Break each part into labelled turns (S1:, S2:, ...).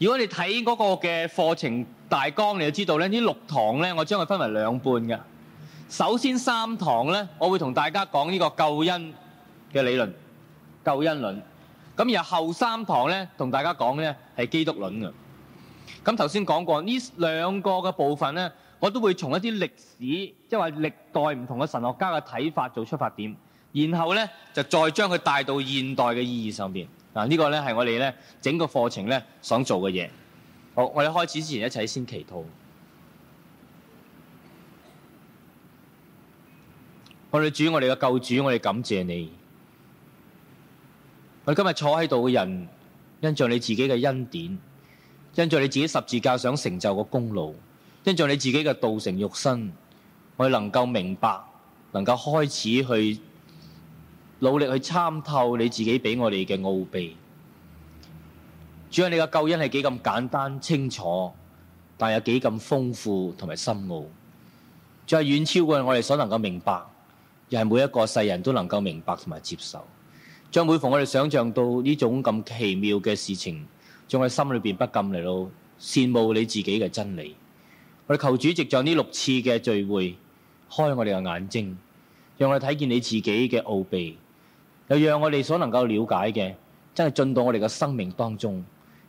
S1: 如果你睇嗰個嘅課程大綱，你就知道咧，呢六堂咧，我將佢分為兩半嘅。首先三堂咧，我會同大家講呢個救恩嘅理論，救恩論。咁然後後三堂咧，同大家講咧係基督論嘅。咁頭先講過呢兩個嘅部分咧，我都會從一啲歷史，即係話歷代唔同嘅神學家嘅睇法做出發點，然後咧就再將佢帶到現代嘅意義上面。嗱，呢個咧係我哋咧整個課程咧想做嘅嘢。好，我哋開始之前一齊先祈禱。我哋主，我哋嘅救主，我哋感謝你。我哋今日坐喺度嘅人，因著你自己嘅恩典，因著你自己十字架想成就嘅功勞，因著你自己嘅道成肉身，我哋能夠明白，能夠開始去努力去參透你自己俾我哋嘅奧秘。主啊，你嘅救恩係幾咁簡單清楚，但係又幾咁豐富同埋深奧。再係遠超過我哋所能夠明白，又係每一個世人都能夠明白同埋接受。將每逢我哋想象到呢種咁奇妙嘅事情，仲係心裏邊不禁嚟到羨慕你自己嘅真理。我哋求主席在呢六次嘅聚會開我哋嘅眼睛，讓我哋睇見你自己嘅奧秘。又讓我哋所能夠了解嘅，真係進到我哋嘅生命當中，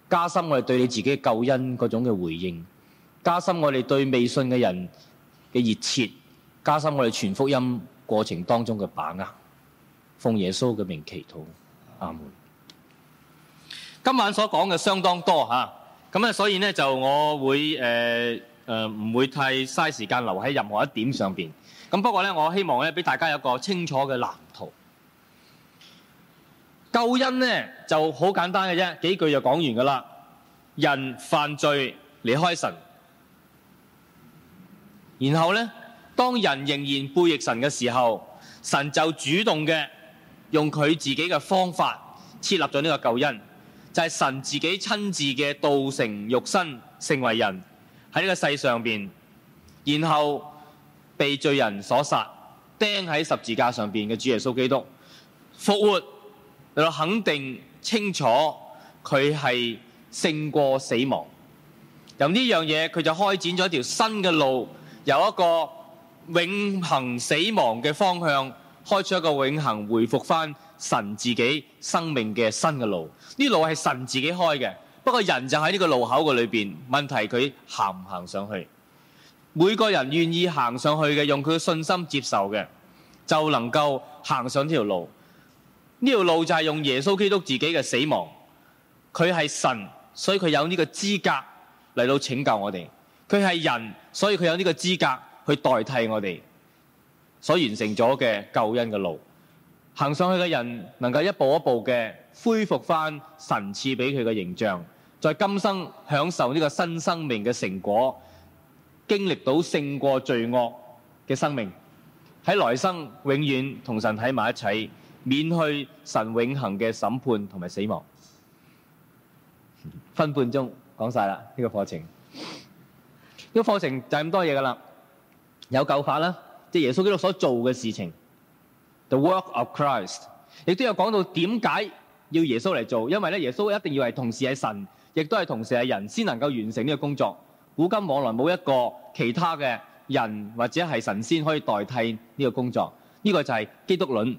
S1: 加深我哋對你自己嘅救恩嗰種嘅回應，加深我哋對未信嘅人嘅熱切，加深我哋傳福音過程當中嘅把握。奉耶穌嘅名祈禱。阿門。今晚所講嘅相當多咁、啊、所以呢，就我會唔、呃呃、會太嘥時間留喺任何一點上面。不過呢，我希望咧俾大家有個清楚嘅嗱。救恩呢就好簡單嘅啫，幾句就講完㗎喇。人犯罪離開神，然後呢，當人仍然背逆神嘅時候，神就主動嘅用佢自己嘅方法設立咗呢個救恩，就係、是、神自己親自嘅道成肉身，成為人喺呢個世上邊，然後被罪人所殺，釘喺十字架上面嘅主耶穌基督復活。肯定清楚佢係勝過死亡，由呢樣嘢佢就開展咗一條新嘅路，由一個永恆死亡嘅方向，開出一個永恆回復翻神自己生命嘅新嘅路。呢路係神自己開嘅，不過人就喺呢個路口嘅裏邊，問題佢行唔行上去？每個人願意行上去嘅，用佢嘅信心接受嘅，就能夠行上呢條路。呢條路就係用耶穌基督自己嘅死亡，佢係神，所以佢有呢個資格嚟到拯救我哋；佢係人，所以佢有呢個資格去代替我哋所完成咗嘅救恩嘅路，行上去嘅人能夠一步一步嘅恢復返神賜俾佢嘅形象，在今生享受呢個新生命嘅成果，經歷到勝過罪惡嘅生命，喺來生永遠同神喺埋一齊，免去神永恒嘅審判同埋死亡。分半鐘講曬啦，呢個課程，呢個課程就係咁多嘢噶啦。有救法啦，即係耶穌基督所做嘅事情，the work of Christ。亦都有講到點解要耶穌嚟做，因為耶穌一定要係同時係神，亦都係同時係人，先能夠完成呢個工作。古今往來冇一個其他嘅人或者係神仙可以代替呢個工作。呢個就係基督論。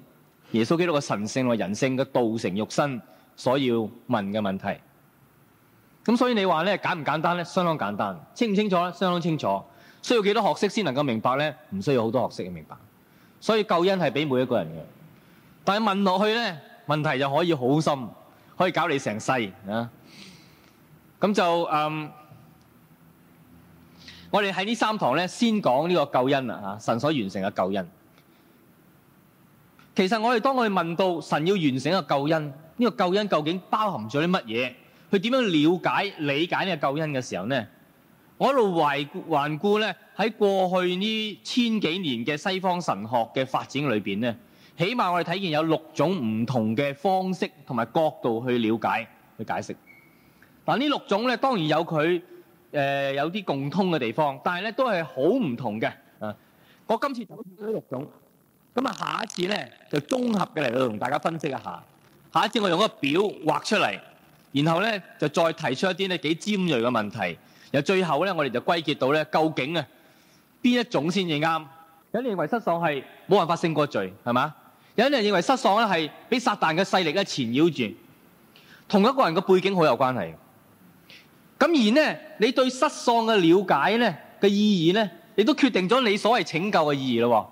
S1: 耶穌基督嘅神性同人性嘅道成肉身，所要問嘅問題。咁所以你話咧，簡唔簡單咧？相當簡單，清唔清楚咧？相當清楚。需要幾多學識先能夠明白咧？唔需要好多學識嘅明白。所以救恩係俾每一個人嘅。但係問落去咧，問題就可以好深，可以搞你成世啊。咁就嗯，我哋喺呢三堂咧，先講呢個救恩吓啊，神所完成嘅救恩。其實我哋當我哋問到神要完成一個救恩，呢個救恩究竟包含咗啲乜嘢？佢點樣了解、理解呢個救恩嘅時候呢？我一路懷懷顧咧喺過去呢千幾年嘅西方神學嘅發展裏邊咧，起碼我哋睇見有六種唔同嘅方式同埋角度去了解、去解釋。嗱呢六種咧，當然有佢誒有啲共通嘅地方，但係咧都係好唔同嘅。啊，我今次就呢六種。咁啊，下一次咧就綜合嘅嚟同大家分析一下。下一次我用嗰個表畫出嚟，然後咧就再提出一啲咧幾尖銳嘅問題。由最後咧，我哋就歸結到咧，究竟啊邊一種先至啱？有啲人，人認為失喪係冇辦法勝過罪，係嘛？有啲人認為失喪咧係俾撒旦嘅勢力咧纏繞住，同一個人嘅背景好有關係。咁而呢，你對失喪嘅了解咧嘅意義咧，亦都決定咗你所謂拯救嘅意義咯。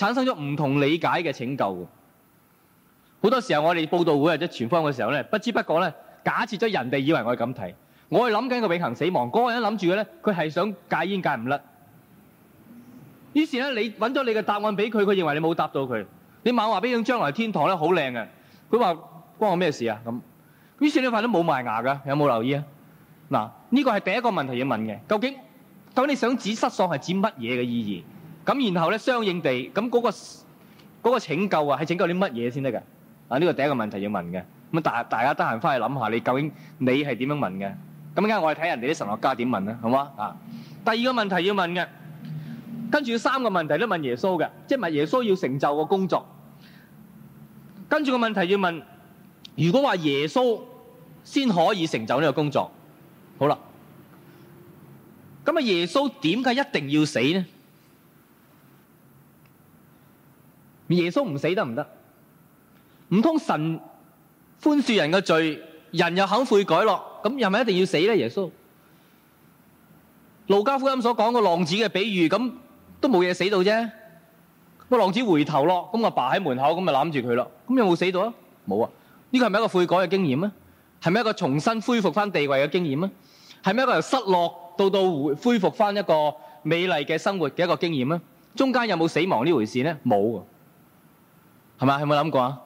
S1: 產生咗唔同理解嘅拯救喎，好多時候我哋報道會或者傳福音嘅時候咧，不知不覺咧，假設咗人哋以為我係咁睇，我係諗緊個永恆死亡，嗰個人諗住嘅咧，佢係想戒煙戒唔甩，於是咧，你揾咗你嘅答案俾佢，佢認為你冇答到佢，你猛話俾佢聽將來天堂咧好靚嘅，佢話關我咩事啊咁，於是你發現都冇埋牙嘅，有冇留意啊？嗱，呢個係第一個問題要問嘅，究竟究竟你想指失喪係指乜嘢嘅意義？咁然後咧，相應地，咁嗰個嗰個拯救啊，係拯救啲乜嘢先得㗎？啊，呢個第一個問題要問嘅。咁大大家得閒翻去諗下，你究竟你係點樣問嘅？咁啱，我哋睇人哋啲神學家點問啦，好冇啊？啊，第二個問題要問嘅，跟住三個問題都問耶穌嘅，即係問耶穌要成就個工作。跟住個問題要問，如果話耶穌先可以成就呢個工作，好啦。咁啊，耶穌點解一定要死咧？耶穌唔死得唔得？唔通神寬恕人嘅罪，人又肯悔改咯？咁又咪一定要死咧？耶穌《路加福音》所講個浪子嘅比喻，咁都冇嘢死到啫。個浪子回頭咯，咁個爸喺門口，咁就攬住佢啦。咁有冇死到啊？冇啊！呢個係咪一個悔改嘅經驗咧？係咪一個重新恢復翻地位嘅經驗咧？係咪一個由失落到到恢復翻一個美麗嘅生活嘅一個經驗咧？中間有冇死亡呢回事咧？冇啊。係嘛？有冇諗過啊？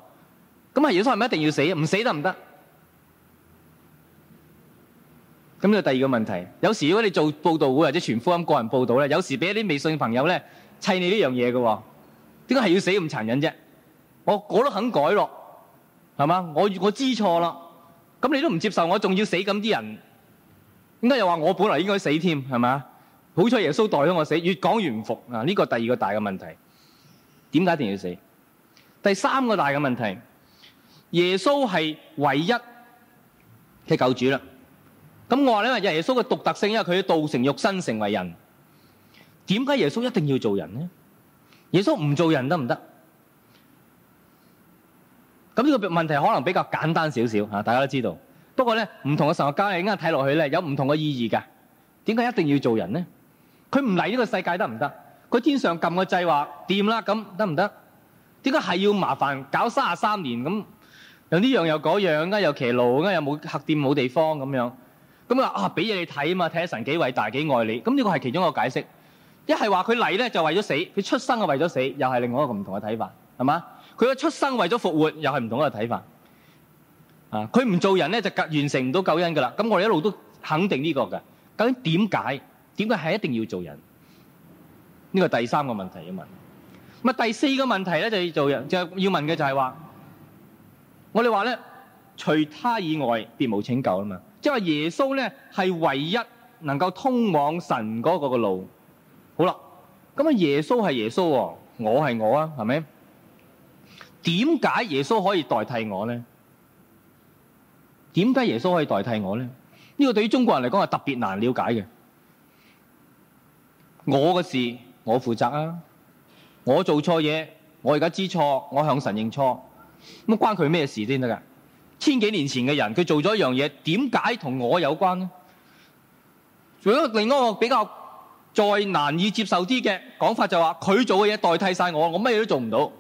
S1: 咁係耶穌係咪一定要死？唔死得唔得？咁就第二個問題。有時如果你做佈道會或者傳福音個人佈道咧，有時俾一啲未信朋友咧砌你呢樣嘢嘅，點解係要死咁殘忍啫？我我都肯改咯，係嘛？我我知錯啦。咁你都唔接受我，我仲要死咁啲人？點解又話我本來應該死添？係嘛？好彩耶穌代咗我死。越講越唔服啊！呢、這個第二個大嘅問題，點解一定要死？第三個大嘅問題，耶穌係唯一嘅救主啦。咁我話咧，因為耶穌嘅獨特性，因為佢要道成肉身成為人。點解耶穌一定要做人咧？耶穌唔做人得唔得？咁呢個問題可能比較簡單少少啊！大家都知道。不過咧，唔同嘅神學家應該睇落去咧，有唔同嘅意義噶。點解一定要做人咧？佢唔嚟呢個世界得唔得？佢天上撳個掣話掂啦，咁得唔得？點解係要麻煩搞三啊三年咁？又呢樣又嗰樣，咁啊又騎驢，咁啊又冇客店冇地方咁樣。咁啊啊俾嘢你睇啊嘛，睇神幾偉大幾愛你。咁呢個係其中一個解釋。一係話佢嚟咧就為咗死，佢出生係為咗死，又係另外一個唔同嘅睇法，係嘛？佢嘅出生為咗復活，又係唔同一個睇法。啊，佢唔做人咧就完成唔到救恩噶啦。咁我哋一路都肯定呢個嘅。究竟點解？點解係一定要做人？呢個係第三個問題要問。咁第四個問題咧，就要做嘢，就要問嘅就係話，我哋話咧，除他以外，別無拯救啊嘛！即係話耶穌咧，係唯一能夠通往神嗰個嘅路。好啦，咁啊，耶穌係耶穌、哦，我係我啊，係咪？點解耶穌可以代替我咧？點解耶穌可以代替我咧？呢個對於中國人嚟講係特別難了解嘅。我嘅事，我負責啊！我做錯嘢，我而家知錯，我向神認錯，咁關佢咩事先得噶？千幾年前嘅人，佢做咗一樣嘢，點解同我有關咧？仲有一另一個比較再難以接受啲嘅講法、就是，就話佢做嘅嘢代替晒我，我乜嘢都做唔到，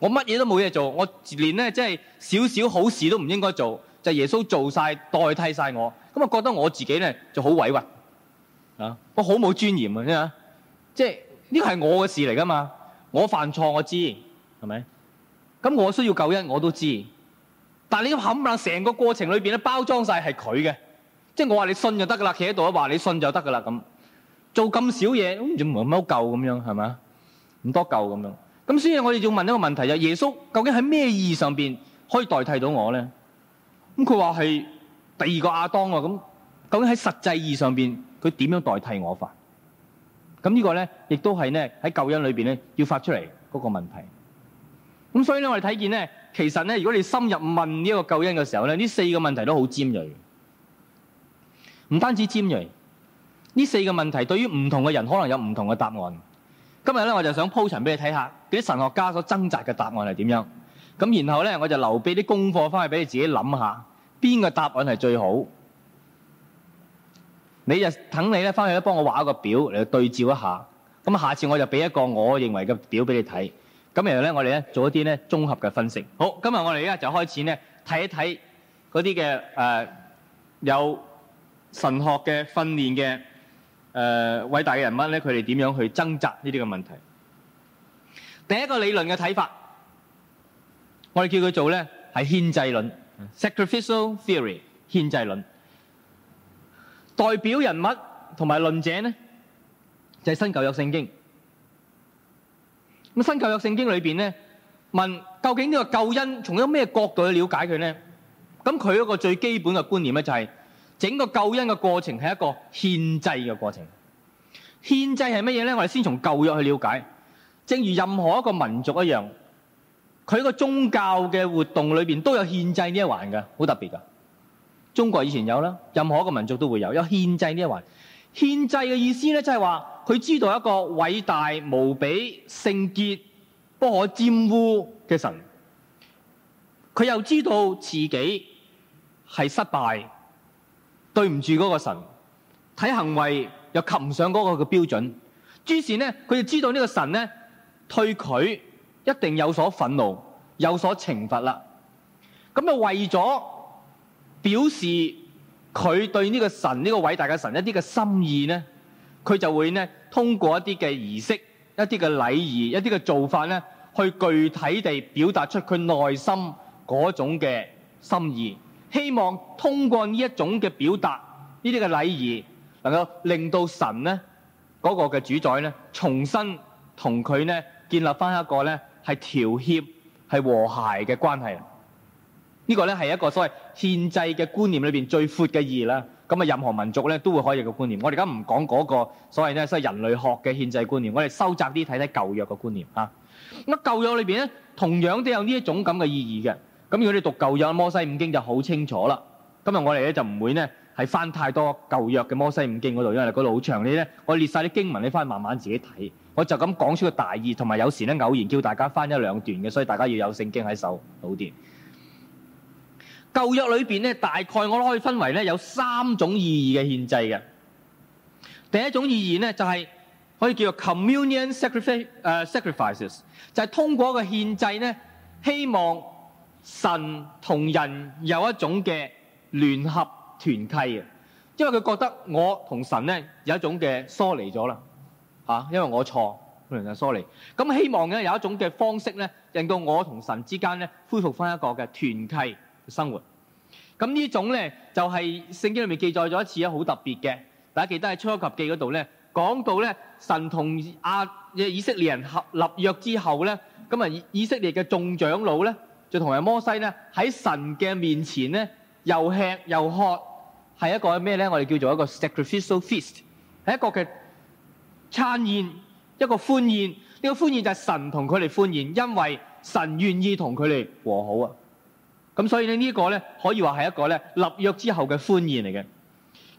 S1: 我乜嘢都冇嘢做，我連咧即係少少好事都唔應該做，就係、耶穌做晒代替晒我，咁啊覺得我自己咧就好委屈啊，我好冇尊嚴啊，即係呢個係我嘅事嚟噶嘛？我犯錯，我知係咪？咁吧我需要救恩，我都知。但係你冚唪唥成個過程裏邊咧包裝晒係佢嘅，即係我話你信就得噶啦，企喺度啊，話你信就得噶啦咁。做咁少嘢，唔做唔好救咁樣，係咪啊？唔多救咁樣。咁所以我哋要問一個問題就係：耶穌究竟喺咩意義上邊可以代替到我咧？咁佢話係第二個亞當啊！咁究竟喺實際意義上邊，佢點樣代替我犯？咁呢個咧，亦都係咧喺救恩裏面咧，要發出嚟嗰個問題。咁所以咧，我哋睇見咧，其實咧，如果你深入問呢個救恩嘅時候咧，呢四個問題都好尖銳，唔單止尖銳。呢四個問題對於唔同嘅人可能有唔同嘅答案。今日咧，我就想鋪陳俾你睇下，啲神學家所掙扎嘅答案係點樣。咁然後咧，我就留俾啲功課翻去俾你自己諗下，邊個答案係最好。你就等你咧，翻去咧幫我畫一個表嚟對照一下。咁下次我就俾一個我認為嘅表俾你睇。咁然後咧，我哋咧做一啲咧綜合嘅分析。好，今日我哋依家就開始咧睇一睇嗰啲嘅誒有神學嘅訓練嘅誒、呃、偉大嘅人物咧，佢哋點樣去掙扎呢啲嘅問題。第一個理論嘅睇法，我哋叫佢做咧係獻祭論 （sacrificial theory），獻祭論。代表人物同埋論者咧，就係、是、新舊約聖經。咁新舊約聖經裏邊咧，問究竟呢個救恩從咗咩角度去了解佢咧？咁佢一個最基本嘅觀念咧、就是，就係整個救恩嘅過程係一個獻祭嘅過程。獻祭係乜嘢咧？我哋先從舊約去了解。正如任何一個民族一樣，佢個宗教嘅活動裏邊都有獻祭呢一環嘅，好特別㗎。中國以前有啦，任何一個民族都會有有獻祭呢一環。獻祭嘅意思咧，就係話佢知道一個偉大無比、聖潔不可玷污嘅神，佢又知道自己係失敗，對唔住嗰個神，睇行為又及唔上嗰個嘅標準。於是呢，佢就知道呢個神呢，對佢一定有所憤怒，有所懲罰啦。咁就為咗。表示佢對呢個神呢、呢個偉大嘅神一啲嘅心意呢，佢就會呢通過一啲嘅儀式、一啲嘅禮儀、一啲嘅做法呢，去具體地表達出佢內心嗰種嘅心意。希望通過呢一種嘅表達，呢啲嘅禮儀能夠令到神呢嗰、嗰個嘅主宰呢，重新同佢呢建立翻一個呢係調協、係和諧嘅關係。呢個呢係一個所謂。憲制嘅觀念裏邊最闊嘅意義啦，咁啊任何民族咧都會可以嘅觀念。我哋而家唔講嗰個所謂咧，即係人類學嘅憲制觀念。我哋收窄啲睇睇舊約嘅觀念嚇。咁舊約裏邊咧，同樣都有呢一種咁嘅意義嘅。咁如果你讀舊約《摩西五經》就好清楚啦。今日我哋咧就唔會咧係翻太多舊約嘅《摩西五經》嗰度，因為嗰度好長。呢啲咧，我列曬啲經文，你翻去慢慢自己睇。我就咁講出個大意，同埋有時咧偶然叫大家翻一兩段嘅，所以大家要有聖經喺手好啲。舊約裏面咧，大概我可以分為咧有三種意義嘅獻祭。嘅。第一種意義咧，就係可以叫做 communion sacrifice，誒 sacrifices，就係通過一個獻祭咧，希望神同人有一種嘅聯合團契。因為佢覺得我同神咧有一種嘅疏離咗啦，嚇，因為我錯，可能就疏離。咁希望咧有一種嘅方式咧，令到我同神之間咧恢復翻一個嘅團契。生活咁，呢種咧就係、是、聖經裏面記載咗一次啊，好特別嘅。大家記得喺出埃及記嗰度咧，講到咧神同亞以色列人立立約之後咧，咁啊以色列嘅眾長老咧就同埋摩西咧喺神嘅面前咧又吃又喝，係一個咩咧？我哋叫做一個 sacrificial feast，係一個嘅餐宴，一個歡宴。呢、這個歡宴就係神同佢哋歡宴，因為神願意同佢哋和好啊。咁所以呢個呢，可以話係一個呢立約之後嘅歡宴嚟嘅。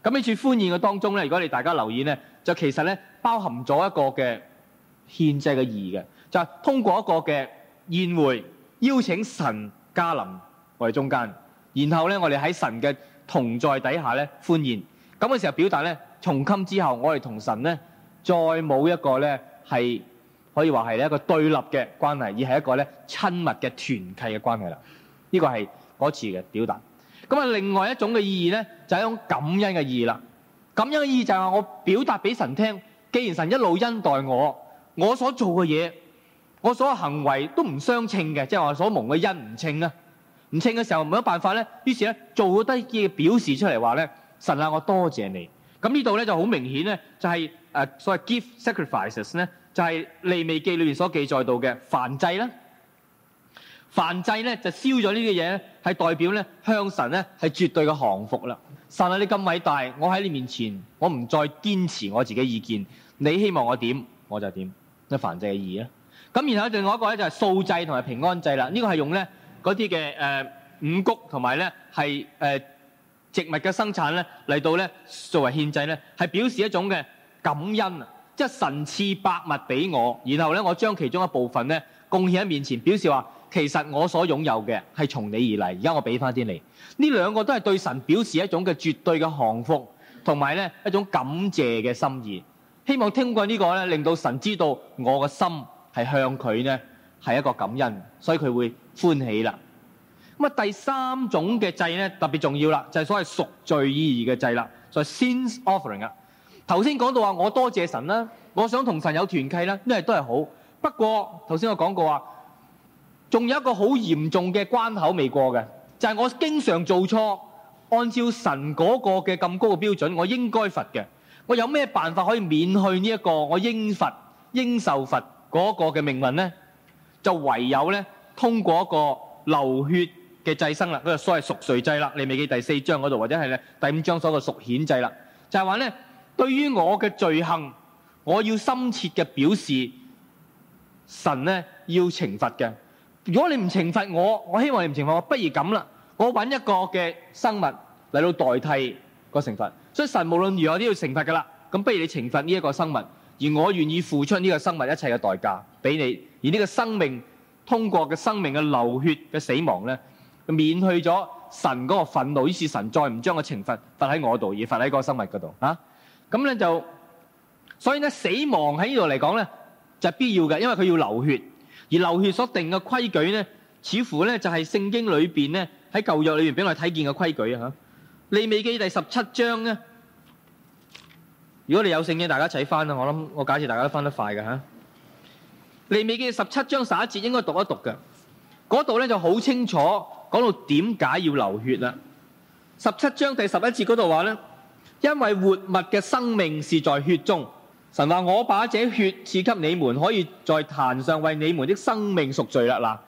S1: 咁呢次歡宴嘅當中呢，如果你大家留意呢，就其實呢包含咗一個嘅獻祭嘅意義嘅，就係、是、通過一個嘅宴會，邀請神加臨我哋中間，然後呢，我哋喺神嘅同在底下呢歡宴。咁嘅時候表達呢，從今之後，我哋同神呢，再冇一個呢係可以話係一個對立嘅關係，而係一個呢親密嘅團契嘅關係啦。呢個係嗰次嘅表達，咁啊另外一種嘅意義咧，就係、是、一種感恩嘅意義啦。感恩嘅意義就係我表達俾神聽，既然神一路恩待我，我所做嘅嘢，我所行為都唔相稱嘅，即係話所蒙嘅恩唔稱啊，唔稱嘅時候冇得辦法咧，於是咧做好啲嘅表示出嚟話咧，神啊，我多謝你。咁呢度咧就好明顯咧，就係、是、誒所謂 give sacrifices 咧，就係、是、利未記裏面所記載到嘅燔祭啦。燔祭呢就燒咗呢個嘢，係代表咧向神咧係絕對嘅降服啦。神啊，你咁偉大，我喺你面前，我唔再堅持我自己意見，你希望我點我就點，即係燔祭嘅意義啊。咁然後另外一個咧就係素祭同埋平安祭啦。呢個係用咧嗰啲嘅誒五穀同埋咧係誒植物嘅生產咧嚟到咧作為獻祭咧，係表示一種嘅感恩啊，即係神賜百物俾我，然後咧我將其中一部分咧貢獻喺面前，表示話。其實我所擁有嘅係從你而來，而家我俾翻啲你。呢兩個都係對神表示一種嘅絕對嘅幸福，同埋咧一種感謝嘅心意。希望聽過呢、這個咧，令到神知道我嘅心係向佢呢，係一個感恩，所以佢會歡喜啦。咁啊，第三種嘅祭呢，特別重要啦，就係、是、所謂贖罪意義嘅祭啦，就係 sin offering 啊。頭先講到話，我多謝神啦，我想同神有團契啦，呢啲都係好。不過頭先我講過話。仲有一個好嚴重嘅關口未過嘅，就係、是、我經常做錯。按照神嗰個嘅咁高嘅標準，我應該罰嘅。我有咩辦法可以免去呢一個我應罰應受罰嗰個嘅命運呢，就唯有呢通過一個流血嘅祭牲啦，嗰個所謂贖罪祭啦。利未記第四章嗰度或者係第五章所講贖愆祭啦，就係、是、話呢，對於我嘅罪行，我要深切嘅表示神呢，要懲罰嘅。如果你唔懲罰我，我希望你唔懲罰我。不如咁啦，我揾一個嘅生物嚟到代替個懲罰。所以神無論如何都要懲罰噶啦。咁不如你懲罰呢一個生物，而我願意付出呢個生物一切嘅代價俾你。而呢個生命通過嘅生命嘅流血嘅死亡咧，免去咗神嗰個憤怒。於是神再唔將個懲罰罰喺我度，而罰喺個生物嗰度啊。咁咧就，所以咧死亡喺呢度嚟講咧就係必要嘅，因為佢要流血。而流血所定嘅規矩呢，似乎呢就係聖經裏邊呢，喺舊約裏邊俾我哋睇見嘅規矩啊！利未記第十七章呢，如果你有聖經，大家一齊翻啊！我諗我假設大家都翻得快嘅吓，利、啊、未記十七章十一節應該讀一讀嘅，嗰度呢就好清楚講到點解要流血啦。十七章第十一節嗰度話呢，因為活物嘅生命是在血中。神話我把這血賜給你們，可以在壇上為你們的生命贖罪啦！嗱，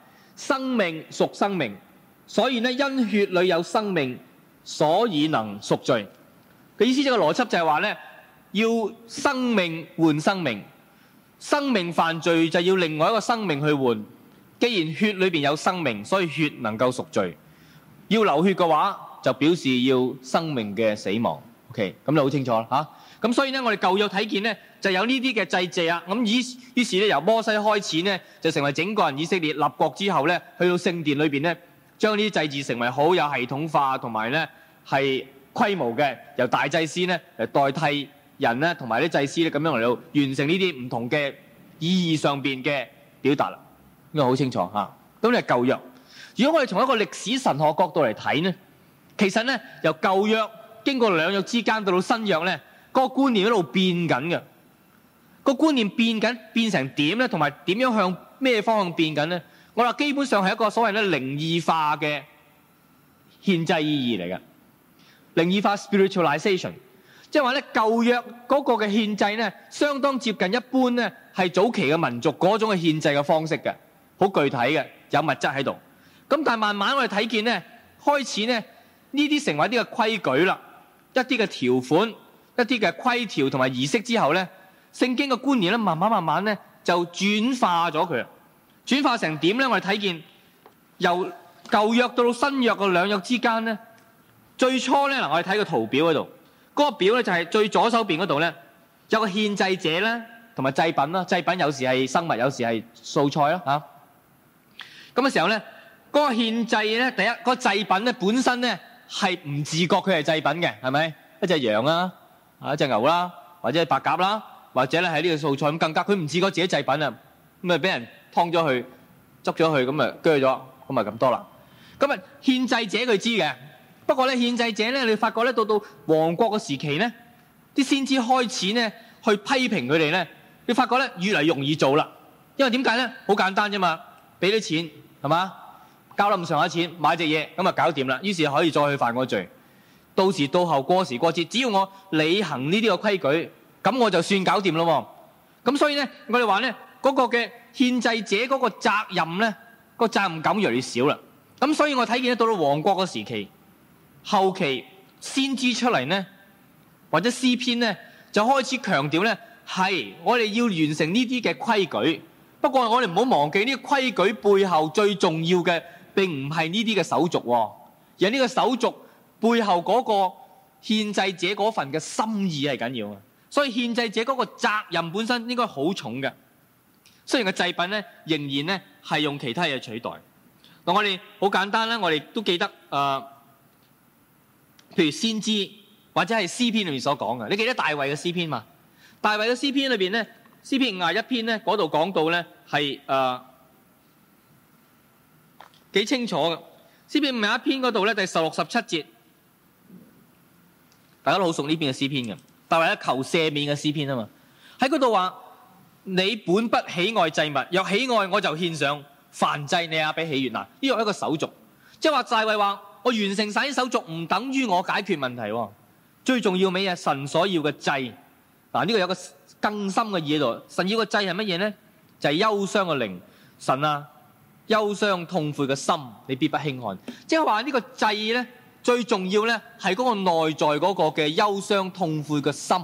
S1: 生命贖生命，所以呢，因血裏有生命，所以能贖罪。佢意思這個邏輯就係話呢，要生命換生命，生命犯罪就要另外一個生命去換。既然血裏邊有生命，所以血能夠贖罪。要流血嘅話，就表示要生命嘅死亡。OK，咁你好清楚啦，吓。咁所以呢，我哋舊約睇見呢就有呢啲嘅祭祀啊。咁於，於是呢，由摩西開始呢，就成為整個人以色列立國之後呢，去到聖殿裏面呢，將呢啲祭祀成為好有系統化同埋呢係規模嘅，由大祭司呢嚟代替人呢，同埋啲祭司呢咁樣嚟到完成呢啲唔同嘅意義上面嘅表達啦。因為好清楚嚇，咁、啊、你係舊約。如果我哋從一個歷史神學角度嚟睇呢，其實呢，由舊約經過兩約之間到到新約呢。個觀念一路變緊嘅，個觀念變緊變成點咧？同埋點樣向咩方向變緊咧？我話基本上係一個所謂咧靈異化嘅憲制意義嚟嘅，靈異化 spiritualization，即係話咧舊約嗰個嘅憲制咧，相當接近一般咧係早期嘅民族嗰種嘅憲制嘅方式嘅，好具體嘅，有物質喺度。咁但係慢慢我哋睇見咧，開始咧呢啲成為一啲嘅規矩啦，一啲嘅條款。一啲嘅規條同埋儀式之後咧，聖經嘅觀念咧，慢慢慢慢咧就轉化咗佢。轉化成點咧？我哋睇見由舊約到新約嘅兩約之間咧，最初咧嗱，我哋睇個圖表嗰度，嗰個表咧就係最左手邊嗰度咧，有個獻祭者呢，同埋祭品啦，祭品有時係生物，有時係素菜啦嚇。咁嘅時候咧，嗰個獻祭咧，第一嗰個祭品咧本身咧係唔自覺佢係祭品嘅，係咪一隻羊啊？啊！一隻牛啦，或者係白鴿啦，或者咧喺呢個素菜咁更加，佢唔知嗰自己製品啊，咁啊俾人劏咗佢，執咗佢咁啊鋸咗，咁啊咁多啦。咁啊，獻祭者佢知嘅，不過咧獻祭者咧，你發覺咧到到王國嘅時期咧，啲先知開始咧去批評佢哋咧，你發覺咧越嚟越容易做啦，因為點解咧？好簡單啫嘛，俾啲錢係嘛，交咗咁上下錢買隻嘢，咁啊搞掂啦，於是可以再去犯嗰個罪。到時到候過時過節，只要我履行呢啲嘅規矩，咁我就算搞掂咯。咁所以呢，我哋話呢嗰、嗰個嘅憲制者嗰個責任呢個責任感越嚟越少啦。咁所以我睇見到，到咗王國個時期後期先知出嚟呢，或者詩篇呢，就開始強調呢係我哋要完成呢啲嘅規矩。不過我哋唔好忘記呢，規矩背後最重要嘅，並唔係呢啲嘅手續、哦，而係呢個手續。背後嗰個獻祭者嗰份嘅心意係緊要嘅，所以獻祭者嗰個責任本身應該好重嘅。雖然個祭品咧仍然咧係用其他嘢取代。嗱，我哋好簡單啦，我哋都記得誒、呃，譬如先知或者係詩篇裏面所講嘅，你記得大衛嘅詩篇嘛？大衛嘅詩篇裏邊咧，詩篇五十一篇咧嗰度講到咧係誒幾清楚嘅。詩篇五十一篇嗰度咧第十六十七節。大家都好熟呢邊嘅詩篇嘅，但係為咗求赦免嘅詩篇啊嘛，喺嗰度話你本不喜愛祭物，若喜愛我就獻上燔祭，你啊俾喜悅嗱。呢個係一個手續，即係話大衛話我完成晒啲手續，唔等於我解決問題，最重要尾啊神所要嘅祭嗱呢、個有一個更深嘅嘢度。神要嘅祭係乜嘢咧？就係、是、憂傷嘅靈，神啊憂傷痛悔嘅心，你必不輕看。即係話呢個祭咧。最重要咧，係嗰個內在嗰個嘅憂傷、痛悔嘅心。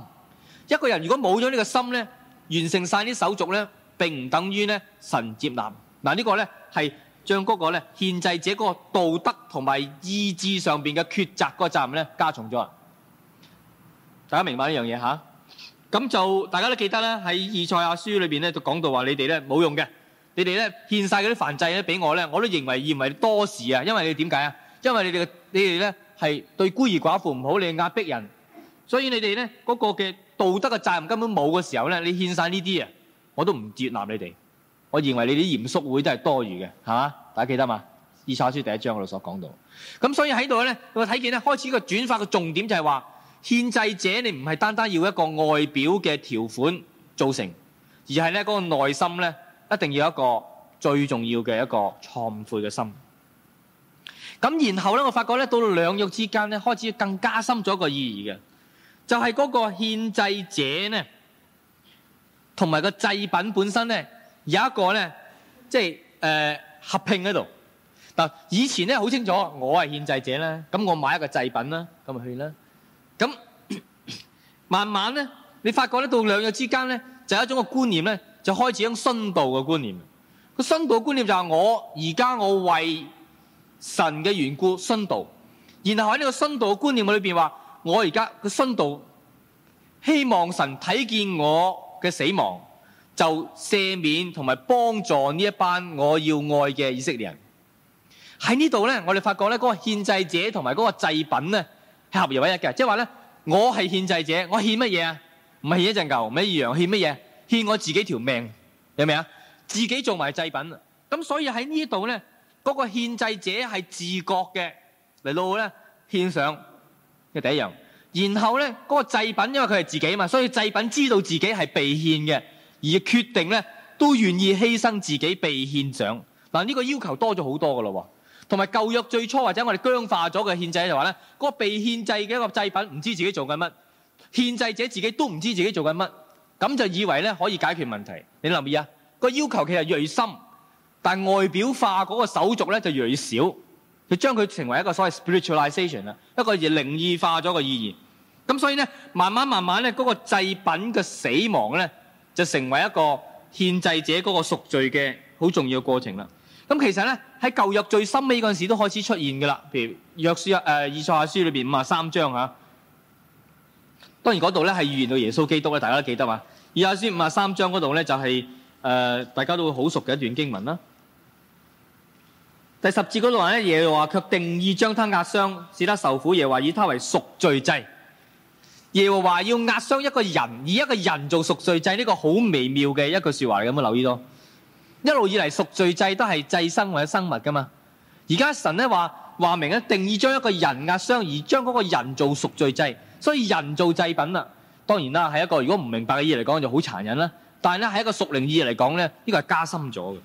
S1: 一個人如果冇咗呢個心咧，完成晒啲手續咧，並唔等於咧神接納。嗱，呢個咧係將嗰個咧獻祭者嗰個道德同埋意志上邊嘅抉擇嗰個責任咧加重咗。大家明白呢樣嘢吓？咁就大家都記得咧，喺以賽亞書裏邊咧就講到話你哋咧冇用嘅，你哋咧獻晒嗰啲燔祭咧俾我咧，我都認為認為多事啊，因為你點解啊？因為你哋嘅你哋咧係對孤兒寡婦唔好，你壓迫人，所以你哋咧嗰個嘅道德嘅責任根本冇嘅時候咧，你獻晒呢啲啊，我都唔接納你哋。我認為你啲嚴肅會都係多餘嘅，嚇！大家記得嘛？以賽亞書第一章我哋所講到，咁所以喺度咧，我睇見咧開始個轉發嘅重點就係話，獻祭者你唔係單單要一個外表嘅條款造成，而係咧嗰個內心咧一定要一個最重要嘅一個懺悔嘅心。咁然後咧，我發覺咧，到兩樣之間咧，開始更加深咗一個意義嘅，就係嗰個獻祭者咧，同埋個祭品本身咧，有一個咧、就是，即係誒合拼喺度。嗱，以前咧好清楚，我係獻祭者啦，咁我買一個祭品啦，咁咪去啦。咁慢慢咧，你發覺咧到兩樣之間咧，就有一種個觀念咧，就開始一種新道嘅觀念。個新道觀念就係我而家我為神嘅緣故殉道，然後喺呢個殉道嘅觀念裏邊話，我而家嘅殉道，希望神睇見我嘅死亡就赦免同埋幫助呢一班我要愛嘅以色列人。喺呢度咧，我哋發覺咧，嗰、嗰個獻祭者同埋嗰個祭品咧，合而為一嘅，即係話咧，我係獻祭者，我獻乜嘢啊？唔係獻一隻牛，唔係羊，我獻乜嘢？獻我自己條命，有咩？啊？自己做埋祭品，咁所以喺呢度咧。嗰個獻祭者係自覺嘅嚟到咧獻上，即係第一樣。然後咧，嗰、嗰個祭品因為佢係自己嘛，所以祭品知道自己係被獻嘅，而決定咧都願意犧牲自己被獻上。嗱，呢個要求多咗好多噶喇喎。同埋舊約最初或者我哋僵化咗嘅獻祭就話咧，嗰、嗰個被獻祭嘅一個祭品唔知自己做緊乜，獻祭者自己都唔知自己做緊乜，咁就以為咧可以解決問題。你留意啊，個要求其實鋭心。.但外表化嗰個手續咧就越嚟越少，佢將佢成為一個所謂 spiritualization 啦，一個而靈異化咗個意義。咁所以咧，慢慢慢慢咧，嗰個祭品嘅死亡咧，就成為一個獻祭者嗰個贖罪嘅好重要過程啦。咁其實咧，喺舊約最深尾嗰陣時都開始出現㗎啦。譬如約書亞誒以賽亞書裏邊五十三章嚇，當然嗰度咧係預言到耶穌基督咧，大家都記得嘛？以賽亞書五十三章嗰度咧就係、是、誒、呃、大家都會好熟嘅一段經文啦。第十節嗰度話咧，耶和華卻定意將他壓傷，使他受苦。耶和華以他為贖罪祭。耶和華要壓傷一個人，以一個人做贖罪祭。呢個好微妙嘅一句說話，你咁樣留意到一路以嚟贖罪祭都係祭牲或者生物噶嘛。而家神呢話話明咧，定意將一個人壓傷，而將嗰個人做贖罪祭。所以人做祭品啦，當然啦，係一個如果唔明白嘅意義嚟講就好殘忍啦。但係咧，係一個屬靈意義嚟講咧，呢個係加深咗嘅。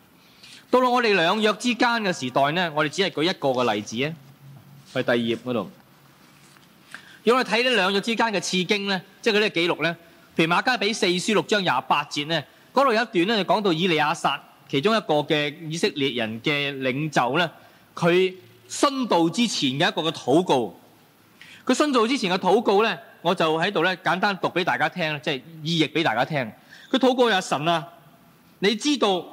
S1: 到咗我哋兩約之間嘅時代咧，我哋只係舉一個嘅例子啊，喺第二頁嗰度。如果我哋睇呢兩約之間嘅次經咧，即係嗰啲記錄咧，譬如馬加比四書六章廿八節咧，嗰度有一段咧，就講到以利亞撒，其中一個嘅以色列人嘅領袖咧，佢殉道之前嘅一個嘅禱告。佢殉道之前嘅禱告咧，我就喺度咧簡單讀俾大家聽啦，即係意譯俾大家聽。佢禱告，啊神啊，你知道。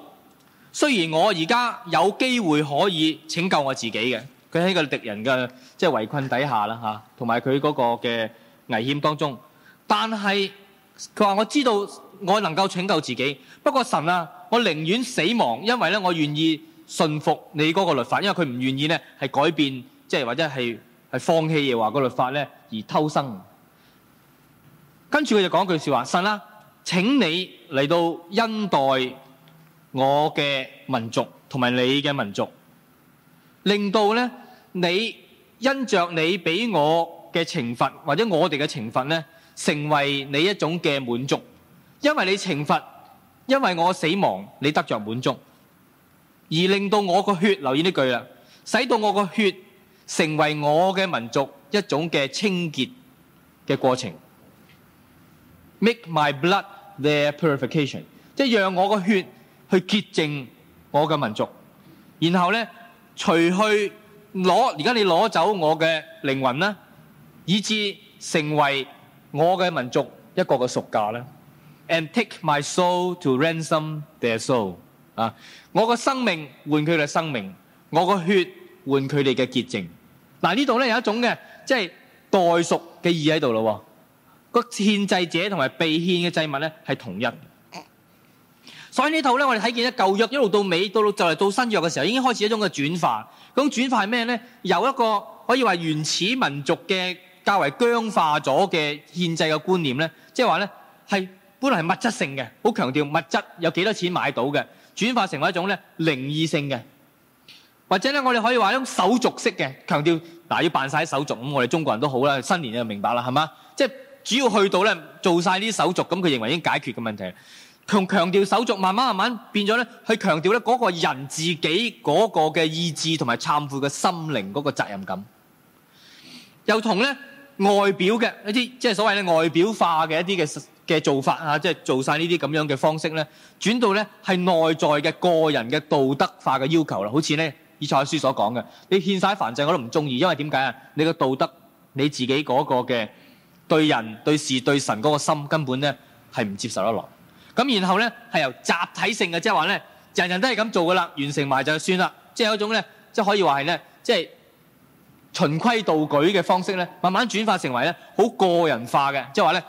S1: 雖然我而家有機會可以拯救我自己嘅，佢喺個敵人嘅即圍困底下啦吓，同埋佢嗰個嘅危險當中。但是佢話我知道我能夠拯救自己，不過神啊，我寧願死亡，因為呢，我願意順服你嗰個律法，因為佢唔願意呢係改變，即或者係放棄耶和華個律法而偷生。跟住佢就講一句說話：神啊，請你嚟到恩待。我嘅民族同埋你嘅民族，令到咧你因着你畀我嘅懲罰或者我哋嘅懲罰咧，成為你一種嘅滿足，因為你懲罰，因為我死亡，你得着滿足，而令到我個血留意呢句啊，使到我個血成為我嘅民族一種嘅清潔嘅過程，make my blood their purification，即係讓我個血。去潔淨我嘅民族，然後咧，除去攞，而家你攞走我嘅靈魂啦，以致成為我嘅民族一個嘅贖價呢。And take my soul to ransom their soul。啊，我個生命換佢哋生命，我個血換佢哋嘅潔淨。嗱、啊、呢度咧有一種嘅即係代贖嘅意喺度咯。那個獻祭者同埋被獻嘅祭物咧係同一。所以呢套咧，我哋睇見一舊約一路到尾，到就嚟到新約嘅時候，已經開始一種嘅轉化。咁轉化係咩咧？由一個可以話原始民族嘅較為僵化咗嘅憲制嘅觀念咧，即係話咧係本來係物質性嘅，好強調物質有幾多錢買到嘅，轉化成為一種咧靈異性嘅，或者咧我哋可以話一種手續式嘅，強調嗱要辦晒手續。咁我哋中國人都好啦，新年你就明白啦，係嘛？即係主要去到咧做晒呢啲手續，咁佢認為已經解決嘅問題。同強調手續慢慢慢慢變咗咧，去強調咧嗰個人自己嗰個嘅意志同埋懺悔嘅心靈嗰個責任感，又同咧外表嘅一啲即係所謂嘅外表化嘅一啲嘅嘅做法啊，即係做晒呢啲咁樣嘅方式咧，轉到咧係內在嘅個人嘅道德化嘅要求啦。好似咧《以賽亞書》所講嘅，你獻晒燔祭我都唔中意，因為點解啊？你嘅道德你自己嗰個嘅對人對事對神嗰個心根本咧係唔接受得落。咁然後呢，係由集體性嘅，即係話呢，人人都係咁做㗎啦，完成埋就算啦，即係有一種呢，即係可以話係呢，即係循規蹈矩嘅方式呢，慢慢轉化成為呢，好個人化嘅，即係話呢，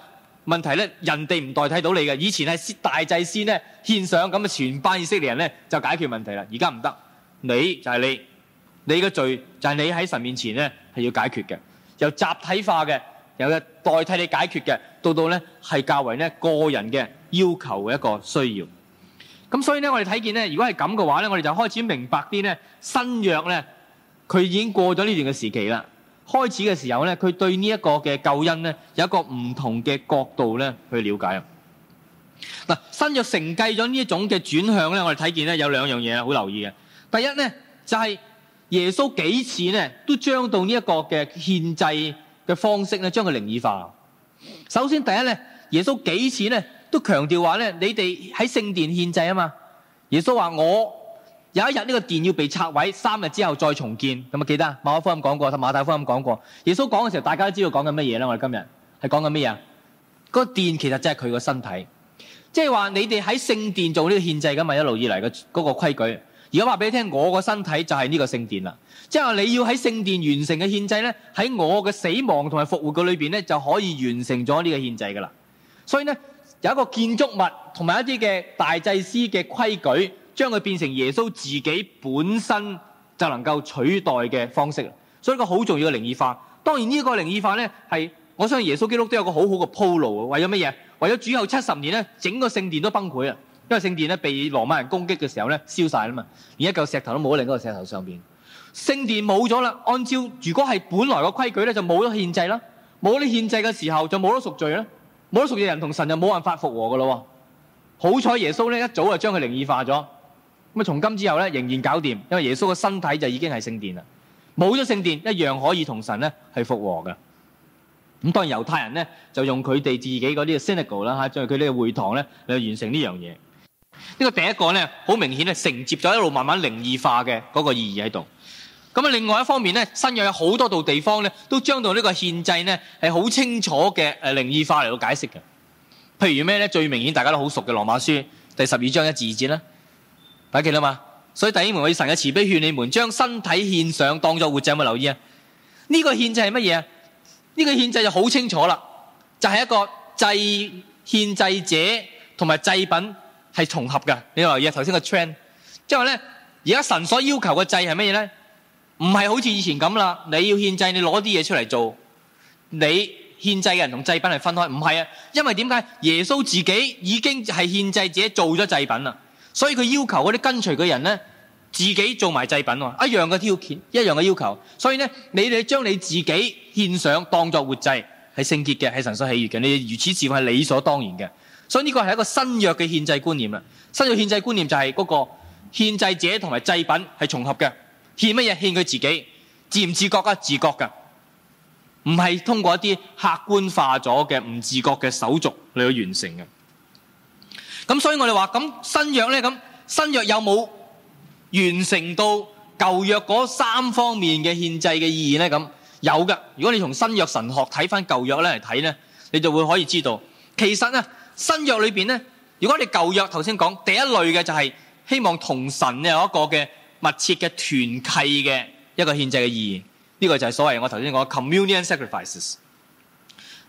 S1: 問題呢，人哋唔代替到你嘅，以前係大祭司呢獻上咁嘅全班以色列人呢，就解決問題啦，而家唔得，你就係你，你嘅罪就係你喺神面前呢，係要解決嘅，由集體化嘅。有嘅代替你解決嘅，到到咧係較為咧個人嘅要求嘅一個需要。咁所以咧，我哋睇見咧，如果係咁嘅話咧，我哋就開始明白啲咧新約咧，佢已經過咗呢段嘅時期啦。開始嘅時候咧，佢對呢一個嘅救恩咧，有一個唔同嘅角度咧去了解啊。嗱，新約承繼咗呢一種嘅轉向咧，我哋睇見咧有兩樣嘢好留意嘅。第一咧就係、是、耶穌幾次咧，都將到呢一個嘅獻祭嘅方式咧，將佢靈意化。首先第一咧，耶穌幾次咧都強調話咧，你哋喺聖殿獻祭啊嘛。耶穌話我有一日呢個殿要被拆毀，三日之後再重建。咁啊記得馬可福音講過，同馬太福音講過。耶穌講嘅時候，大家都知道講緊乜嘢啦。我哋今日係講緊乜嘢啊？嗰殿其實即係佢個身體，即係話你哋喺聖殿做呢個獻祭噶嘛，一路以嚟嘅嗰個規矩。而家話俾你聽，我個身體就係呢個聖殿啦，即係話你要喺聖殿完成嘅獻祭咧，喺我嘅死亡同埋復活嘅裏面咧，就可以完成咗呢個獻祭噶啦。所以咧有一個建築物同埋一啲嘅大祭司嘅規矩，將佢變成耶穌自己本身就能夠取代嘅方式。所以一個好重要嘅靈異化，當然呢個靈異化咧係我相信耶穌基督都有個好好嘅鋪路啊。為咗乜嘢？為咗主後七十年咧，整個聖殿都崩潰啦。因為聖殿咧被羅馬人攻擊嘅時候咧燒晒啦嘛，而家嚿石頭都冇喺另一個石頭上邊，聖殿冇咗啦。按照如果係本來個規矩咧，就冇咗獻祭啦，冇咗啲獻祭嘅時候就冇咗贖罪啦，冇咗贖罪，人同神就冇辦法復和噶咯。好彩耶穌咧一早就將佢靈異化咗，咁啊從今之後咧仍然搞掂，因為耶穌嘅身體就已經係聖殿啦，冇咗聖殿一樣可以同神咧係復和噶。咁當然猶太人咧就用佢哋自己嗰啲 synagogue 啦吓，就佢哋嘅會堂咧嚟，完成呢樣嘢。呢個第一個咧，好明顯咧，承接咗一路慢慢靈異化嘅嗰個意義喺度。咁啊，另外一方面咧，新約有好多度地方咧，都將到個憲呢個獻祭咧係好清楚嘅誒、呃、靈異化嚟到解釋嘅。譬如咩咧？最明顯大家都好熟嘅《羅馬書》第十二章一至二節啦。大家記得嘛？所以弟兄們，我以神嘅慈悲勸你們，將身體獻上當作活祭，有冇留意啊？呢、這個獻祭係乜嘢啊？呢、這個獻祭就好清楚啦，就係、是、一個祭獻祭者同埋祭品。係重合噶，你話嘢頭先個 trend，即係話咧，而家神所要求嘅祭係乜嘢咧？唔係好似以前咁啦，你要獻祭，你攞啲嘢出嚟做，你獻祭嘅人同祭品係分開，唔係啊，因為點解耶穌自己已經係獻祭自己做咗祭品啦，所以佢要求嗰啲跟隨嘅人咧，自己做埋祭品，一樣嘅條件，一樣嘅要求，所以咧，你哋將你自己獻上當作活祭，係聖潔嘅，係神所喜悅嘅，你如此自問係理所當然嘅。所以呢個係一個新約嘅獻祭觀念。新約獻祭觀念就係嗰個獻祭者同埋祭品係重合嘅。獻乜嘢？獻佢自己，自唔自覺啊？自覺㗎，唔係通過一啲客觀化咗嘅唔自覺嘅手續嚟去完成嘅。咁所以我哋話咁新約呢？咁新約有冇完成到舊約嗰三方面嘅獻祭嘅意義呢？咁有㗎。如果你從新約神學睇返舊約呢，嚟睇呢，你就會可以知道其實咧。新約裏面呢，如果你舊約頭先講第一類嘅就係希望同神有一個嘅密切嘅團契嘅一個獻祭嘅意義，呢、這個就係所謂我頭先講 Communion Sacrifices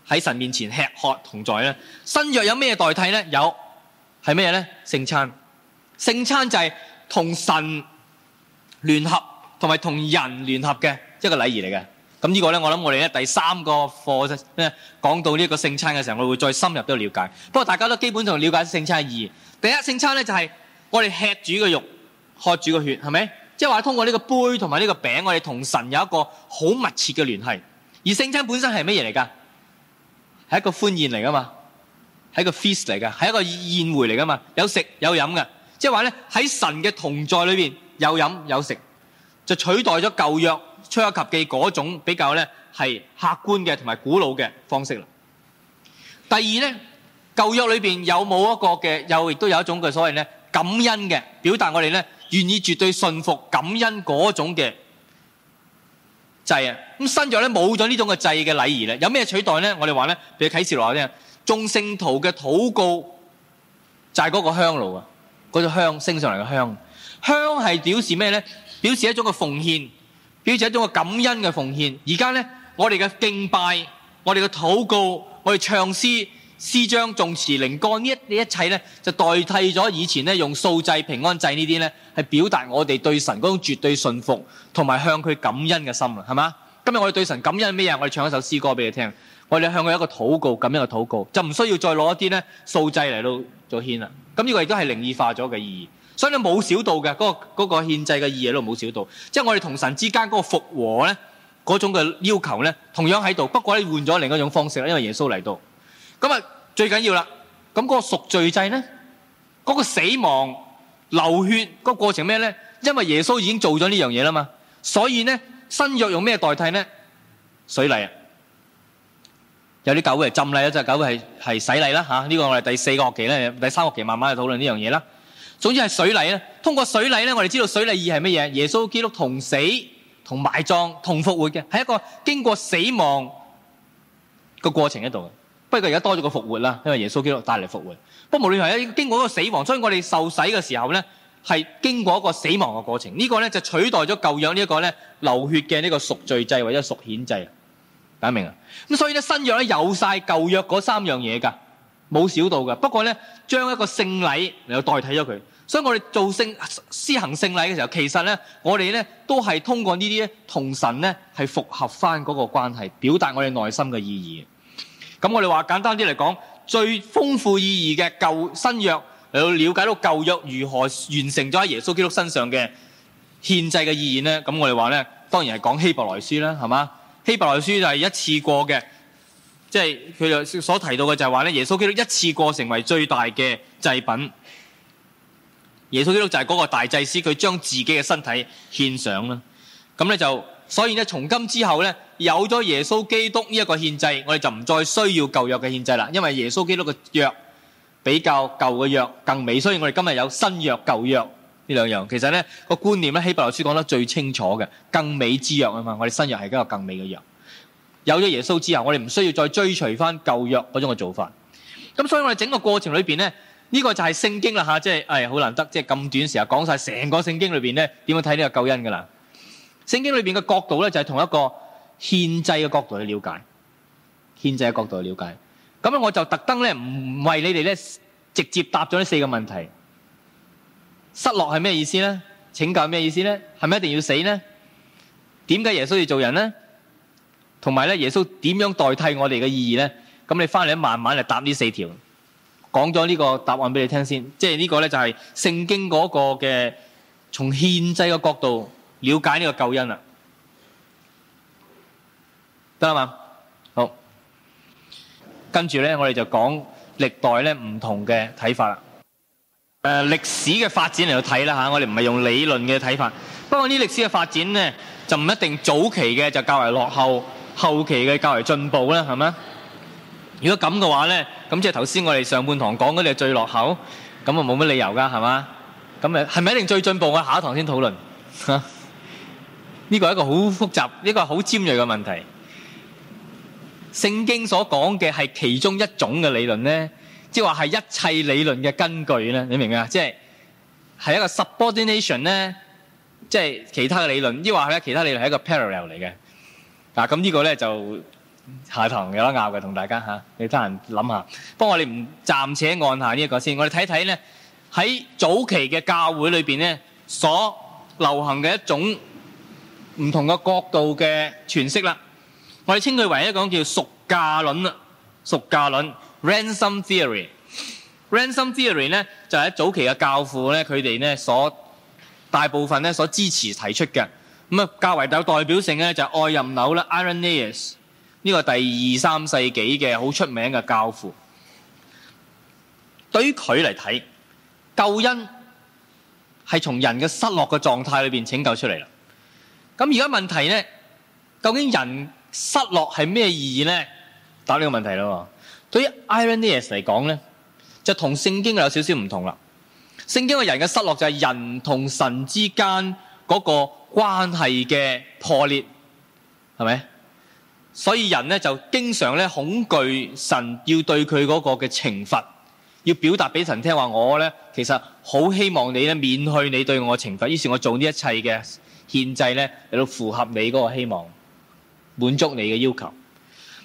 S1: 喺神面前吃喝同在咧。新約有咩代替呢？有係咩呢？聖餐，聖餐就係同神聯合同埋同人聯合嘅一個禮儀嚟嘅。咁呢個呢，我諗我哋呢第三個課呢講到呢一個聖餐嘅時候，我哋會再深入啲了解。不過大家都基本上了解聖餐嘅意義。第一聖餐呢，就係、是、我哋吃主嘅肉、喝主嘅血，係咪？即係話通過呢個杯同埋呢個餅，我哋同神有一個好密切嘅聯繫。而聖餐本身係乜嘢嚟㗎？係一個歡宴嚟㗎嘛，係一個 feast 嚟㗎，係一個宴會嚟㗎嘛，有食有飲㗎。即係話呢，喺神嘅同在裏面，有飲有食，就取代咗舊約。《出埃及記》嗰種比較咧，係客觀嘅同埋古老嘅方式啦。第二咧，舊約裏邊有冇一個嘅，有亦都有一種嘅所謂咧，感恩嘅表達，我哋咧，願意絕對信服感恩嗰種嘅祭啊。咁新約咧冇咗呢種嘅祭嘅禮儀呢，有咩取代咧？我哋話咧，譬如啟示落嚟先。眾聖徒嘅禱告就係嗰個香爐啊，嗰、嗰個香升上嚟嘅香，香係表示咩咧？表示一種嘅奉獻。表示一種感恩嘅奉獻。而家呢，我哋嘅敬拜、我哋嘅禱告、我哋唱詩、詩章、頌詞、靈歌呢一一切呢，就代替咗以前呢用素祭、平安祭呢啲呢，係表達我哋對神嗰種絕對信服同埋向佢感恩嘅心啊，係嘛？今日我哋對神感恩係咩啊？我哋唱一首詩歌俾你聽，我哋向佢一個禱告，咁樣嘅禱告，就唔需要再攞一啲呢素祭嚟到做獻啦。咁呢個亦都係靈意化咗嘅意義。所以咧冇少到嘅嗰個嗰個限制嘅意義都冇少到，即係我哋同神之間嗰個復和咧嗰種嘅要求咧，同樣喺度，不過咧換咗另一種方式啦，因為耶穌嚟到，咁啊最緊要啦，咁個贖罪祭咧，嗰個死亡流血嗰過程咩咧？因為耶穌已經做咗呢樣嘢啦嘛，所以咧新約用咩代替咧？水禮啊，有啲狗係浸禮，有隻狗係係洗禮啦嚇，呢個我哋第四個學期咧，第三個學期慢慢去討論呢樣嘢啦。總之係水禮咧，通過水禮咧，我哋知道水禮二係乜嘢？耶穌基督同死、同埋葬、同復活嘅，係一個經過死亡個過程喺度嘅。不過而家多咗個復活啦，因為耶穌基督帶嚟復活。不過無論係經過一個死亡，所以我哋受洗嘅時候呢，係經過一個死亡嘅過程。呢個呢就取代咗舊約呢個咧流血嘅呢個贖罪祭或者贖愆祭，搞明啊？咁所以咧新約咧有晒舊約嗰三樣嘢噶。冇少到㗎，不過咧，將一個聖禮嚟到代替咗佢，所以我哋做聖、施行聖禮嘅時候，其實咧，我哋咧都係通過呢啲咧，同神咧係復合返嗰個關係，表達我哋內心嘅意義。咁我哋話簡單啲嚟講，最豐富意義嘅舊新約嚟到了解到舊約如何完成咗喺耶穌基督身上嘅獻祭嘅意義咧，咁我哋話咧，當然係講希伯來書啦，係嘛？希伯來書就係一次過嘅。即係佢又所提到嘅就係話咧耶穌基督一次過成為最大嘅祭品，耶穌基督就係嗰個大祭司，佢將自己嘅身體獻上啦。咁咧就所以咧從今之後咧有咗耶穌基督呢一個獻祭，我哋就唔再需要舊約嘅獻祭啦。因為耶穌基督嘅約比較舊嘅約更美，所以我哋今日有新約舊約呢兩樣。其實咧、呢個觀念咧希伯來書講得最清楚嘅，更美之約啊嘛。我哋新約係一個更美嘅約。有咗耶穌之後，我哋唔需要再追隨返舊約嗰種嘅做法。咁所以我哋整個過程裡面呢，呢、這個就係聖經啦吓，即係係好難得，即係咁短時間講晒成個聖經裡面呢點樣睇呢個救恩㗎啦？聖經裡面嘅角度呢，就係同一個獻祭嘅角度去了解，獻祭嘅角度去了解。咁我就特登呢，唔為你哋呢直接答咗呢四個問題：失落係咩意思咧？拯救係咩意思呢？係咪一定要死呢？點解耶穌要做人呢？同埋咧，耶穌點樣代替我哋嘅意義呢？咁你翻嚟慢慢嚟答呢四條，講咗呢個答案俾你聽先。即係呢個呢，就係聖經嗰個嘅從獻祭嘅角度了解呢個救恩啦，得啦嘛？好，跟住呢，我哋就講歷代呢唔同嘅睇法啦、呃。歷史嘅發展嚟到睇啦嚇，我哋唔係用理論嘅睇法。不過呢歷史嘅發展呢，就唔一定早期嘅就較為落後。後期嘅較為進步啦，係咪？如果咁嘅話咧，咁即係頭先我哋上半堂講嘅，你係最落口，咁啊冇乜理由噶，係嘛？咁啊，係咪一定最進步？我下一堂先討論。嚇，呢、呢個係一個好複雜，一、呢個係好尖鋭嘅問題。聖經所講嘅係其中一種嘅理論咧，即係話係一切理論嘅根據咧，你明唔明啊？即係係一個 subordination 咧，即係其他嘅理論，亦話係其他理論係一個 parallel 嚟嘅。嗱，咁呢個咧就下堂有得拗嘅，同大家、吓、你得閒諗下。不過我哋唔暫且按下呢一個先，我哋睇睇咧喺早期嘅教會裏面咧所流行嘅一種唔同嘅角度嘅詮釋啦。我哋稱佢為一個叫贖價論啦，贖價論 （ransom theory）。ransom theory 咧就係、是、喺早期嘅教父咧，佢哋咧所大部分咧所支持提出嘅。咁啊，較為有代表性咧，就係愛任紐啦，Irenaeus，呢個第二三世紀嘅好出名嘅教父。對於佢嚟睇，救恩係從人嘅失落嘅狀態裏面拯救出嚟啦。咁而家問題咧，究竟人失落係咩意義咧？答呢個問題咯。對於 Irenaeus 嚟講咧，就同聖經有少少唔同啦。聖經嘅人嘅失落就係人同神之間。嗰個關係嘅破裂，係咪？所以人呢，就經常咧恐懼神要對佢嗰個嘅懲罰，要表達俾神聽話。我呢，其實好希望你咧免去你對我嘅懲罰，於是我做呢一切嘅獻祭呢，嚟到符合你嗰個希望，滿足你嘅要求。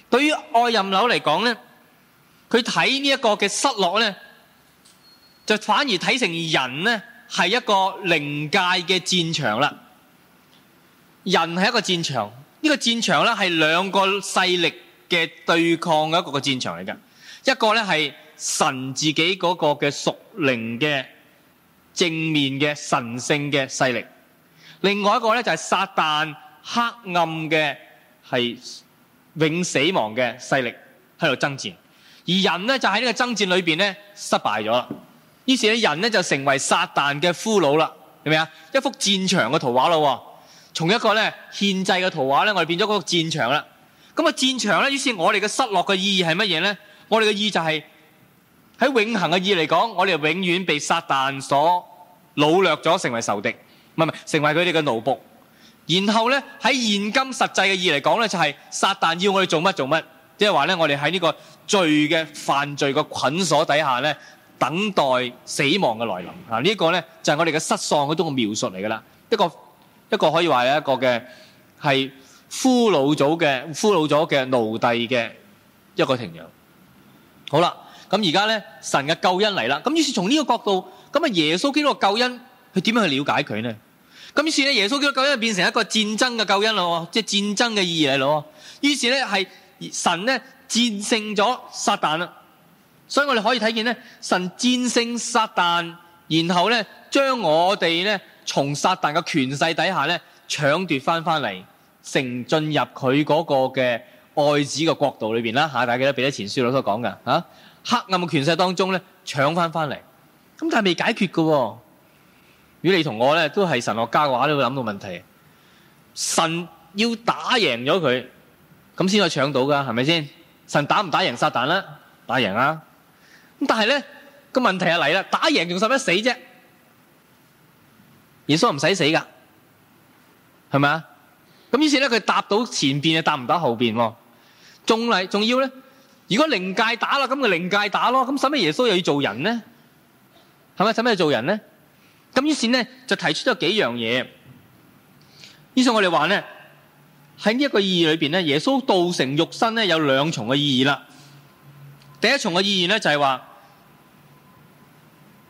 S1: 對於愛任樓嚟講呢，佢睇呢一個嘅失落呢，就反而睇成人呢。係一個靈界嘅戰場啦，人係一個戰場，呢個戰場咧係兩個勢力嘅對抗嘅一個戰場嚟㗎，一個咧係神自己嗰個嘅屬靈嘅正面嘅神聖嘅勢力，另外一個咧就係撒旦黑暗嘅係永死亡嘅勢力喺度爭戰，而人咧就喺呢個爭戰裏邊咧失敗咗啦。於是呢，人呢就成為撒旦嘅俘虜啦，係咪？一幅戰場嘅圖畫喎。從一個呢獻祭嘅圖畫呢，我哋變咗嗰個戰場啦。咁啊，戰場呢，於是我哋嘅失落嘅意義係乜嘢呢？我哋嘅意義就係喺永恆嘅意義嚟講，我哋永遠被撒旦所擄掠咗，成為仇敵，唔係，成為佢哋嘅奴僕。然後呢，喺現今實際嘅意義嚟講呢，就係撒旦要我哋做乜做乜，即係話呢，我哋喺呢個罪嘅犯罪嘅捆鎖底下呢。等待死亡嘅來臨，嗱、這、呢個咧就係我哋嘅失喪嗰種描述嚟噶啦，一個一個可以話係一個嘅係俘虜咗嘅俘虜咗嘅奴隸嘅一個形象。好啦，咁而家咧神嘅救恩嚟啦，咁於是從呢個角度，咁啊耶穌基督嘅救恩，佢點樣去了解佢呢？咁於是咧耶穌基督嘅救恩變成一個戰爭嘅救恩咯，即係戰爭嘅意義嚟咯。於是咧係神咧戰勝咗撒旦啦。所以我哋可以睇見呢，神戰勝撒但，然後呢將我哋呢從撒但嘅權勢底下呢搶奪翻翻嚟，成進入佢嗰個嘅愛子嘅國度裏邊啦。吓、啊，大家記得彼得前書老都講噶吓，黑暗嘅權勢當中呢搶翻翻嚟，咁但係未解決噶、啊。如果你同我呢都係神學家嘅話，都會諗到問題。神要打贏咗佢，咁先可以搶到噶，係咪先？神打唔打贏撒但啦？打贏啊咁但係咧個問題就嚟啦，打贏仲使乜死啫？耶穌唔使死噶，係咪啊？咁於是咧佢搭到前邊啊，搭唔到後邊喎。仲嚟仲要咧？如果靈界打啦，咁就靈界打咯。咁使乜耶穌又要做人呢？係咪使乜做人呢？咁於是咧就提出咗幾樣嘢。於是我哋話咧喺呢一個意義裏邊咧，耶穌道成肉身咧有兩重嘅意義啦。第一重嘅意義咧，就係話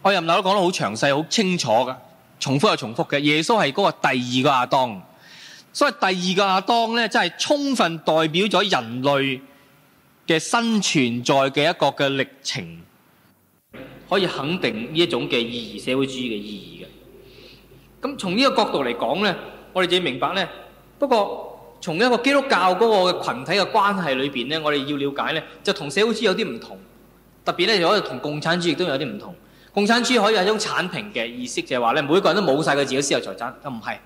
S1: 我任樓都講得好詳細、好清楚㗎。重複又重複嘅。耶穌係嗰個第二個亞當，所以第二個亞當咧，真係充分代表咗人類嘅新存在嘅一個嘅歷程，可以肯定呢一種嘅意義、社會主義嘅意義嘅。咁從呢個角度嚟講咧，我哋就要明白咧，不過。從一個基督教嗰個羣體嘅關係裏邊呢，我哋要了解呢，就同社會主義有啲唔同，特別呢，又可以同共產主義都有啲唔同。共產主義可以係一種產平嘅意識，就係話呢，每個人都冇晒佢自己私有財產。唔係，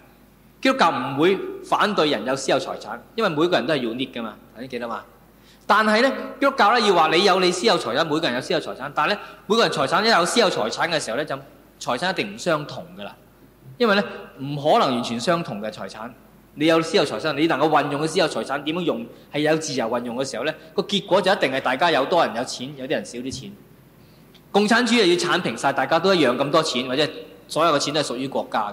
S1: 基督教唔會反對人有私有財產，因為每個人都係要搣噶嘛，啱先記得嘛。但係呢，基督教呢，要話你有你私有財產，每個人有私有財產，但係呢，每個人財產一有私有財產嘅時候呢，就財產一定唔相同噶啦，因為呢，唔可能完全相同嘅財產。你有私有財產，你能夠運用嘅私有財產點樣用？係有自由運用嘅時候，呢個結果就一定係大家有多人有錢，有啲人少啲錢。共產主義要鏟平晒，大家都一樣咁多錢，或者所有嘅錢都係屬於國家嘅。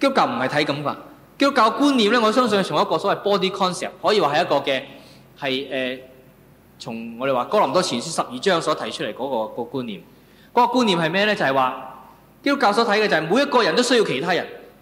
S1: 基督教唔係睇咁噶，基督教觀念呢，我相信是從一個所謂 body concept 可以話係一個嘅係誒，從我哋話哥林多前書十二章所提出嚟嗰個嗰個觀念。嗰個觀念係咩呢？就係話基督教所睇嘅就係每一個人都需要其他人。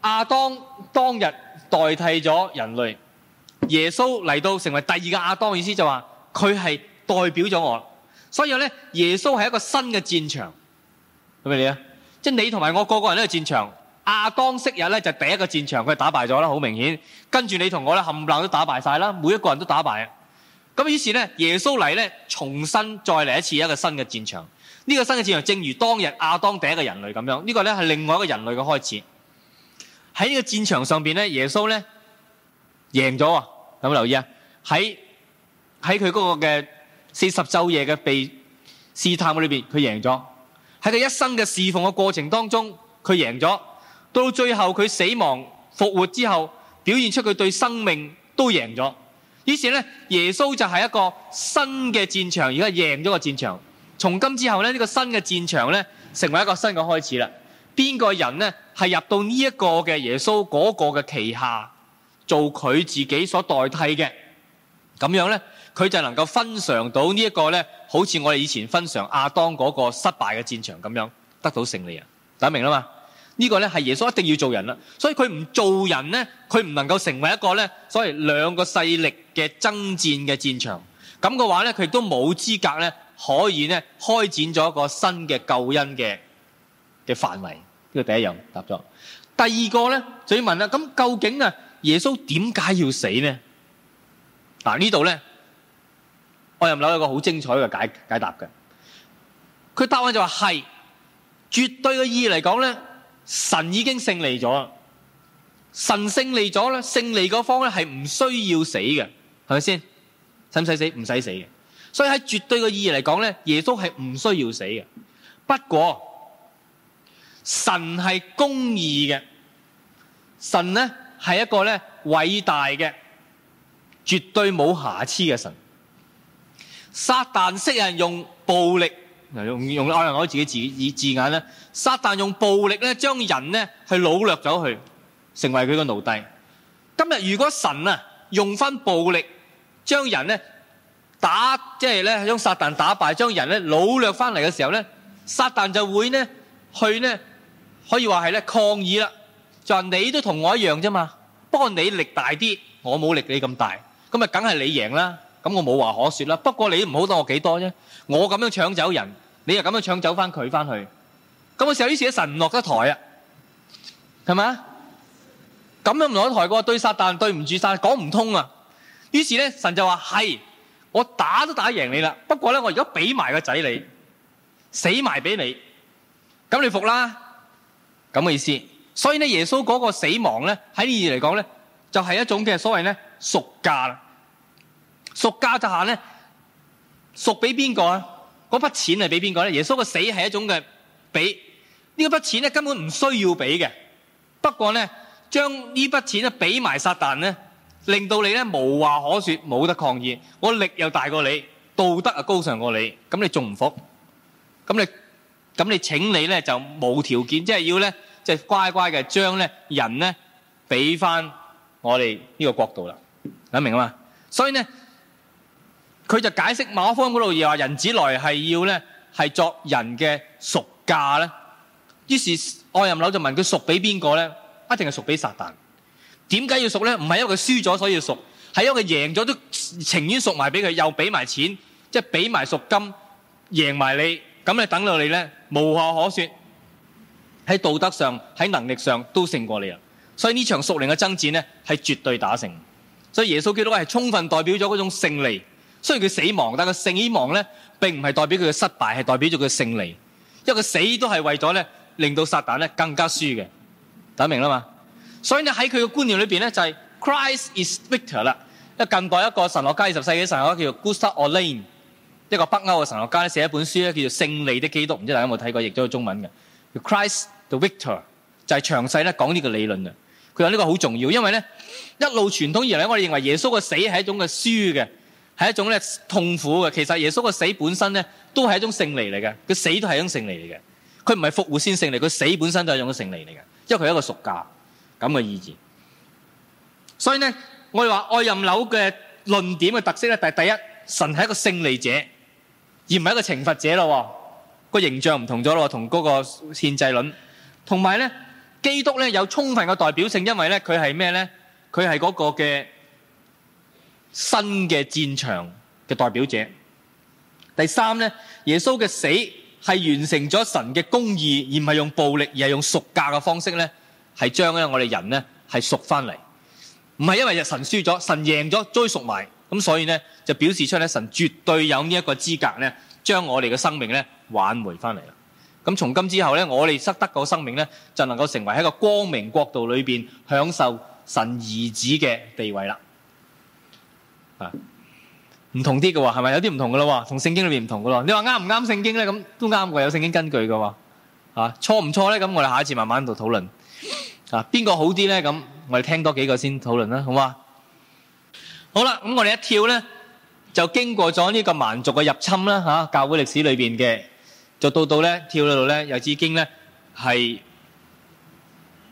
S1: 阿當當日代替咗人類，耶穌嚟到成為第二個阿當，意思就話佢係代表咗我，所以呢，耶穌係一個新嘅戰場係咪、就是、你啊？即你同埋我個個人都係戰場，阿當昔日呢，就第一個戰場佢打敗咗啦，好明顯。跟住你同我呢，冚唪唥都打敗晒啦，每一個人都打敗了。咁於是呢，耶穌嚟，呢，重新再嚟一次一個新嘅戰場，呢、這個新嘅戰場正如當日阿當第一個人類咁樣，呢、這個呢，係另外一個人類嘅開始。喺呢個戰場上面，呢耶穌呢贏咗，有冇留意啊？喺喺佢嗰個嘅四十晝夜嘅被試探嘅裏面，佢贏咗，喺佢一生嘅侍奉嘅過程當中，佢贏咗，到最後佢死亡復活之後，表現出佢對生命都贏咗。於是呢，耶穌就係一個新嘅戰場，而家贏咗個戰場。從今之後呢，呢、這個新嘅戰場呢，成為一個新嘅開始啦。邊個人呢？係入到呢一個嘅耶穌嗰個嘅旗下，做佢自己所代替嘅，咁樣咧，佢就能夠分享到呢一個咧，好似我哋以前分享亞當嗰個失敗嘅戰場咁樣，得到勝利啊！大家明啦嘛？這個、呢個咧係耶穌一定要做人啦，所以佢唔做人咧，佢唔能夠成為一個咧，所謂兩個勢力嘅爭戰嘅戰場，咁嘅話咧，佢亦都冇資格咧，可以咧開展咗一個新嘅救恩嘅嘅範圍。佢第一樣答咗，第二個咧就要問啦。咁究竟啊，耶穌點解要死呢？啊嗱呢度咧，我又諗一個好精彩嘅解解答嘅。佢答案就話：係絕對嘅意義嚟講咧，神已經勝利咗，神勝利咗咧，勝利嗰方咧係唔需要死嘅，係咪先？使唔使死？唔使死嘅。所以喺絕對嘅意義嚟講咧，耶穌係唔需要死嘅。不過。神係公義嘅，神呢係一個呢偉大嘅，絕對冇瑕疵嘅神。撒旦識人用暴力，嗱用用愛人自己字字眼呢。撒旦用暴力呢將人呢去擄掠咗去，成為佢嘅奴隸。今日如果神啊用翻暴力將人呢打，即係呢將撒旦打敗，將人呢擄掠翻嚟嘅時候呢，撒旦就會呢去呢。可以話係咧，抗議啦，就話你都同我一樣啫嘛，不過你力大啲，我冇力你咁大，咁咪梗係你贏啦，咁我冇話可說啦。不過你唔好等我幾多啫，我咁樣搶走人，你又咁樣搶走返佢返去，咁嘅時候於是神唔落得台啊，係咪啊？咁樣唔落台嘅話，對撒但對唔住晒，講唔通啊。於是咧，神就話係我打都打贏你啦，不過呢，我而家俾埋個仔你，死埋俾你，咁你服啦。咁嘅意思，所以咧耶穌嗰個死亡咧喺意義嚟講咧，就係、是、一種嘅所謂咧贖價啦。贖價之下咧贖俾邊個啊？嗰筆錢係俾邊個咧？耶穌嘅死係一種嘅俾呢一筆錢咧根本唔需要俾嘅。不過咧將呢筆錢咧俾埋撒旦咧，令到你咧無話可說，冇得抗議。我力又大過你，道德又高尚過你，咁你仲唔服？咁你咁你請你咧就冇條件，即係要咧。即係乖乖嘅將咧人咧俾翻我哋呢個國度啦，諗明啊嘛。所以咧佢就解釋馬可嗰度又話人子來係要咧係作人嘅贖價咧。於是愛任樓就問佢贖俾邊個咧？一定係贖俾撒旦。為什麼要熟呢，點解要贖咧？唔係因為佢輸咗所以要贖，係因為佢贏咗都情願贖埋俾佢，又俾埋錢，即係俾埋贖金，贏埋你，咁你等到你咧無話可說。喺道德上、喺能力上都勝過你啊！所以呢場屬靈嘅爭戰咧，係絕對打勝。所以耶穌基督係充分代表咗嗰種勝利。雖然佢死亡，但係佢死亡咧並唔係代表佢嘅失敗，係代表咗佢嘅勝利。因為佢死都係為咗咧令到撒旦咧更加輸嘅。大家明啦嘛？所以你喺佢嘅觀念裏面咧就係、是、Christ is Victor 啦。因為近代一個神學家二十世紀嘅神，神學家叫做 Gustav Aulén 一個北歐嘅神學家咧寫一本書咧叫做《勝利的基督》，唔知大家有冇睇過？譯咗去中文嘅 Christ。TheVictor 就係詳細咧講呢個理論啊，佢話呢個好重要，因為咧一路傳統而嚟，我哋認為耶穌嘅死係一種嘅輸嘅，係一種咧痛苦嘅。其實耶穌嘅死本身咧都係一種勝利嚟嘅，佢死都係一種勝利嚟嘅。佢唔係復活先勝利，佢死本身都係一種勝利嚟嘅，因為佢係一個贖價咁嘅意義。所以咧，我哋話愛任紐嘅論點嘅特色咧，第第一神係一個勝利者，而唔係一個懲罰者咯。個形象唔同咗咯，同嗰個獻祭論。同埋咧，基督咧有充分嘅代表性，因為咧佢係咩咧？佢係嗰個嘅新嘅戰場嘅代表者。第三咧，耶穌嘅死係完成咗神嘅公義，而唔係用暴力，而係用贖價嘅方式咧，係將咧我哋人咧係贖翻嚟。唔係因為就神輸咗，神贏咗，追贖埋，咁所以咧就表示出咧神絕對有呢一個資格咧，將我哋嘅生命咧挽回翻嚟。咁從今之後咧，我哋失得個生命咧，就能夠成為喺一個光明國度裏邊，享受神兒子嘅地位啦。啊，唔同啲嘅喎，係咪有啲唔同嘅咯？同聖經裏邊唔同嘅咯。你話啱唔啱聖經咧？咁都啱嘅，有聖經根據嘅喎。嚇，錯唔錯咧？咁我哋下一次慢慢度討論。啊，邊個好啲咧？咁我哋聽多幾個先討論啦，好嘛？好啦，咁我哋一跳咧，就經過咗呢個蠻族嘅入侵啦。嚇，教會歷史裏邊嘅。就到到咧跳到度咧，又已經咧係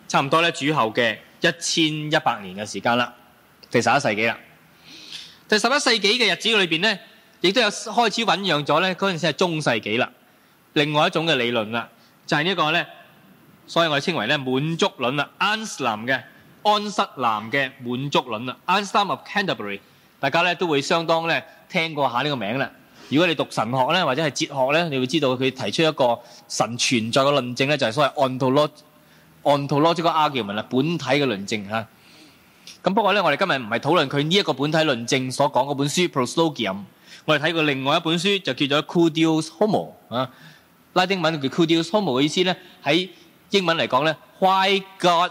S1: 差唔多咧主後嘅一千一百年嘅時間啦，第十一世紀啦。第十一世紀嘅日子裏邊咧，亦都有開始醖釀咗咧，嗰陣時係中世紀啦。另外一種嘅理論啦，就係呢一個咧，所以我哋稱為咧滿足論啦，Anselm 嘅安瑟南嘅滿足論啦，Anselm of Canterbury，大家咧都會相當咧聽過下呢個名啦。如果你讀神學咧，或者係哲學咧，你會知道佢提出一個神存在嘅論證咧，就係、是、所謂 ontological argument，本體嘅論證嚇。咁不過咧，我哋今日唔係討論佢呢一個本體論證所講嗰本書《Proslogium》，我哋睇過另外一本書就叫做《Cur Deus Homo》啊。拉丁文叫《Cur Deus Homo》嘅意思咧，喺英文嚟講咧，Why God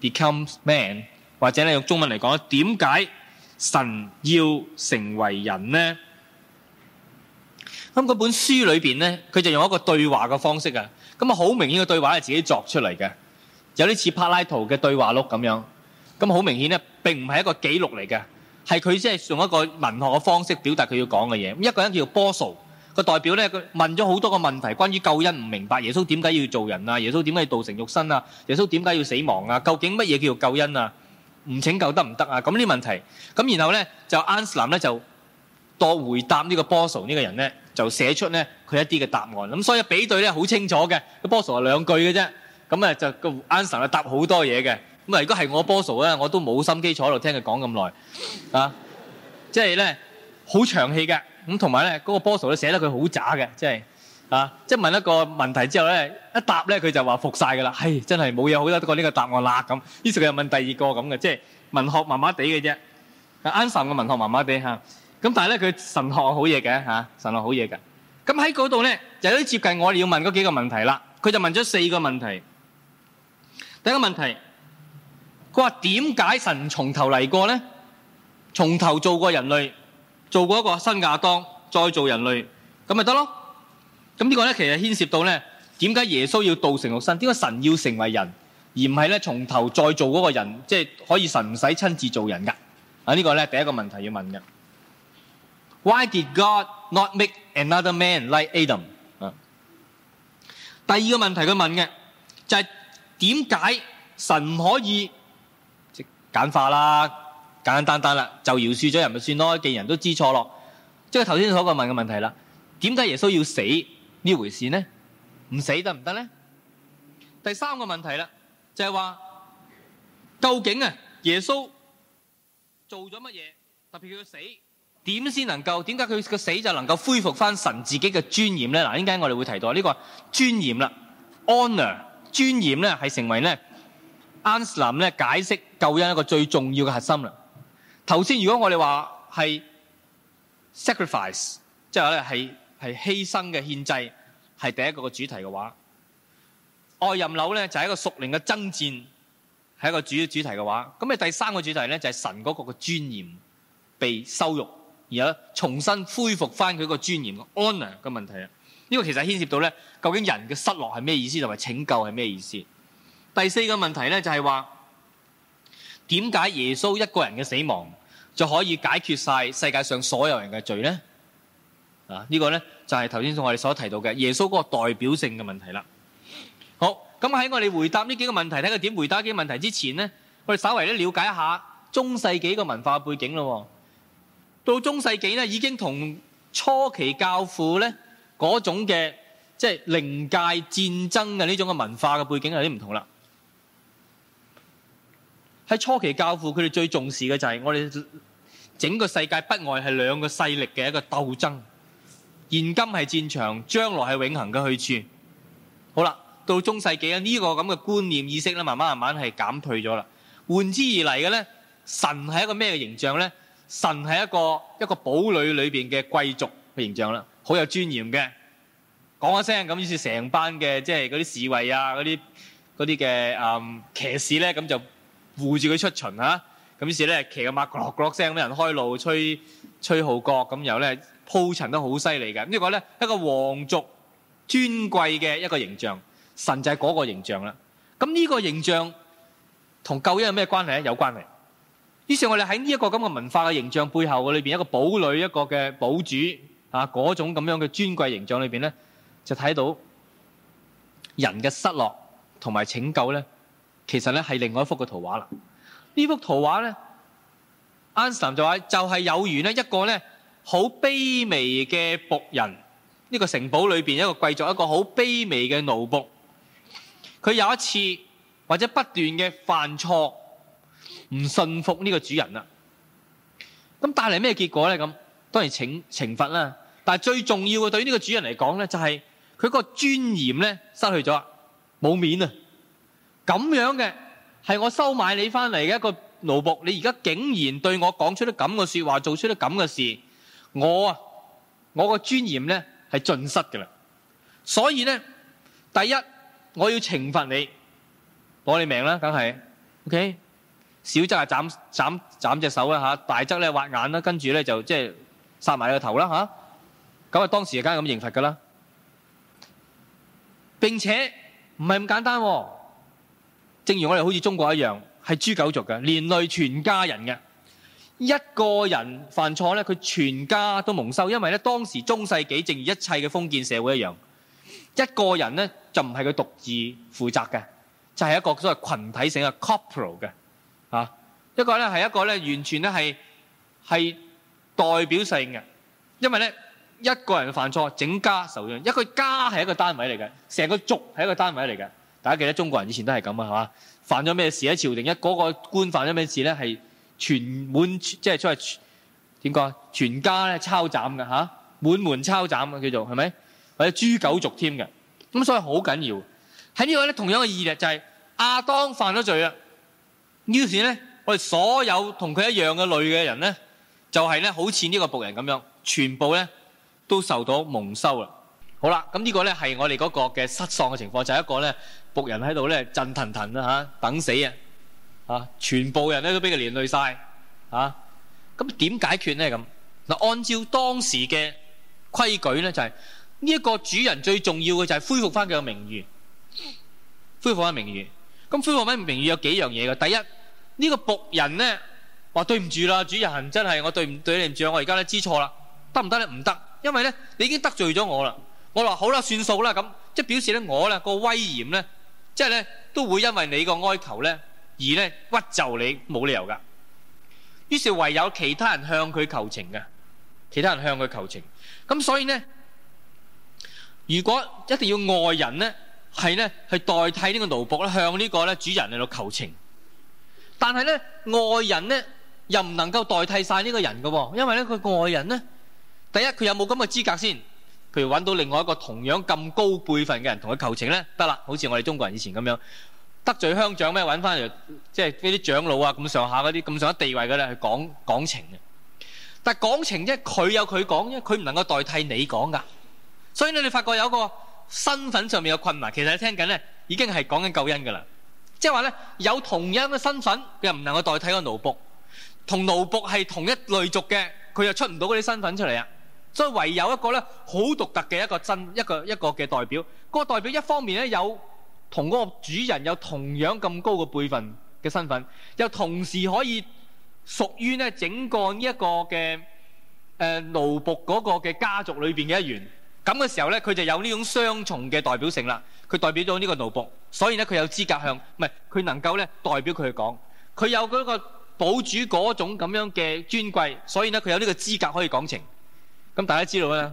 S1: becomes man，或者咧用中文嚟講，點解神要成為人呢？咁嗰本書裏面咧，佢就用一個對話嘅方式啊！咁啊，好明顯嘅對話係自己作出嚟嘅，有啲似柏拉圖嘅對話錄咁樣。咁好明顯咧，並唔係一個記錄嚟嘅，係佢即係用一個文學嘅方式表達佢要講嘅嘢。一個人叫做波蘇，個代表咧，問咗好多個問題，關於救恩唔明白，耶穌點解要做人啊？耶穌點解要道成肉身啊？耶穌點解要死亡啊？究竟乜嘢叫做救恩啊？唔拯救得唔得啊？咁呢問題。咁然後咧就安斯林咧就多回答呢個波蘇呢個人咧。就寫出咧佢一啲嘅答案，咁所以比對咧好清楚嘅。boss 話兩句嘅啫，咁啊就阿 anson 啊答好多嘢嘅。咁啊如果係我 boss 咧，我都冇心機坐喺度聽佢講咁耐啊，即係咧好長氣嘅。咁同埋咧嗰個 boss 咧寫得佢好渣嘅，即係啊，即係問一個問題之後咧一答咧佢就話覆曬噶啦，係真係冇嘢好得過呢個答案啦咁。於是佢問第二個咁嘅，即係文學麻麻地嘅啫。阿 anson 嘅文學麻麻地嚇。咁但係咧，佢神學好嘢嘅吓，神學好嘢嘅。咁喺嗰度咧，就有啲接近我哋要問嗰幾個問題啦。佢就問咗四個問題。第一個問題，佢話點解神從頭嚟過咧？從頭做過人類，做過一個新亞當，再做人類，咁咪得咯？咁呢個咧，其實牽涉到咧，點解耶穌要道成肉身？點解神要成為人，而唔係咧從頭再做嗰個人？即係可以神唔使親自做人噶。啊，呢個咧第一個問題要問嘅。Why did God not make another man like Adam？啊，第二個問題佢問嘅就係點解神唔可以即係簡化啦，簡簡單單啦就饒恕咗人咪算咯，既然人都知錯咯，即係頭先所講問嘅問題啦，點解耶穌要死呢回事呢？唔死得唔得呢？第三個問題啦就係話究竟啊耶穌做咗乜嘢？特別佢要死。點先能夠？點解佢個死就能夠恢復翻神自己嘅尊嚴咧？嗱，點解我哋會提到呢個尊嚴啦？Honor 尊嚴咧係成為咧安瑟倫咧解釋救恩一個最重要嘅核心啦。頭先如果我哋話係 sacrifice 即係話咧係係犧牲嘅獻祭係第一個嘅主題嘅話，愛任紐咧就係一個屬靈嘅爭戰係一個主要主題嘅話，咁啊第三個主題咧就係神嗰個嘅尊嚴被羞辱。而有重新恢復翻佢個尊嚴、安寧嘅問題啊！呢個其實牽涉到咧，究竟人嘅失落係咩意思，同埋拯救係咩意思？第四個問題咧，就係話點解耶穌一個人嘅死亡就可以解決晒世界上所有人嘅罪咧？啊！呢個咧就係頭先我哋所提到嘅耶穌嗰個代表性嘅問題啦。好，咁喺我哋回答呢幾個問題，睇佢點回答幾個問題之前咧，我哋稍微咧了解一下中世紀個文化背景咯。到中世紀呢已經同初期教父呢嗰種嘅即係靈界戰爭嘅呢種嘅文化嘅背景有啲唔同啦。喺初期教父，佢哋最重視嘅就係我哋整個世界不外係兩個勢力嘅一個鬥爭，現今係戰場，將來係永恒嘅去處。好啦，到中世紀呢，呢個咁嘅觀念意識咧，慢慢慢慢係減退咗啦。換之而嚟嘅咧，神係一個咩嘅形象咧？神係一個一個堡壘裏邊嘅貴族嘅形象啦，好有尊嚴嘅，講一聲咁，於是成班嘅即係嗰啲侍衛啊，嗰啲嗰啲嘅嗯騎士咧，咁就護住佢出巡啊，咁於是咧騎個馬咯咯聲，俾人開路，吹吹號角，咁又咧鋪陳得好犀利嘅，咁、這個、呢個咧一個皇族尊貴嘅一個形象，神就係嗰個形象啦。咁呢個形象同救恩有咩關係咧？有關係。以上我哋喺呢一個咁嘅文化嘅形象背後嘅裏面，一個堡女一個嘅堡主嗰種咁樣嘅尊貴形象裏面呢，就睇到人嘅失落同埋拯救呢。其實呢係另外一幅嘅圖畫啦。呢幅圖畫呢，安史林說就話就係有緣呢一個呢好卑微嘅僕人，呢、這個城堡裏面，一個貴族，一個好卑微嘅奴僕，佢有一次或者不斷嘅犯錯。唔信服呢個主人啊，咁帶嚟咩結果咧？咁當然懲懲罰啦，但係最重要嘅，對於呢個主人嚟講咧，就係佢個尊嚴咧失去咗，冇面啊！咁樣嘅，係我收買你翻嚟嘅一個奴僕，你而家竟然對我講出啲咁嘅說話，做出啲咁嘅事，我啊，我個尊嚴咧係盡失噶啦！所以咧，第一我要懲罰你，攞你命啦，梗係，ok。小則係斬斬隻手啦，大則咧挖眼啦，跟住咧就即係殺埋個頭啦吓，咁啊，當時梗係咁刑罰噶啦。並且唔係咁簡單、啊，正如我哋好似中國一樣，係誅九族嘅，連累全家人嘅。一個人犯錯咧，佢全家都蒙羞，因為咧當時中世紀正如一切嘅封建社會一樣，一個人咧就唔係佢獨自負責嘅，就係、是、一個所謂群體性嘅 corporal 嘅。一個咧係一個咧完全咧係係代表性嘅，因為咧一個人犯錯，整家受殃。一個家係一個單位嚟嘅，成個族係一個單位嚟嘅。大家記得中國人以前都係咁啊，係嘛？犯咗咩事喺朝廷一嗰、那個官犯咗咩事咧？係全滿即係出去，點講啊？全家咧抄斬嘅吓、啊，滿門抄斬啊，叫做係咪？或者誅九族添嘅。咁所以好緊要。喺呢、這個咧同樣嘅意義就係、是、亞當犯咗罪啊，於是呢件咧。我哋所有同佢一樣嘅類嘅人呢，就係呢好似呢個僕人咁樣，全部呢都受到蒙羞啦。好啦，咁呢個呢係我哋嗰個嘅失喪嘅情況，就係一個呢僕人喺度呢震騰騰啦吓，等死啊！啊，全部人呢都俾佢連累晒啊！咁點解決呢？咁嗱，按照當時嘅規矩呢，就係呢一個主人最重要嘅就係恢復翻佢嘅名譽，恢復翻名譽。咁恢復翻名譽有幾樣嘢嘅，第一。呢個僕人呢，話：對唔住啦，主人，真係我對唔對你唔住，我而家咧知錯啦，得唔得呢？唔得，因為呢，你已經得罪咗我啦。我話好啦，算數啦，咁即表示呢，我、呢、呢個威嚴呢，即係呢，都會因為你個哀求呢，而呢屈就你，冇理由噶。於是唯有其他人向佢求情嘅，其他人向佢求情。咁所以呢，如果一定要外人呢，係呢，去代替呢個奴僕，咧，向呢個主人嚟到求情。但係咧，外人咧又唔能夠代替晒呢個人嘅，哦，因為咧佢外人咧，第一佢有冇咁嘅資格先？譬如揾到另外一個同樣咁高輩分嘅人同佢求情咧，得啦，好似我哋中國人以前咁樣得罪鄉長咩，揾翻嚟即係呢啲長老啊咁上下嗰啲咁上下地位嘅咧去講講情嘅。但講情啫，佢有佢講，因為佢唔能夠代替你講噶。所以你哋發覺有個身份上面嘅困難，其實你聽緊咧已經係講緊救恩噶啦。即係話咧，有同樣嘅身份，佢又唔能夠代替個奴僕。同奴僕係同一類族嘅，佢又出唔到嗰啲身份出嚟啊！所以唯有一個咧，好獨特嘅一個真一個一個嘅代表。嗰、那個代表一方面咧，有同嗰個主人有同樣咁高嘅輩分嘅身份，又同時可以屬於咧整個呢一個嘅誒奴僕嗰個嘅家族裏邊嘅一員。咁嘅時候咧，佢就有呢種雙重嘅代表性啦。佢代表咗呢個奴僕，所以咧佢有資格向，唔係佢能夠咧代表佢去講。佢有嗰個保主嗰種咁樣嘅尊貴，所以咧佢有呢個資格可以講情。咁、嗯、大家知道咧，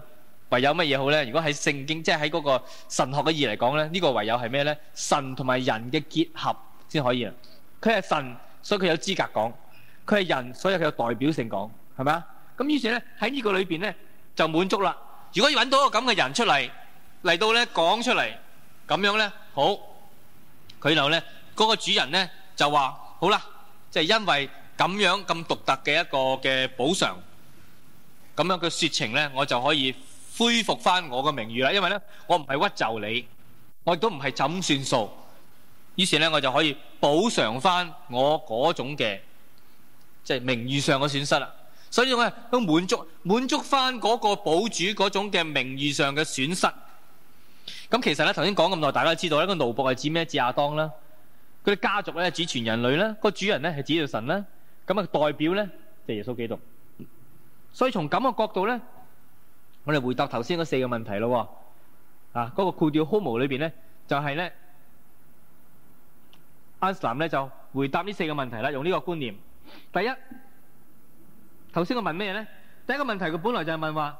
S1: 唯有乜嘢好咧？如果喺聖經，即係喺嗰個神學嘅意義嚟講咧，呢、這個唯有係咩咧？神同埋人嘅結合先可以啊。佢係神，所以佢有資格講；佢係人，所以佢有代表性講，係咪啊？咁於是咧喺呢個裏邊咧就滿足啦。如果揾到一個咁嘅人出嚟嚟到呢，講出嚟，咁樣呢，好，佢就呢，嗰、嗰個主人呢，就話好啦，即、就是因為咁樣咁獨特嘅一個嘅補償，咁樣嘅說情呢，我就可以恢復返我嘅名譽啦。因為呢，我唔係屈就你，我亦都唔係怎算數，於是呢，我就可以補償返我嗰種嘅即係名譽上嘅損失啦。所以我係想滿足滿足翻嗰個保主嗰種嘅名譽上嘅損失。咁其實咧頭先講咁耐，大家都知道咧個奴僕係指咩？指亞當啦，佢啲家族咧係指全人類啦，個主人咧係指住神啦。咁啊代表咧就耶穌基督。所以從咁嘅角度咧，我哋回答頭先嗰四個問題咯。啊，嗰個 Cur Deus Homo 裏邊咧就係咧，Anselm 咧就回答呢四個問題啦，用呢個觀念。第一。頭先我問咩咧？第一個問題，佢本來就係問話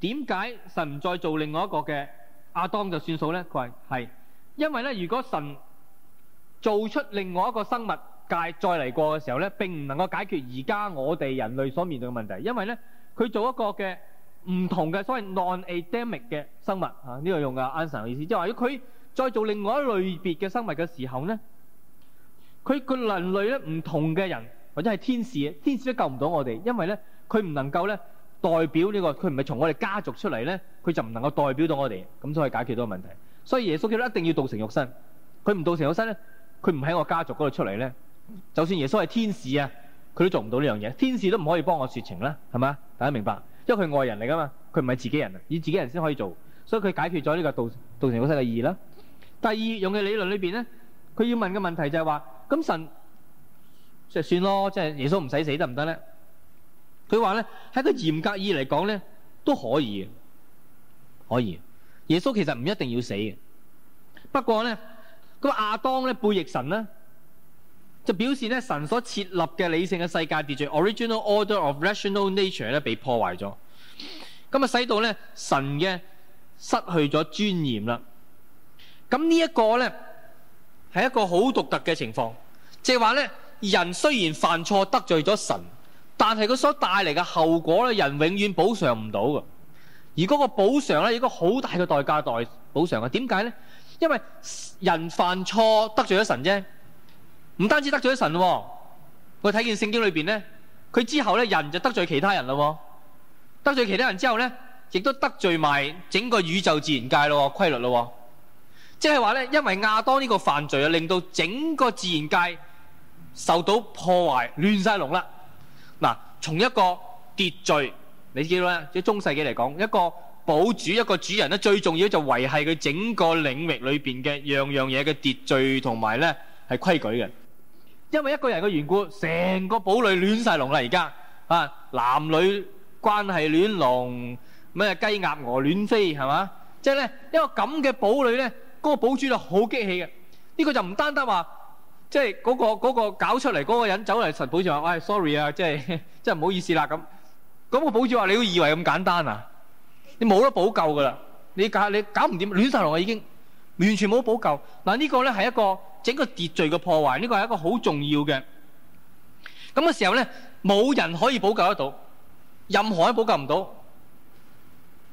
S1: 點解神唔再做另外一個嘅亞當就算數咧？佢話係，因為咧，如果神做出另外一個生物界再嚟過嘅時候咧，並唔能夠解決而家我哋人類所面對嘅問題，因為咧，佢做一個嘅唔同嘅所謂 non-adamic 嘅生物啊，呢個用嘅亞神嘅意思，即係話如果佢再做另外一類別嘅生物嘅時候咧，佢個人類咧唔同嘅人。或者係天使，天使都救唔到我哋，因為咧佢唔能夠咧代表呢個，佢唔係從我哋家族出嚟咧，佢就唔能夠代表到我哋，咁所以可以解決到個問題。所以耶穌叫咧一定要道成肉身，佢唔道成肉身咧，佢唔喺我家族嗰度出嚟咧，就算耶穌係天使啊，佢都做唔到呢樣嘢，天使都唔可以幫我說情啦，係嘛？大家明白？因為佢係外人嚟噶嘛，佢唔係自己人，以自己人先可以做，所以佢解決咗呢個道道成肉身嘅意義啦。第二用嘅理論裏邊咧，佢要問嘅問題就係話，咁神。就算咯，即係耶穌唔使死得唔得咧？佢話咧，喺個嚴格意嚟講咧，都可以，可以耶穌其實唔一定要死嘅。不過咧，個亞當咧背逆神呢，就表示咧神所設立嘅理性嘅世界秩序 （original order of rational nature） 咧被破壞咗，咁啊使到咧神嘅失去咗尊嚴啦。咁呢一個咧係一個好獨特嘅情況，即係話咧。人雖然犯錯得罪咗神，但係佢所帶嚟嘅後果咧，人永遠補償唔到嘅。而嗰個補償咧，一個好大嘅代價代補償嘅。點解咧？因為人犯錯得罪咗神啫，唔單止得罪咗神，我睇見聖經裏邊咧，佢之後咧人就得罪其他人喎。得罪其他人之後咧，亦都得罪埋整個宇宙自然界咯，規律咯，即係話咧，因為亞當呢個犯罪啊，令到整個自然界。受到破壞，亂曬龍啦！嗱，從一個秩序，你知啦，即係中世紀嚟講，一個堡主一個主人咧，最重要就維係佢整個領域裏邊嘅樣樣嘢嘅秩序同埋咧係規矩嘅。因為一個人嘅緣故，成個堡壘亂曬龍啦！而家啊，男女關係亂龍，咩雞鴨鵝亂飛，係嘛？即係咧一個咁嘅堡壘咧，嗰個堡主就好激氣嘅。呢個就唔單單話。即係嗰個嗰個搞出嚟嗰個人走嚟神保住話，喂、哎、sorry 啊，即係即係唔好意思啦。咁，咁個保主話，你都以為咁簡單啊？你冇得補救噶啦，你搞你搞唔掂，亂晒龍，我已經完全冇得補救。嗱，呢個咧係一個整個秩序嘅破壞，呢個係一個好重要嘅。咁嘅時候咧，冇人可以補救得到，任何補都補救唔到，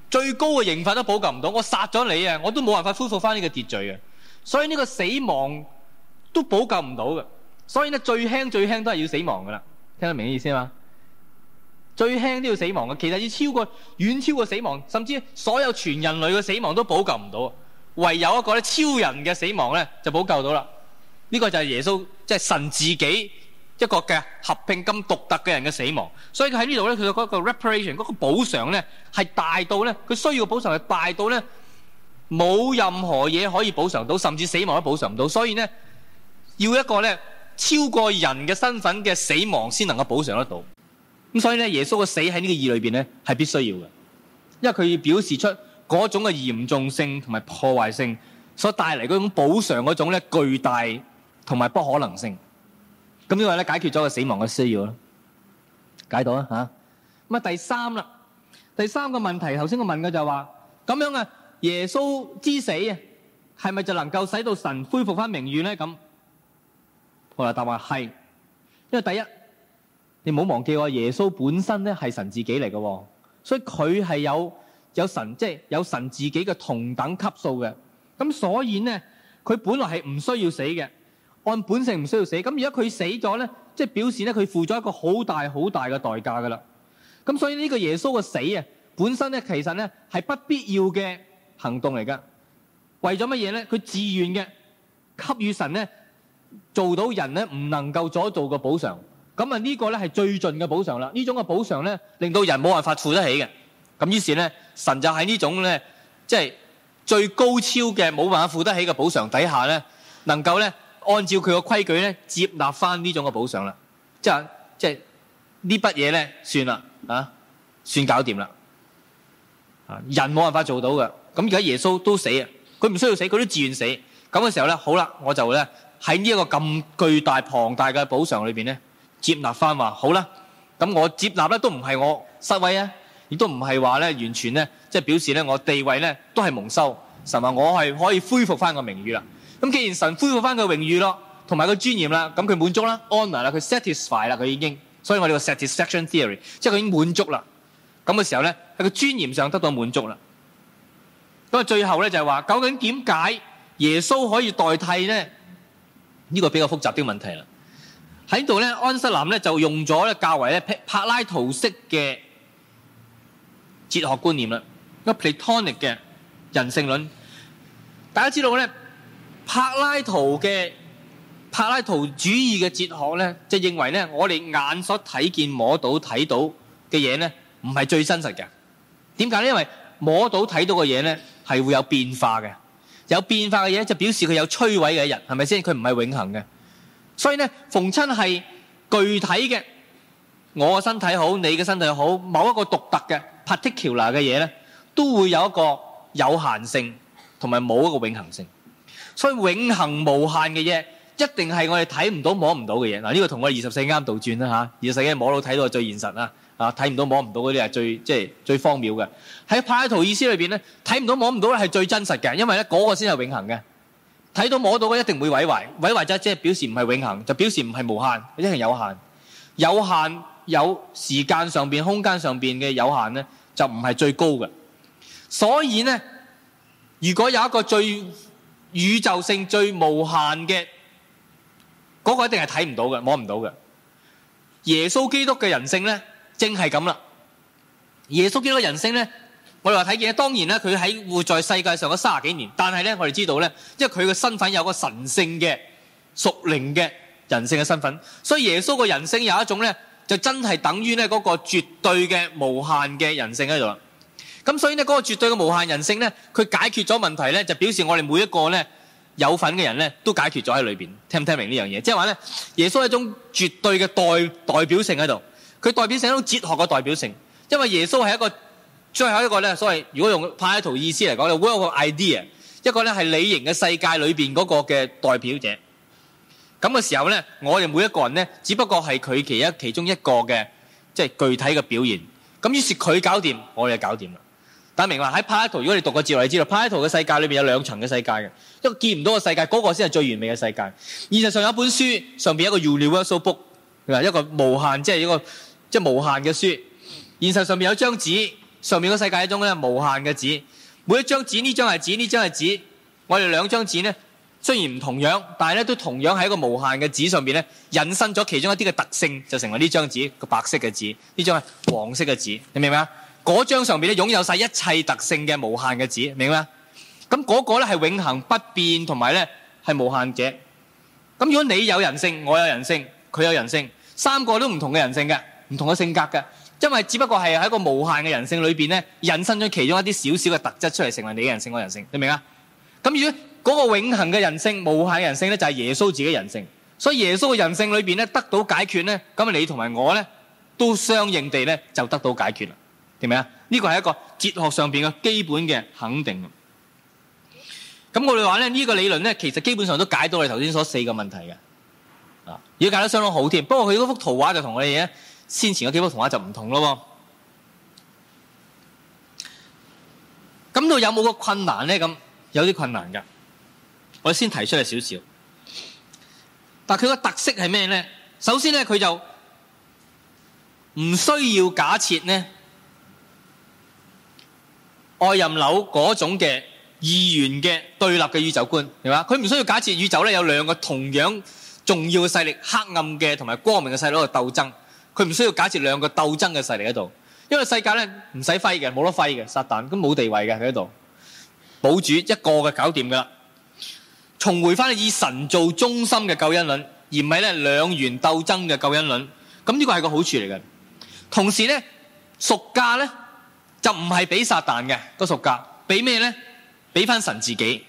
S1: 最高嘅刑罰都補救唔到。我殺咗你啊，我都冇辦法恢復翻呢個秩序啊。所以呢個死亡都補救唔到嘅，所以咧最輕最輕都係要死亡噶啦，聽得明意思嘛？最輕都要死亡嘅，其實要超過遠超過死亡，甚至所有全人類嘅死亡都補救唔到，唯有一個咧超人嘅死亡咧就補救到啦。呢、呢個就係耶穌即係神自己一個嘅合並咁獨特嘅人嘅死亡，所以佢喺呢度咧，佢嗰個 reparation 嗰個補償咧係大到咧，佢需要補償係大到咧冇任何嘢可以補償到，甚至死亡都補償唔到，所以咧。要一個咧超過人嘅身份嘅死亡先能夠補償得到，咁所以咧耶穌嘅死喺呢個意裏邊咧係必須要嘅，因為佢要表示出嗰種嘅嚴重性同埋破壞性所帶嚟嗰種補償嗰種咧巨大同埋不可能性，咁因為咧解決咗個死亡嘅需要啦，解到啦吓，咁啊第三啦，第三個問題頭先我問嘅就話咁樣啊，耶穌之死啊係咪就能夠使到神恢復翻名譽咧咁？我啦答話係，因為第一，你唔好忘記我耶穌本身咧係神自己嚟嘅，所以佢係有有神即係、就是、有神自己嘅同等級數嘅，咁所以咧佢本來係唔需要死嘅，按本性唔需要死，咁而家佢死咗咧，即、就、係、是、表示咧佢付咗一個好大好大嘅代價噶啦，咁所以呢個耶穌嘅死啊，本身咧其實咧係不必要嘅行動嚟噶，為咗乜嘢咧？佢自願嘅給予神咧。做到人咧唔能夠做到嘅補償，咁啊呢個咧係最盡嘅補償啦。呢種嘅補償咧，令到人冇辦法付得起嘅。咁於是咧，神就喺呢種咧，即係最高超嘅冇辦法付得起嘅補償底下咧，能夠咧按照佢嘅規矩咧，接納翻呢種嘅補償啦。即係即係呢筆嘢咧，算啦啊，算搞掂啦。啊，人冇辦法做到嘅。咁而家耶穌都死啊，佢唔需要死，佢都自願死。咁嘅時候咧，好啦，我就咧。喺呢一個咁巨大龐大嘅補償裏邊咧，接納翻話好啦，咁我接納咧都唔係我失位啊，亦都唔係話咧完全咧，即係表示咧我地位咧都係蒙羞，神話我係可以恢復翻個名譽啦。咁既然神恢復翻個榮譽咯，同埋個尊嚴啦，咁佢滿足啦，honor 啦，佢 satisfied 啦，佢已經，所以我哋個 satisfaction theory，即係佢已經滿足啦。咁嘅時候咧喺個尊嚴上得到滿足啦。咁啊，最後咧就係話，究竟點解耶穌可以代替咧？呢個比較複雜啲問題啦，喺度咧，安瑟林就用咗咧較為柏拉圖式嘅哲學觀念，一個 Platonic 嘅人性論。大家知道呢，柏拉圖嘅柏拉圖主義嘅哲學呢，就認為我哋眼所睇見、摸到、睇到嘅嘢呢，唔係最真實嘅。點解呢？因為摸到、睇到嘅嘢呢，係會有變化嘅。有變化嘅嘢就表示佢有摧毀嘅一日，係咪先？佢唔係永恒嘅。所以呢，逢親係具體嘅，我嘅身體好，你嘅身體好，某一個獨特嘅 particular 嘅嘢呢，都會有一個有限性，同埋冇一個永恒性。所以永恒無限嘅嘢，一定係我哋睇唔到、摸唔到嘅嘢。嗱、這個，呢個同我哋二十四小時倒轉啦嚇，二十四小時摸到睇到係最現實啦。啊！睇唔到摸唔到嗰啲係最，即係最荒謬嘅。喺派圖意思裏邊咧，睇唔到摸唔到係最真實嘅，因為咧嗰個先係永恒嘅。睇到摸到嘅一定會毀壞，毀壞就即係表示唔係永恒，就表示唔係無限，一定有限。有限有時間上邊、空間上邊嘅有限咧，就唔係最高嘅。所以咧，如果有一個最宇宙性、最無限嘅嗰個，一定係睇唔到嘅、摸唔到嘅。耶穌基督嘅人性咧。正係咁啦，耶穌呢個人性咧，我哋話睇見，當然咧，佢喺活在世界上三十幾年，但係咧我哋知道咧，因為佢嘅身份有個神聖嘅屬靈嘅人性嘅身份，所以耶穌嘅人性有一種咧，就真係等於咧嗰個絕對嘅無限嘅人性喺度。咁所以咧嗰個絕對嘅無限人性咧，佢解決咗問題咧，就表示我哋每一個咧有份嘅人咧，都解決咗喺裏邊。聽唔聽明呢樣嘢？即係話咧，耶穌係一種絕對嘅代代表性喺度。佢代表成一種哲學嘅代表性，因為耶穌係一個最後一個咧，所謂如果用柏拉圖意思嚟講咧 world of idea 一個咧係理型嘅世界裏邊嗰個嘅代表者。咁嘅時候咧，我哋每一個人咧，只不過係佢其一其中一個嘅即係具體嘅表現。咁於是佢搞掂，我哋就搞掂啦。但明話喺柏拉圖，如果你讀過哲學，你知道柏拉圖嘅世界裏邊有兩層嘅世界嘅，一個見唔到嘅世界，嗰個先係、那個、最完美嘅世界。現實上有一本書上邊一個《Universal Book》，一個無限即係一個。即係無限嘅書，現實上面有張紙，上面個世界之中咧無限嘅紙，每一張紙呢張係紙，呢張係紙，我哋兩張紙咧雖然唔同樣，但係咧都同樣喺一個無限嘅紙上邊咧引申咗其中一啲嘅特性，就成為呢張紙個白色嘅紙，呢張係黃色嘅紙，你明唔明啊？嗰張上邊咧擁有晒一切特性嘅無限嘅紙，明唔明啊？咁嗰個咧係永恆不變，同埋咧係無限者。咁如果你有人性，我有人性，佢有人性，三個都唔同嘅人性嘅。唔同嘅性格嘅，因為只不過係喺個無限嘅人性裏邊咧，引申咗其中一啲少少嘅特質出嚟，成為你嘅人性，我人性，你明啊？咁如果嗰個永恆嘅人性、無限的人性咧，就係、是、耶穌自己的人性。所以耶穌嘅人性裏邊咧，得到解決咧，咁你同埋我咧，都相應地咧就得到解決啦。你明唔明？呢、這個係一個哲學上邊嘅基本嘅肯定。咁我哋話咧呢、這個理論咧，其實基本上都解到你頭先所四個問題嘅。啊，如果解得相當好添。不過佢嗰幅圖畫就同我哋嘅。先前嘅幾幅圖畫就唔同咯，咁到有冇個困難呢？咁有啲困難㗎。我先提出嚟少少。但佢個特色係咩呢？首先呢，佢就唔需要假設呢愛任紐嗰種嘅二元嘅對立嘅宇宙觀，係嘛？佢唔需要假設宇宙呢有兩個同樣重要嘅勢力，黑暗嘅同埋光明嘅勢力喺度鬥爭。佢唔需要假設兩個鬥爭嘅勢力喺度，因為世界咧唔使揮嘅，冇得揮嘅，撒旦，咁冇地位嘅喺度，保主一個嘅搞掂㗎喇。重回翻以神做中心嘅救恩論，而唔係咧兩元鬥爭嘅救恩論。咁呢個係個好處嚟嘅。同時咧，贖價咧就唔係俾撒旦嘅個贖價，俾咩咧？俾翻神自己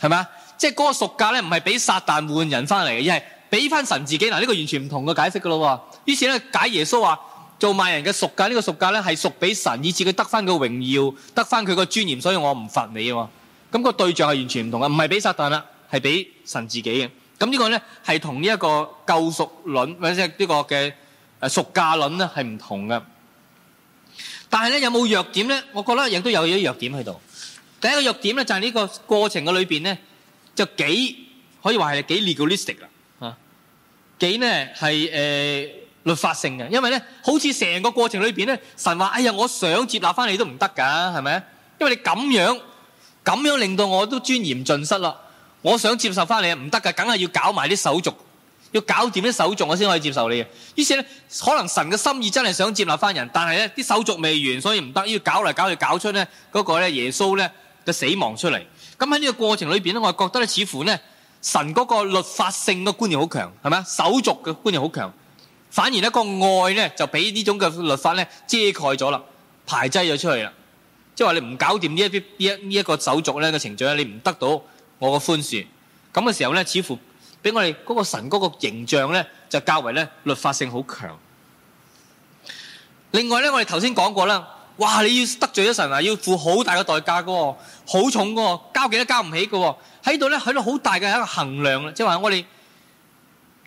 S1: 係咪？即係嗰個贖價咧，唔係俾撒旦換人翻嚟嘅，而係俾翻神自己。嗱呢個完全唔同嘅解釋噶咯喎。於是咧，解耶穌話做賣人嘅贖價，呢、這個贖價咧係贖俾神，以至佢得翻佢榮耀，得翻佢個尊嚴，所以我唔罰你啊嘛。咁個對象係完全唔同嘅，唔係俾撒旦啦，係俾神自己嘅。咁呢個咧係同呢一個救贖論或者呢個嘅誒贖價論咧係唔同嘅。但係咧有冇弱點咧？我覺得亦都有啲弱點喺度。第一個弱點咧就係、是、呢個過程嘅裏面咧，就幾可以話係幾 legalistic 啦。幾呢，係，誒律法性嘅，因為咧，好似成個過程裏邊咧，神話哎呀，我想接納翻你都唔得噶，係咪？因為你咁樣咁樣令到我都尊嚴盡失咯，我想接受翻你唔得噶，梗係要搞埋啲手續，要搞掂啲手續，我先可以接受你嘅。於是咧，可能神嘅心意真係想接納翻人，但係咧，啲手續未完，所以唔得，要搞嚟搞去搞出咧嗰個咧耶穌咧嘅死亡出嚟。咁喺呢個過程裏邊咧，我係覺得咧，似乎咧神嗰個律法性嘅觀念好強，係咪啊？手續嘅觀念好強。反而一個愛咧，就俾呢種嘅律法咧遮蓋咗啦，排擠咗出去啦。即係話你唔搞掂呢一啲呢一呢一個手續咧嘅程序，你唔得到我個寬恕，咁嘅時候咧，似乎俾我哋嗰個神嗰個形象咧，就較為咧律法性好強。另外咧，我哋頭先講過啦，哇！你要得罪咗神啊，要付好大嘅代價㗎喎，好重㗎喎，交幾都交唔起㗎喎，喺度咧喺度好大嘅一個衡量啦，即係話我哋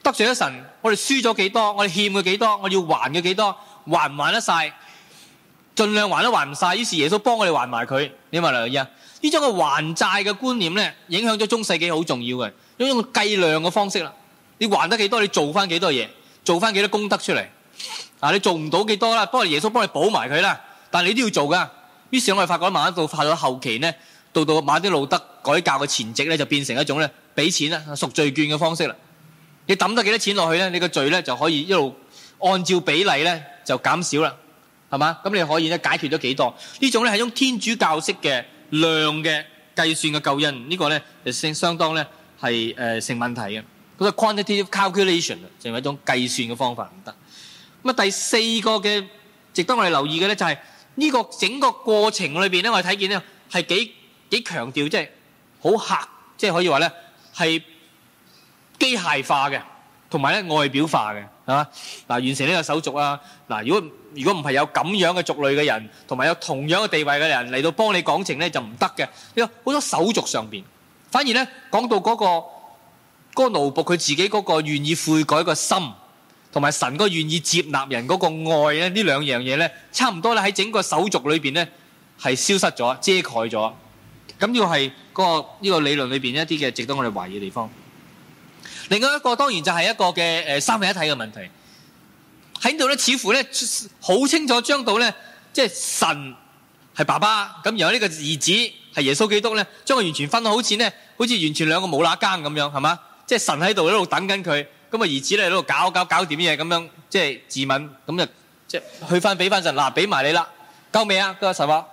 S1: 得罪咗神。我哋輸咗幾多？我哋欠佢幾多？我們要還佢幾多？還唔還得晒？盡量還都還唔晒，於是耶穌幫我哋還埋佢。你話係咪呢種嘅還債嘅觀念呢，影響咗中世紀好重要嘅，用計量嘅方式啦。你還得幾多？你做返幾多嘢？做返幾多功德出嚟？你做唔到幾多啦？都係耶穌幫你補埋佢啦。但係你都要做㗎。於是我哋發覺慢慢到快到後期呢，到到馬丁路德改教嘅前夕呢，就變成一種咧俾錢啊贖罪券嘅方式啦。你抌得幾多錢落去咧？你個罪咧就可以一路按照比例咧就減少啦，係嘛？咁你可以咧解決咗幾多？種呢種咧係種天主教式嘅量嘅計算嘅救恩，這個、呢個咧就相相當咧係、呃、性成問題嘅。咁 quantitative calculation 成為一種計算嘅方法唔得。咁啊，第四個嘅值得我哋留意嘅咧，就係、是、呢個整個過程裏面咧，我哋睇見咧係幾幾強調，即係好嚇，即、就、係、是、可以話咧係。機械化嘅，同埋咧外表化嘅，係嘛？嗱，完成呢個手續啊！嗱，如果如果唔係有咁樣嘅族類嘅人，同埋有同樣嘅地位嘅人嚟到幫你講情咧，就唔得嘅。你話好多手續上邊，反而咧講到嗰個嗰個奴僕佢自己嗰個願意悔改個心，同埋神個願意接納人嗰個愛咧，呢兩樣嘢咧，差唔多咧喺整個手續裏邊咧係消失咗、遮蓋咗。咁呢個係嗰個呢個理論裏邊一啲嘅值得我哋懷疑嘅地方。另外一個當然就係一個嘅三位一體嘅問題，喺度呢，似乎呢，好清楚將到呢，即係神係爸爸咁，然後呢個兒子係耶穌基督呢，將佢完全分到好似呢，好似完全兩個冇喇羹咁樣，係咪？即係神喺度喺度等緊佢，咁啊兒子呢喺度搞搞搞點嘢咁樣，即係自刎咁就即去返俾返神嗱，俾埋你啦，夠未啊？佢話神話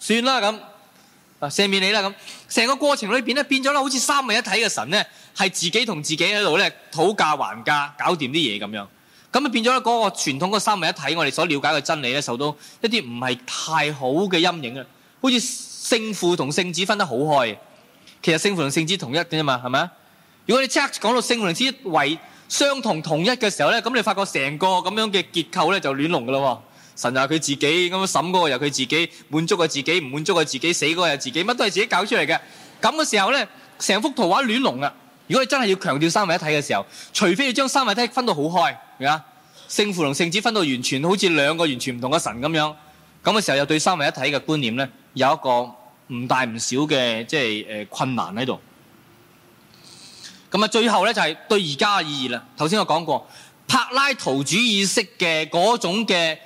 S1: 算啦咁。啊，赦免你啦咁，成個過程裏面咧，變咗啦，好似三位一體嘅神咧，係自己同自己喺度咧討價還價，搞掂啲嘢咁樣，咁啊變咗咧嗰個傳統嗰三位一體，我哋所了解嘅真理咧，受到一啲唔係太好嘅陰影啊，好似聖父同聖子分得好開，其實聖父同聖子同一嘅嘛，係咪？如果你即刻講到聖父同聖子為相同同一嘅時候咧，咁你發覺成個咁樣嘅結構咧就亂龍噶喇喎。神就係佢自己咁樣，審嗰個又佢自己，滿足佢自己，唔滿足佢自己，死嗰個又自己，乜都係自己搞出嚟嘅，咁嘅時候呢，成幅圖畫亂龍啊！如果你真係要強調三位一體嘅時候，除非要將三位一體分到好開，啊聖父同聖子分到完全好似兩個完全唔同嘅神咁樣，咁嘅時候又對三位一體嘅觀念呢，有一個唔大唔小嘅即係誒困難喺度。咁啊，最後呢，就係對而家嘅意義啦。頭先我講過柏拉圖主義式嘅嗰種嘅。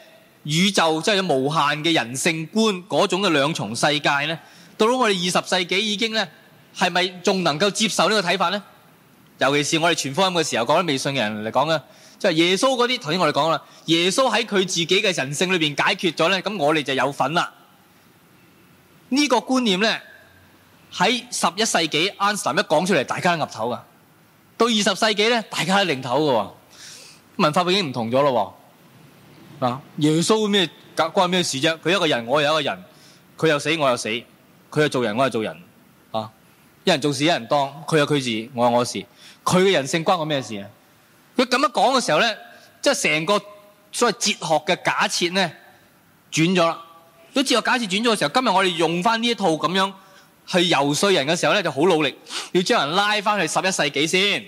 S1: 宇宙即係有無限嘅人性觀嗰種嘅兩重世界咧，到咗我哋二十世紀已經咧，係咪仲能夠接受這個呢個睇法咧？尤其是我哋傳福音嘅時候，講緊未信嘅人嚟講啊，即係耶穌嗰啲，頭先我哋講啦，耶穌喺佢自己嘅人性裏邊解決咗咧，咁我哋就有份啦。呢個觀念咧，喺十一世紀安瑟倫一講出嚟，大家岌頭噶；到二十世紀咧，大家都擰頭噶喎，文化已經唔同咗咯喎。啊！耶穌咩關關咩事啫？佢一個人，我又一個人，佢又死，我又死，佢又做人，我又做人。啊！一人做事一人當，佢有佢事，我有我事。佢嘅人性關我咩事啊？佢咁樣講嘅時候咧，即係成個所謂哲學嘅假設咧轉咗啦。啲哲學假設轉咗嘅時候，今日我哋用翻呢一套咁樣去遊說人嘅時候咧，就好努力要將人拉翻去十一世紀先，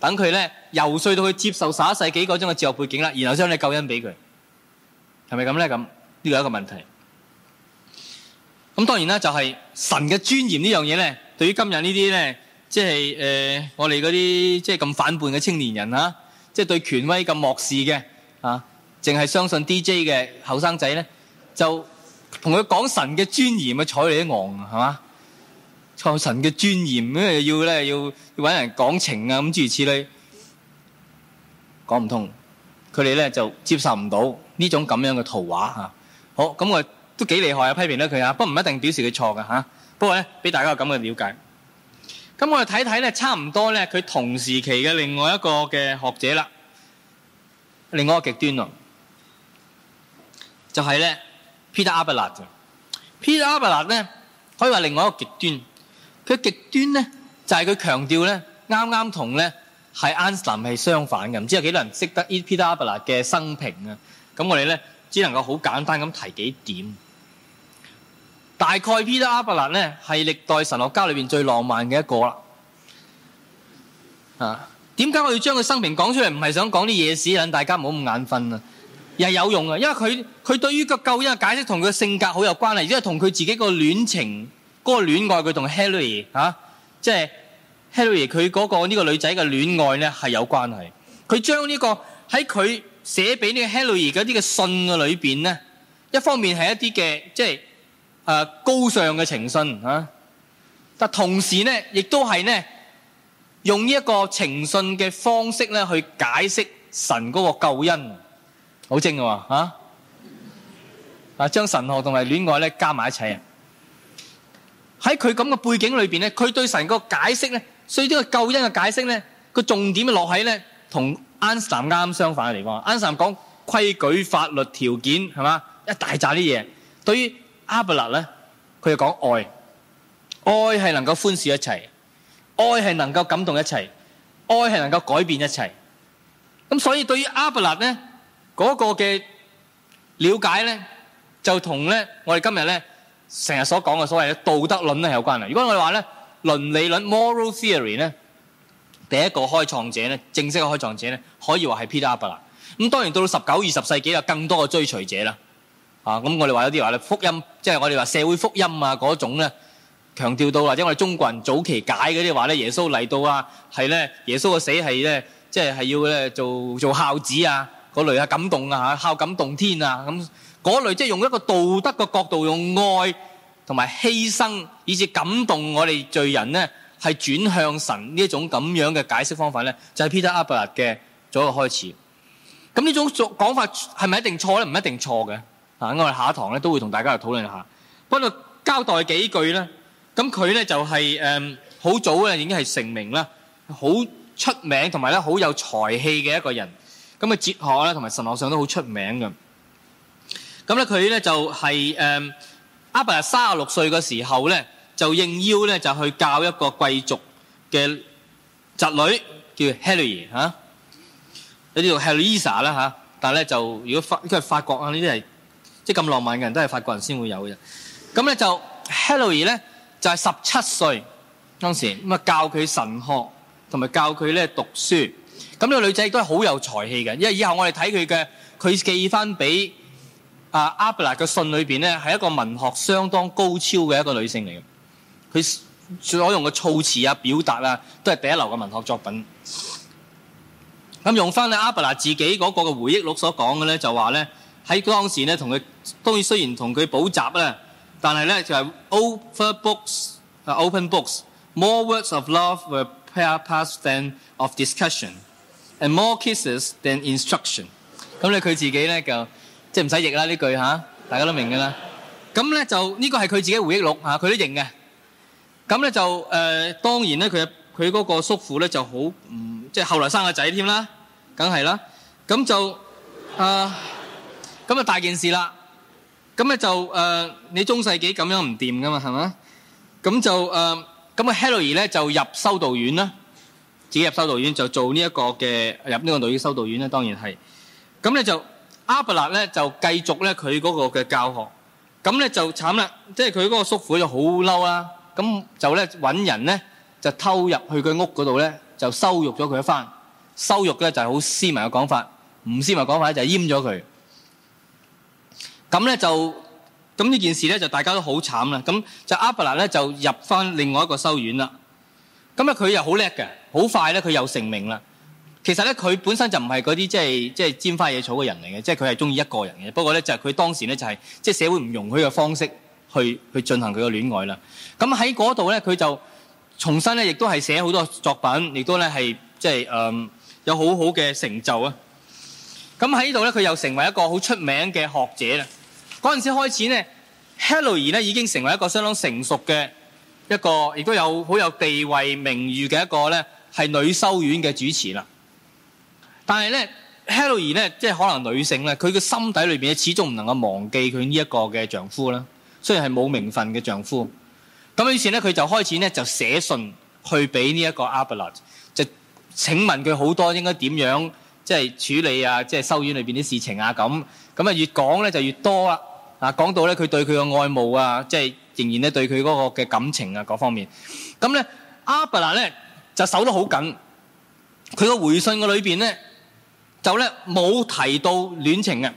S1: 等佢咧遊說到去接受十一世紀嗰種嘅哲學背景啦，然後將你救恩俾佢。係咪咁咧？咁呢個係一個問題。咁當然啦，就係神嘅尊嚴呢樣嘢咧。對於今日呢啲咧，即係誒，我哋嗰啲即係咁反叛嘅青年人啊，即係對權威咁漠視嘅啊，淨係相信 DJ 嘅後生仔咧，就同佢講神嘅尊嚴啊，睬你都戇啊，係嘛？講神嘅尊嚴，咁啊要咧要搵人講情啊，咁諸如此類，講唔通，佢哋咧就接受唔到。呢種咁樣嘅圖畫嚇，好，咁我都幾厲害啊！批評咗佢啊，不過唔一定表示佢錯噶嚇。不過咧，俾大家有咁嘅了解。咁我哋睇睇咧，差唔多咧，佢同時期嘅另外一個嘅學者啦，另外一個極端咯，就係咧 Peter Abelard。Peter Abelard 咧可以話另外一個極端，佢極端咧就係佢強調咧，啱啱同咧係 Anselm 係相反嘅。唔知有幾多人識得 Peter Abelard 嘅生平啊？咁我哋咧只能夠好簡單咁提幾點，大概 Peter Abelard，呢，係歷代神學家裏面最浪漫嘅一個啦。啊，點解我要將佢生平講出嚟？唔係想講啲嘢事，引大家唔好咁眼瞓啊，又係有用啊。因為佢佢對於個救恩嘅解釋同佢性格好有關係，亦都係同佢自己個戀情嗰個戀愛佢同 Haley 啊，即係 Haley 佢嗰個呢個女仔嘅戀愛呢係有關係。佢將呢個喺佢。寫俾呢個 e e 而嗰啲嘅信嘅裏邊咧，一方面係一啲嘅即係誒、啊、高尚嘅情信、啊、但同時咧，亦都係咧用呢一個情信嘅方式咧去解釋神嗰個救恩好精嘅喎啊！將、啊、神學同埋戀愛咧加埋一齊啊！喺佢咁嘅背景裏邊咧，佢對神嗰個解釋咧，所以呢個救恩嘅解釋咧，個重點落喺咧同。安瑟倫啱啱相反嘅地方，安瑟倫講規矩、法律、條件，係嘛一大扎啲嘢。對於阿伯拉呢，佢就講愛，愛係能夠寬恕一切，愛係能夠感動一切，愛係能夠改變一切。咁所以對於阿伯拉呢，嗰、個嘅了解呢，就同呢我哋今日呢成日所講嘅所謂嘅道德論咧有關係。如果我哋話呢，倫理論 （moral theory） 呢。第一個開創者咧，正式嘅開創者咧，可以話係彼得阿伯蘭。咁當然到咗十九、二十世紀啊，更多嘅追隨者啦。啊，咁我哋話有啲話咧，福音，即係我哋話社會福音啊嗰種咧，強調到或者我哋中國人早期解嗰啲話咧，耶穌嚟到啊，係咧耶穌嘅死係咧，即係係要咧做做孝子啊嗰類啊感動啊吓，孝感動天啊咁嗰類，即係用一個道德嘅角度，用愛同埋犧牲，以致感動我哋罪人咧。係轉向神呢一種咁樣嘅解釋方法咧，就係彼得阿伯特嘅咗一個開始。咁呢種講法係咪一定錯咧？唔一定錯嘅。啊，我哋下一堂咧都會同大家去討論下。不過交代幾句啦。咁佢咧就係誒好早咧已經係成名啦，好出名同埋咧好有才氣嘅一個人。咁嘅哲學咧同埋神學上都好出名嘅。咁咧佢咧就係誒阿伯特三十六歲嘅時候咧。就應邀咧，就去教一個貴族嘅侄女，叫 Heloise 嚇，有啲叫 Heloisa 啦、啊、但係咧就如果法，因為法國啊，呢啲係即係咁浪漫嘅人都係法國人先會有嘅。咁咧就 Heloise 咧就係十七歲當時咁啊，教佢神學同埋教佢咧讀書。咁呢個女仔亦都係好有才氣嘅，因為以後我哋睇佢嘅，佢寄翻俾啊 Abelard 嘅信裏邊咧，係一個文學相當高超嘅一個女性嚟嘅。佢所用嘅措辭啊、表達啊，都係第一流嘅文學作品。咁用翻阿伯拉自己嗰個嘅回憶錄所講嘅咧，就話咧喺當時咧同佢當然雖然同佢補習咧，但係咧就係 over books 啊，open books，more words of love were pass than of discussion，and more kisses than instruction。咁咧佢自己咧就即係唔使譯啦呢句吓，大家都明嘅啦。咁咧就呢個係佢自己回憶錄嚇，佢都認嘅。咁咧就誒當然咧，佢佢嗰個叔父咧就好唔即係後來生個仔添啦，梗係啦。咁就啊，咁啊大件事啦。咁咧就誒你中世紀咁樣唔掂噶嘛，係咪？咁就誒咁啊，Heloï 咧就入修道院啦，自己入修道院就做呢一個嘅入呢個女修道院咧，當然係。咁咧就阿伯拉咧就繼續咧佢嗰個嘅教學。咁咧就慘啦，即係佢嗰個叔父就好嬲啦。咁就咧揾人咧，就偷入去佢屋嗰度咧，就羞辱咗佢一番。羞辱咧就係好斯文嘅講法，唔斯文講法就係閹咗佢。咁咧就咁呢件事咧就大家都好慘啦。咁就阿伯拉咧就入翻另外一個修院啦。咁啊佢又好叻嘅，好快咧佢又成名啦。其實咧佢本身就唔係嗰啲即係即係沾花惹草嘅人嚟嘅，即係佢係中意一個人嘅。不過咧就係佢當時咧就係即係社會唔容許嘅方式。去去進行佢嘅戀愛啦。咁喺嗰度呢，佢就重新呢，亦都係寫好多作品，亦都呢係即係誒有好好嘅成就啊。咁喺呢度呢，佢又成為一個好出名嘅學者啦。嗰陣時開始呢，Héloïse 呢已經成為一個相當成熟嘅一個，亦都有好有地位名譽嘅一個呢係女修院嘅主持啦。但係呢，Héloïse 呢，即係可能女性呢，佢嘅心底裏邊始終唔能夠忘記佢呢一個嘅丈夫啦。雖然係冇名分嘅丈夫，咁於是咧，佢就開始咧就寫信去俾呢一個阿伯拉，就請問佢好多應該點樣即係處理啊，即係修院裏面啲事情啊咁。咁啊越講咧就越多喇，啊講到咧佢對佢嘅愛慕啊，即係仍然咧對佢嗰個嘅感情啊各方面。咁咧阿伯拉咧就守得好緊，佢個回信嘅裏面咧就咧冇提到戀情嘅，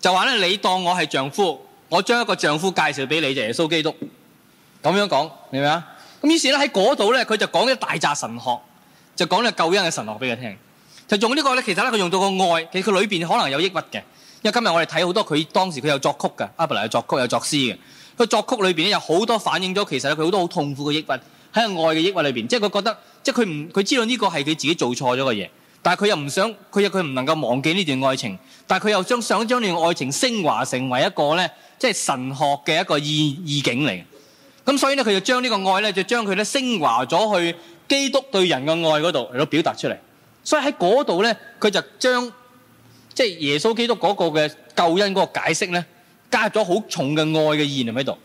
S1: 就話咧你當我係丈夫。我將一個丈夫介紹俾你，就是、耶穌基督咁樣講，明唔明啊？咁於是咧喺嗰度咧，佢就講一大紮神學，就講呢個救恩嘅神學俾佢聽。就用呢個咧，其實咧佢、這個、用到個愛，其實佢裏邊可能有抑鬱嘅。因為今日我哋睇好多佢當時佢有作曲嘅，阿伯拉有作曲有作詩嘅。佢作曲裏邊咧有好多反映咗，其實佢好多好痛苦嘅抑鬱喺個愛嘅抑鬱裏邊，即係佢覺得，即係佢唔佢知道呢個係佢自己做錯咗嘅嘢。但係佢又唔想，佢又佢唔能夠忘記呢段愛情，但係佢又將想將呢段愛情升華成為一個咧，即係神學嘅一個意意境嚟。咁所以咧，佢就將呢個愛咧，就將佢咧升華咗去基督對人嘅愛嗰度嚟到表達出嚟。所以喺嗰度咧，佢就將即係耶穌基督嗰個嘅救恩嗰個解釋咧，加入咗好重嘅愛嘅意念喺度。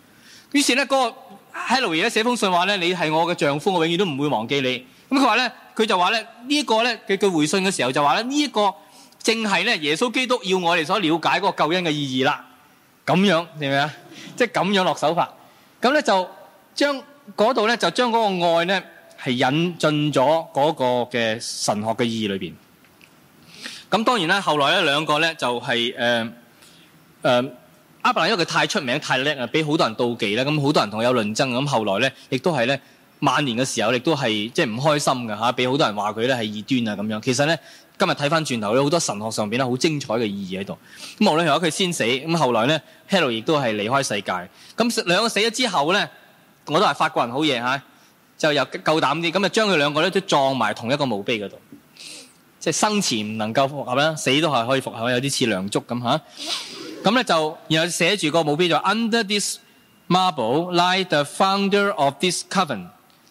S1: 於是咧，嗰、那個希路爾咧寫封信話咧，你係我嘅丈夫，我永遠都唔會忘記你。咁佢話咧。佢就話咧呢一個咧，佢佢回信嘅時候就話咧呢一個正係咧耶穌基督要我哋所瞭解嗰個救恩嘅意義啦。咁樣，明唔明啊？即係咁樣落手法。咁咧就將嗰度咧就將嗰個愛咧係引進咗嗰個嘅神學嘅意義裏邊。咁當然啦，後來咧兩個咧就係誒誒阿伯拉，因為佢太出名太叻啊，俾好多人妒忌啦，咁好多人同佢有論爭。咁後來咧亦都係咧。晚年嘅時候，亦都係即係唔開心嘅吓，俾好多人話佢咧係異端啊咁樣。其實咧，今日睇翻轉頭咧，好多神學上面咧好精彩嘅意義喺度。咁無論如果佢先死，咁後來咧，Hello 亦都係離開世界。咁兩個死咗之後咧，我都係法國人好嘢嚇，就又夠膽啲，咁就將佢兩個咧都撞埋同一個墓碑嗰度，即係生前唔能夠復合啦，死都係可以復合，有啲似梁祝咁吓，咁咧就然後寫住個墓碑就 Under this marble lie the founder of this coven。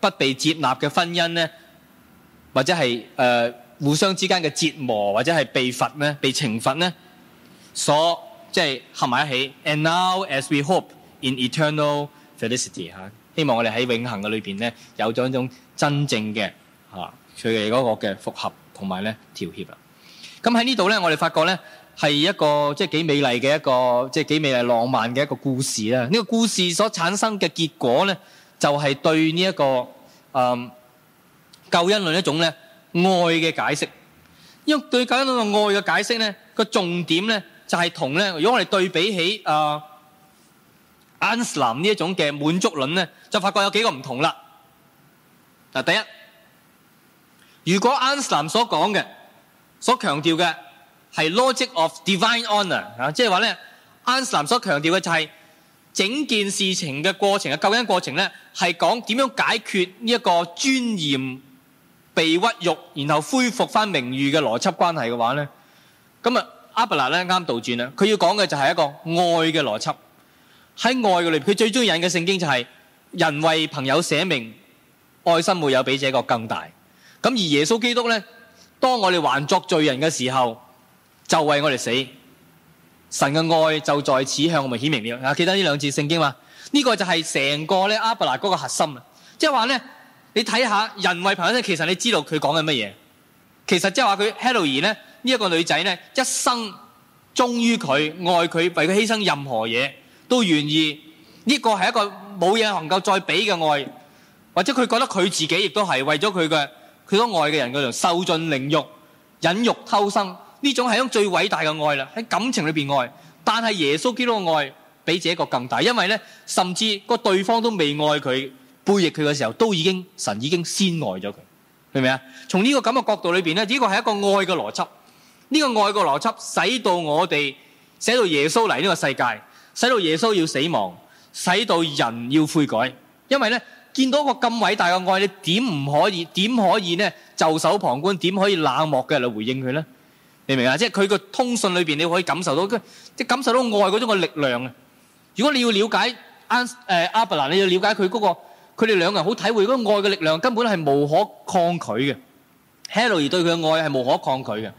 S1: 不被接納嘅婚姻呢，或者係、呃、互相之間嘅折磨，或者係被罰呢，被懲罰呢，所即係、就是、合埋一起。And now as we hope in eternal felicity、啊、希望我哋喺永恒嘅裏面呢，有咗一種真正嘅嚇，佢哋嗰個嘅複合同埋呢調協啦。咁喺呢度呢，我哋發覺呢係一個即係幾美麗嘅一個，即係幾美麗、就是、浪漫嘅一個故事啦。呢、這個故事所產生嘅結果呢。就係對呢一個嗯救恩論一種咧愛嘅解釋，因為對救恩論嘅愛嘅解釋咧，個重點咧就係同咧，如果我哋對比起啊安士林呢一種嘅滿足論咧，就發覺有幾個唔同啦。嗱，第一，如果安士林所講嘅、所強調嘅係 Logic of Divine Honour 啊，即係話咧安士林所強調嘅就係。整件事情的過程啊，救恩過程呢是講點樣解決這個尊嚴被屈辱，然後恢復翻名譽的邏輯關係的話呢，咁啊阿伯納咧啱倒轉啦，佢要講的就是一個愛的邏輯，在愛裏面他最中意引嘅聖經就是人為朋友捨命，愛心沒有比這個更大。咁而耶穌基督呢，當我們還作罪人的時候，就為我們死。神嘅愛就在此向我們顯明了。啊，記得呢兩節聖經嘛？呢、這個就係成個咧阿伯拉嗰個核心。即係話咧，你睇下人為朋友，其實你知道佢講緊乜嘢？其實即係話佢 Heloï 呢？呢、這、一個女仔呢，一生忠於佢，愛佢，為佢犧牲任何嘢都願意。呢個係一個冇嘢能夠再俾嘅愛，或者佢覺得佢自己亦都係為咗佢嘅佢都愛嘅人嗰度受盡凌辱、忍辱偷生。呢種係一種最偉大嘅愛啦，喺感情裏邊愛，但係耶穌基督嘅愛比這個更大，因為咧，甚至個對方都未愛佢、背逆佢嘅時候，都已經神已經先愛咗佢，明唔明啊？從呢個咁嘅角度裏邊咧，呢個係一個愛嘅邏輯。呢個愛嘅邏輯使到我哋，使到耶穌嚟呢個世界，使到耶穌要死亡，使到人要悔改。因為咧，見到一個咁偉大嘅愛，你點唔可以？點可以咧袖手旁觀？點可以冷漠嘅嚟回應佢咧？你明唔明啊？即係佢個通訊裏邊，你可以感受到，即係感受到愛嗰種嘅力量啊！如果你要了解阿誒、啊、阿伯拿，你要了解佢嗰、嗰個，佢哋兩個人好體會嗰個愛嘅力量，根本係無可抗拒嘅。 哈洛爾對佢嘅愛係無可抗拒嘅，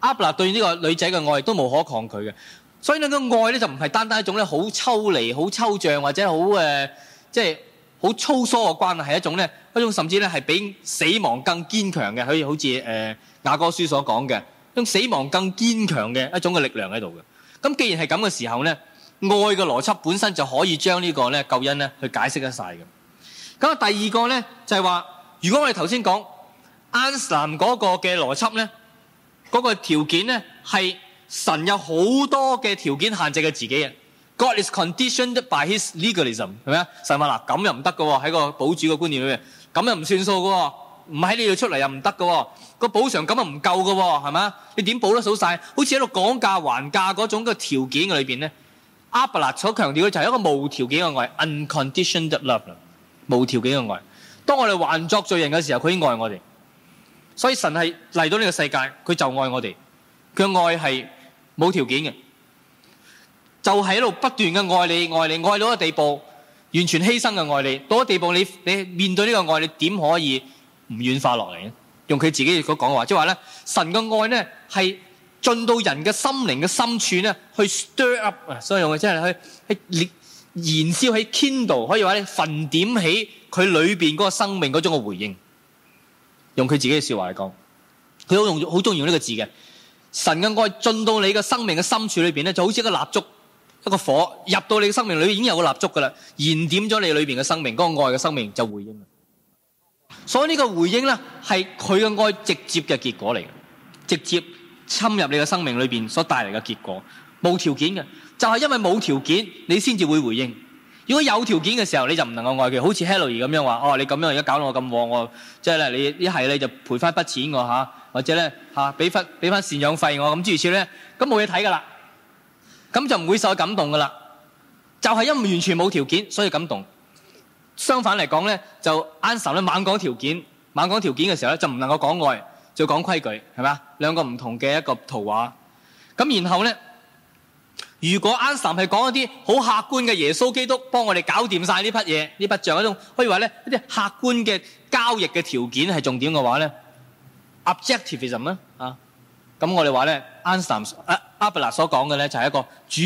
S1: 阿伯拿對呢個女仔嘅愛亦都無可抗拒嘅。所以呢個愛咧就唔係單單一種咧好抽離、好抽象或者好、呃、即係好粗疏嘅關係，係一種咧一種甚至咧係比死亡更堅強嘅，可以好似誒、呃、雅歌書所講嘅。用死亡更堅強嘅一種嘅力量喺度嘅。咁既然係咁嘅時候呢，愛嘅邏輯本身就可以將呢個呢救恩呢去解釋得晒嘅。咁第二個呢，就係話，如果我哋頭先講 Anselm 嗰個嘅邏輯呢，嗰個條件呢，係神有好多嘅條件限制佢自己人。God is conditioned by His legalism，係咪啊？神話嗱，咁又唔得嘅喎，喺個保主嘅觀念裏面，咁又唔算數喎。唔喺呢度出嚟又唔得嘅，個補償咁又唔夠嘅，係嘛？你點補、哦那個哦、得數晒？好似喺度講價還價嗰種嘅條件裏邊咧，阿伯拉所強調嘅就係一個無條件嘅愛，unconditioned love，無條件嘅愛。當我哋還作罪人嘅時候，佢已經愛我哋，所以神係嚟到呢個世界，佢就愛我哋，佢嘅愛係冇條件嘅，就喺、是、度不斷嘅愛你愛你，愛，你愛到個地步，完全犧牲嘅愛你，到咗地步你你面對呢個愛你，你點可以？唔軟化落嚟嘅，用佢自己所講嘅話，即係話咧，神嘅愛咧係進到人嘅心靈嘅深處咧，去 stir up，所以用即係去去燃燃燒喺 kindle，可以話咧焚點起佢裏邊嗰個生命嗰種嘅回應。用佢自己嘅說話嚟講，佢好用好中意用呢個字嘅，神嘅愛進到你嘅生命嘅深處裏邊咧，就好似一個蠟燭一個火入到你嘅生命裏，已經有個蠟燭噶啦，燃點咗你裏邊嘅生命，嗰個愛嘅生命就回應。所以呢個回應呢，係佢嘅愛直接嘅結果嚟，直接侵入你嘅生命裏面所帶嚟嘅結果，冇條件嘅，就係因為冇條件，你先至會回應。如果有條件嘅時候，你就唔能夠愛佢，好似 Harry 咁樣話：哦，你咁樣而家搞到我咁旺我，即係咧你一係你就賠返筆錢我、啊、或者呢，嚇俾翻俾翻贍養費我咁諸如此類咧，咁冇嘢睇㗎啦，咁就唔會受感動㗎啦，就係因為完全冇條件所以感動。相反嚟講咧，就安神咧猛講條件，猛講條件嘅時候咧，就唔能夠講愛，就講規矩，係咪啊？兩個唔同嘅一個圖畫。咁然後咧，如果安神係講一啲好客觀嘅耶穌基督幫我哋搞掂晒呢筆嘢，呢筆帳嗰種，可以話咧一啲客觀嘅交易嘅條件係重點嘅話咧，objectivism 咧啊，咁我哋話咧安神阿、啊、阿伯拉所講嘅咧就係、是、一個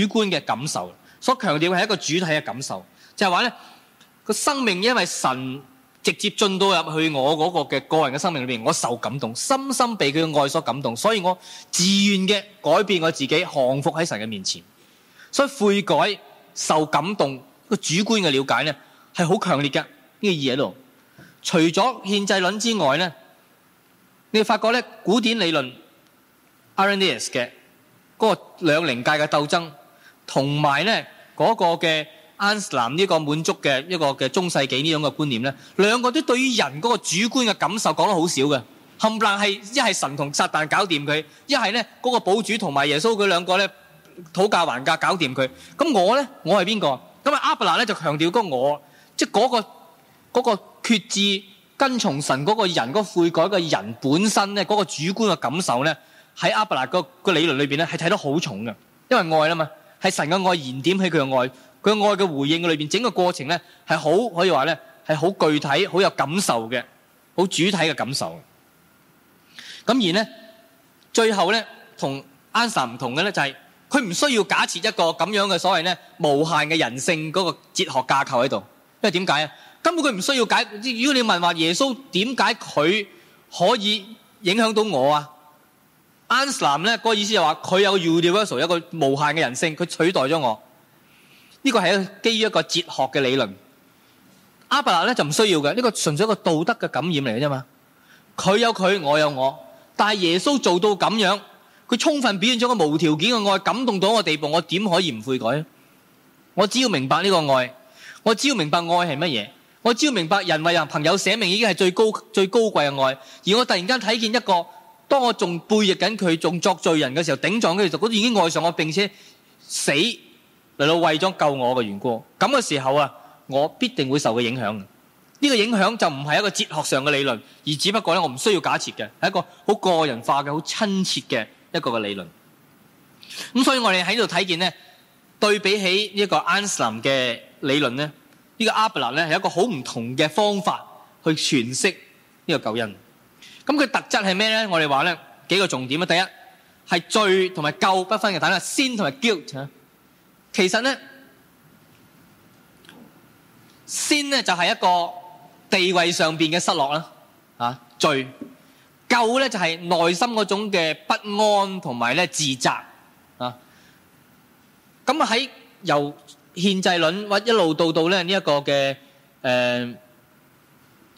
S1: 主觀嘅感受，所強調係一個主體嘅感受，就係話咧。個生命因為神直接進到入去我嗰個嘅個人嘅生命裏邊，我受感動，深深被佢嘅愛所感動，所以我自願嘅改變我自己，降服喺神嘅面前。所以悔改、受感動個主觀嘅了解呢係好強烈嘅呢、這個意思喺度。除咗憲制論之外呢，你發覺呢古典理論 Arundias 嘅嗰、那個兩靈界嘅鬥爭，同埋呢嗰、那個嘅。安斯蘭呢個滿足嘅一個嘅中世紀呢種嘅觀念咧，兩個都對於人嗰個主觀嘅感受講得好少嘅，冚唪唥係一係神同撒旦搞掂佢，一係咧嗰個寶主同埋耶穌佢兩個咧討價還價搞掂佢。咁我咧，我係邊個？咁阿伯拉咧就強調那個我，即係嗰個嗰、那個決志、那個、跟從神嗰個人嗰、那個、悔改嘅人本身咧，嗰、那個主觀嘅感受咧，喺阿伯拉個個理論裏邊咧係睇得好重嘅，因為愛啦嘛，係神嘅愛燃點起佢嘅愛。佢愛嘅回應嘅裏面，整個過程呢係好可以話呢係好具體、好有感受嘅，好主體嘅感受的。咁而呢，最後呢，不同 Anselm 唔同嘅呢，就係佢唔需要假設一個咁樣嘅所謂呢無限嘅人性嗰個哲學架構喺度，因為點解啊？根本佢唔需要解。如果你問話耶穌點解佢可以影響到我呢啊？Anselm 呢個意思就話佢有 universal 一個無限嘅人性，佢取代咗我。呢個係基於一個哲學嘅理論，阿伯拉咧就唔需要嘅，呢個純粹一個道德嘅感染嚟嘅啫嘛。佢有佢，我有我，但係耶穌做到咁樣，佢充分表現咗個無條件嘅愛，感動到我地步，我點可以唔悔改？我只要明白呢個愛，我只要明白愛係乜嘢，我只要明白人為人朋友捨命已經係最高最高貴嘅愛，而我突然間睇見一個，當我仲背逆緊佢，仲作罪人嘅時候，頂撞佢，就嗰啲已經愛上我，並且死。嚟到為咗救，救我嘅緣故，咁嘅時候啊，我必定會受佢影響。呢、這個影響就唔係一個哲學上嘅理論，而只不過咧我唔需要假設嘅，係一個好個人化嘅、好親切嘅一個嘅理論。咁所以我哋喺度睇見咧，對比起呢一個安瑟倫嘅理論咧，呢、這個阿伯拉咧係一個好唔同嘅方法去詮釋呢個救恩。咁佢特質係咩咧？我哋話咧幾個重點啊。第一係罪同埋救不分嘅，但係 sin 同埋 guilt。其實咧，先咧就係一個地位上邊嘅失落啦，啊，罪，救咧就係內心嗰種嘅不安同埋咧自責啊。咁喺由獻祭論或一路到到咧呢一個嘅誒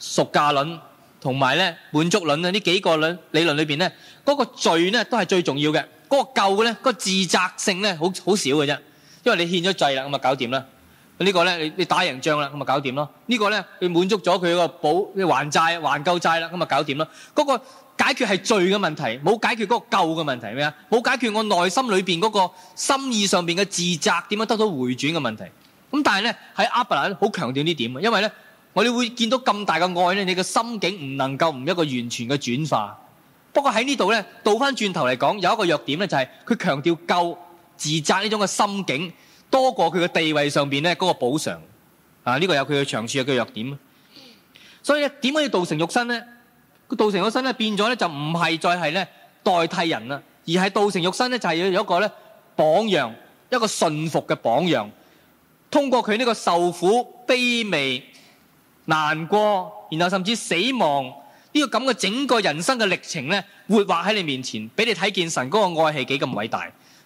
S1: 贖價論同埋咧滿足論啊，呢幾個論理論裏邊咧，嗰個罪咧都係最重要嘅，嗰個救咧個自責性咧好好少嘅啫。因為你獻咗祭啦，咁就搞掂啦。呢、這個呢，你打贏仗啦，咁就搞掂咯。呢、這個呢，你滿足咗佢個保還債還救債啦，咁就搞掂啦。嗰、那個解決係罪嘅問題，冇解決嗰個救嘅問題咩？冇解決我內心裏面嗰個心意上面嘅自責點樣得到回轉嘅問題。咁但係呢，喺阿伯蘭好強調呢點，因為呢，我哋會見到咁大嘅愛，你嘅心境唔能夠唔一個完全嘅轉化。不過喺呢度呢，倒返轉頭嚟講，有一個弱點呢，就係佢強調救。自責呢種嘅心境多過佢嘅地位上邊咧嗰個補償，啊呢個有佢嘅長處有佢嘅弱點。所以咧，點可以道成肉身咧？佢道成肉身咧變咗咧就唔係再係咧代替人啦，而係道成肉身咧就係要有一個咧榜樣，一個順服嘅榜樣。通過佢呢個受苦、卑微、難過，然後甚至死亡呢個咁嘅整個人生嘅歷程咧，活畫喺你面前，俾你睇見神嗰個愛係幾咁偉大。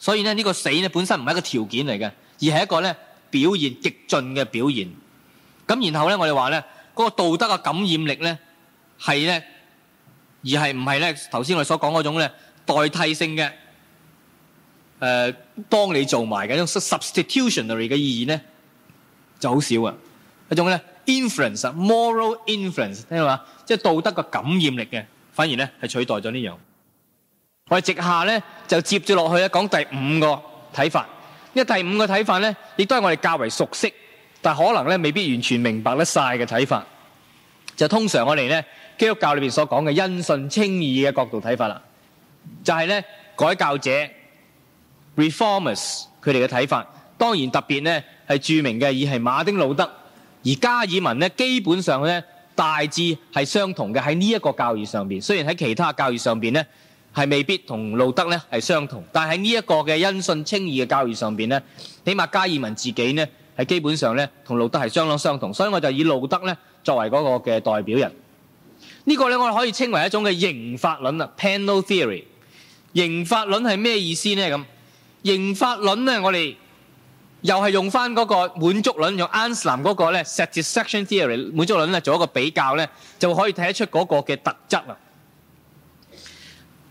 S1: 所以呢，呢個死咧本身唔係一個條件嚟嘅，而係一個咧表現極盡嘅表現。咁然後咧，我哋話咧，嗰個道德嘅感染力咧，係咧，而係唔係咧頭先我哋所講嗰種咧代替性嘅，誒、呃、幫你做埋嘅一種 substitutionary 嘅意義咧，就好少啊。一種咧 influence，moral influence，聽到嘛？即係道德嘅感染力嘅，反而咧係取代咗呢樣。我哋直下咧就接住落去咧講第五個睇法，因為第五個睇法咧亦都係我哋較為熟悉，但可能咧未必完全明白得晒嘅睇法，就通常我哋咧基督教裏邊所講嘅因信稱義嘅角度睇法啦，就係、是、咧改教者 reformers 佢哋嘅睇法，當然特別咧係著名嘅已係馬丁路德，而加爾文咧基本上咧大致係相同嘅喺呢一個教義上邊，雖然喺其他教義上邊咧。係未必同路德咧係相同，但係喺呢一個嘅因信稱義嘅教義上邊咧，起碼加爾文自己咧係基本上咧同路德係相當相同，所以我就以路德咧作為嗰個嘅代表人。呢個咧我哋可以稱為一種嘅刑法論啊 （penal theory）。刑法論係咩意思咧？咁刑法論咧，我哋又係用翻嗰個滿足論，用 Anselm 嗰個咧 （satisfaction theory）。滿足論咧做一個比較咧，就會可以睇得出嗰個嘅特質啊。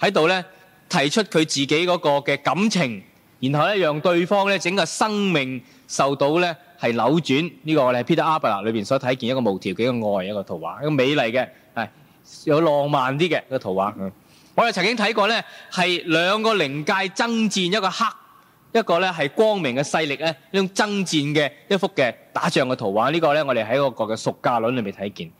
S1: 喺度咧提出佢自己嗰個嘅感情，然後咧讓對方咧整個生命受到咧係扭轉。呢個我哋 Peter Arba 裏邊所睇見一個無條件嘅愛一個圖畫，一個美麗嘅係有浪漫啲嘅個圖畫。嗯，我哋曾經睇過咧係兩個靈界爭戰，一個黑一個咧係光明嘅勢力咧呢種爭戰嘅一幅嘅打仗嘅圖畫。呢個咧我哋喺一個嘅《贖價論》裏邊睇見，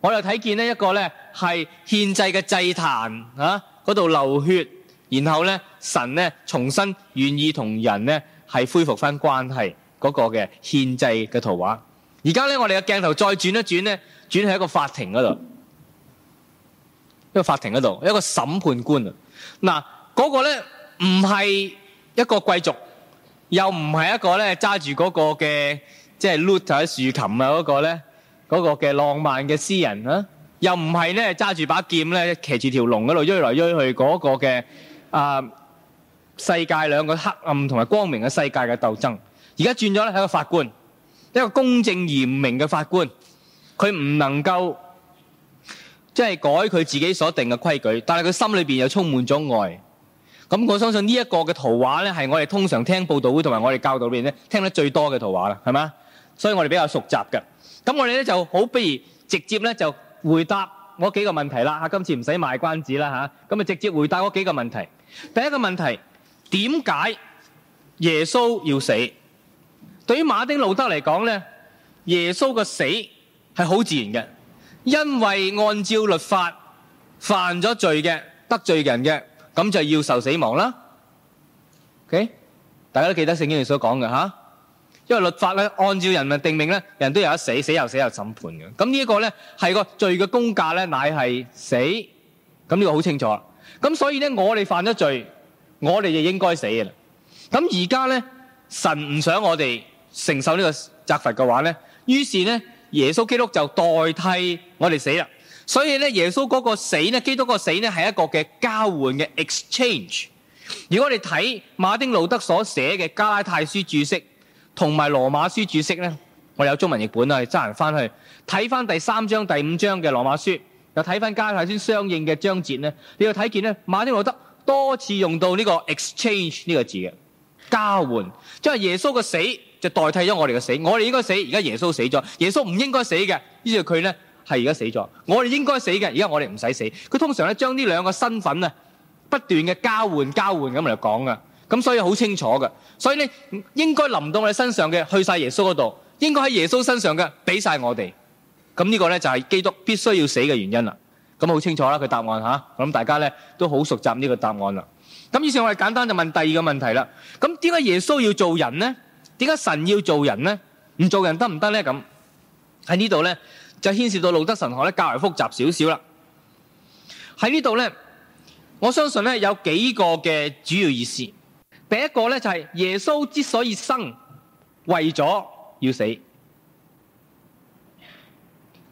S1: 我哋睇見咧一個咧係獻祭嘅祭壇啊！嗰度流血，然後咧神咧重新願意同人咧係恢復翻關係嗰個嘅獻祭嘅圖畫。而家咧我哋嘅鏡頭再轉一轉咧，轉喺一個法庭嗰度，一個法庭嗰度，一個審判官啊。嗱，嗰個咧唔係一個貴族，又唔係一個咧揸住嗰個嘅即係 lute 或者豎琴啊嗰個咧，嗰個嘅浪漫嘅詩人啊。又唔係咧，揸住把劍咧，騎住條龍嗰度追來追去嗰個嘅啊，世界兩個黑暗同埋光明嘅世界嘅鬥爭。而家轉咗咧，係一個法官，一個公正嚴明嘅法官。佢唔能夠即係改佢自己所定嘅規矩，但係佢心裏邊又充滿咗愛。咁我相信呢一個嘅圖畫咧，係我哋通常聽佈道會同埋我哋教導裏邊咧，聽得最多嘅圖畫啦，係嘛？所以我哋比較熟習嘅。咁我哋咧就好，不如直接咧就，回答我幾個問題啦，吓，今次唔使賣關子啦，吓，咁就直接回答我幾個問題。第一個問題，點解耶穌要死？對於馬丁路德嚟講咧，耶穌嘅死係好自然嘅，因為按照律法，犯咗罪嘅，得罪人嘅，咁就要受死亡啦。OK，大家都記得聖經裏所講嘅吓。因為律法咧，按照人民定命咧，人都有一死，死又死又審判嘅。咁呢一個咧，係個罪嘅工價咧，乃係死。咁、這、呢個好清楚。咁所以咧，我哋犯咗罪，我哋就應該死嘅啦。咁而家咧，神唔想我哋承受呢個責罰嘅話咧，於是咧，耶穌基督就代替我哋死啦。所以咧，耶穌嗰個死咧，基督個死咧，係一個嘅交換嘅 exchange。如果我哋睇馬丁路德所寫嘅加拉太書注釋，同埋《羅馬書》注釋咧，我哋有中文譯本啦，揸人翻去睇翻第三章、第五章嘅《羅馬書》，又睇翻加泰先相應嘅章節咧，你又睇見咧，馬丁路德多次用到呢個 exchange 呢個字嘅交換，即係耶穌嘅死就代替咗我哋嘅死，我哋應該死，而家耶穌死咗，耶穌唔應該死嘅，於是佢咧係而家死咗，我哋應該死嘅，而家我哋唔使死。佢通常咧將呢兩個身份咧不斷嘅交換、交換咁嚟講噶。咁所以好清楚嘅，所以咧應該臨到我哋身上嘅去晒耶穌嗰度，應該喺耶穌身上嘅俾晒我哋。咁呢個咧就係基督必須要死嘅原因啦。咁好清楚啦，佢答案吓，咁大家咧都好熟習呢個答案啦。咁於是我哋簡單就問第二個問題啦。咁點解耶穌要做人咧？點解神要做人咧？唔做人得唔得咧？咁喺呢度咧就牽涉到路德神學咧較為複雜少少啦。喺呢度咧，我相信咧有幾個嘅主要意思。第一個咧就係耶穌之所以生，為咗要死，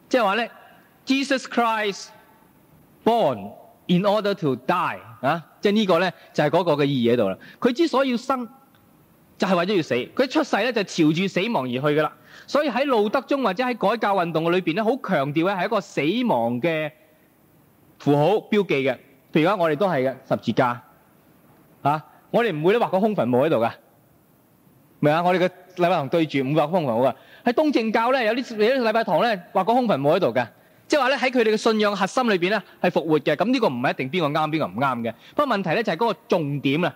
S1: 即係話咧 Jesus Christ born in order to die 啊！即係呢個咧就係嗰個嘅意義喺度啦。佢之所以要生，就係為咗要死。佢一出世咧就朝住死亡而去噶啦。所以喺路德中或者喺改革運動嘅裏邊咧，好強調咧係一個死亡嘅符號標記嘅。譬如話，我哋都係嘅十字架啊。我哋唔會咧畫個空墳墓喺度噶，明啊？我哋嘅禮拜堂對住唔畫空墳墓噶。喺東正教咧，有啲有啲禮拜堂咧畫個空墳墓喺度嘅，即係話咧喺佢哋嘅信仰核心裏邊咧係復活嘅。咁呢個唔係一定邊個啱邊個唔啱嘅。不過問題咧就係嗰個重點啦。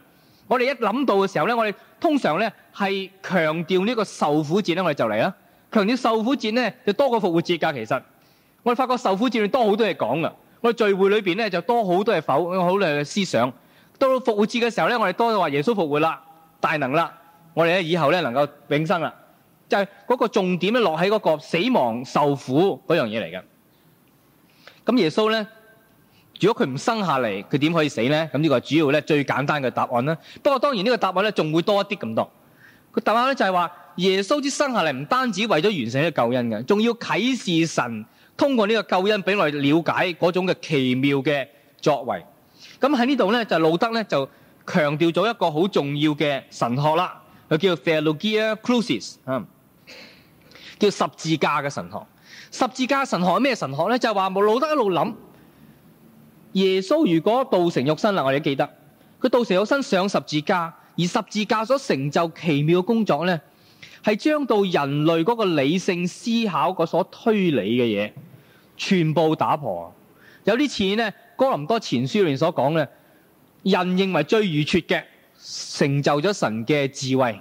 S1: 我哋一諗到嘅時候咧，我哋通常咧係強調呢個受苦節咧，我哋就嚟啦。強調受苦節咧就多過復活節噶。其實我哋發覺受苦節裏多好多嘢講噶。我哋聚會裏邊咧就多好多嘢否好多嘅思想。到復活節嘅時候咧，我哋多話耶穌復活啦，大能啦，我哋咧以後咧能夠永生啦，就係嗰個重點咧落喺嗰個死亡受苦嗰樣嘢嚟嘅。咁耶穌咧，如果佢唔生下嚟，佢點可以死咧？咁呢個係主要咧最簡單嘅答案啦。不過當然呢個答案咧仲會多一啲咁多。個答案咧就係話耶穌之生下嚟唔單止為咗完成呢個救恩嘅，仲要啟示神通過呢個救恩俾我哋了解嗰種嘅奇妙嘅作為。咁喺呢度咧，就路德咧就強調咗一個好重要嘅神學啦，佢叫做 Theologia Crucis 嗯，叫十字架嘅神學。十字架神學係咩神學咧？就係話路德一路諗耶穌如果道成肉身啦，我哋記得佢道成肉身上十字架，而十字架所成就奇妙嘅工作咧，係將到人類嗰個理性思考嗰所推理嘅嘢全部打破。有啲似咧。哥林多前書裏面所講咧，人認為最愚拙嘅，成就咗神嘅智慧。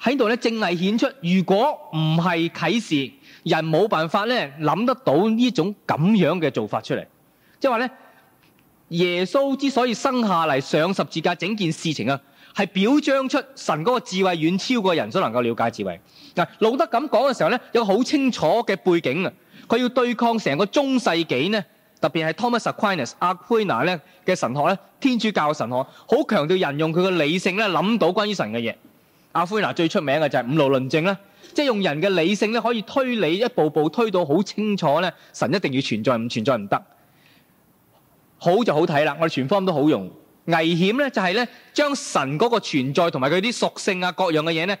S1: 喺度咧，正係顯出，如果唔係啟示，人冇辦法咧，諗得到呢種咁樣嘅做法出嚟。即係話咧，耶穌之所以生下嚟上十字架，整件事情啊，係表彰出神嗰個智慧遠超過人所能夠了解智慧。嗱，路德咁講嘅時候咧，有好清楚嘅背景啊，佢要對抗成個中世紀呢？特別係 Thomas Aquinas 阿奎納咧嘅神學咧，天主教神學，好強調人用佢嘅理性咧，諗到關於神嘅嘢。阿 queena 最出名嘅就係五路論證啦，即係用人嘅理性咧，可以推理一步步推到好清楚咧，神一定要存在，唔存在唔得。好就好睇啦，我哋全方都好用。危險咧就係咧，將神嗰個存在同埋佢啲屬性啊，各樣嘅嘢咧，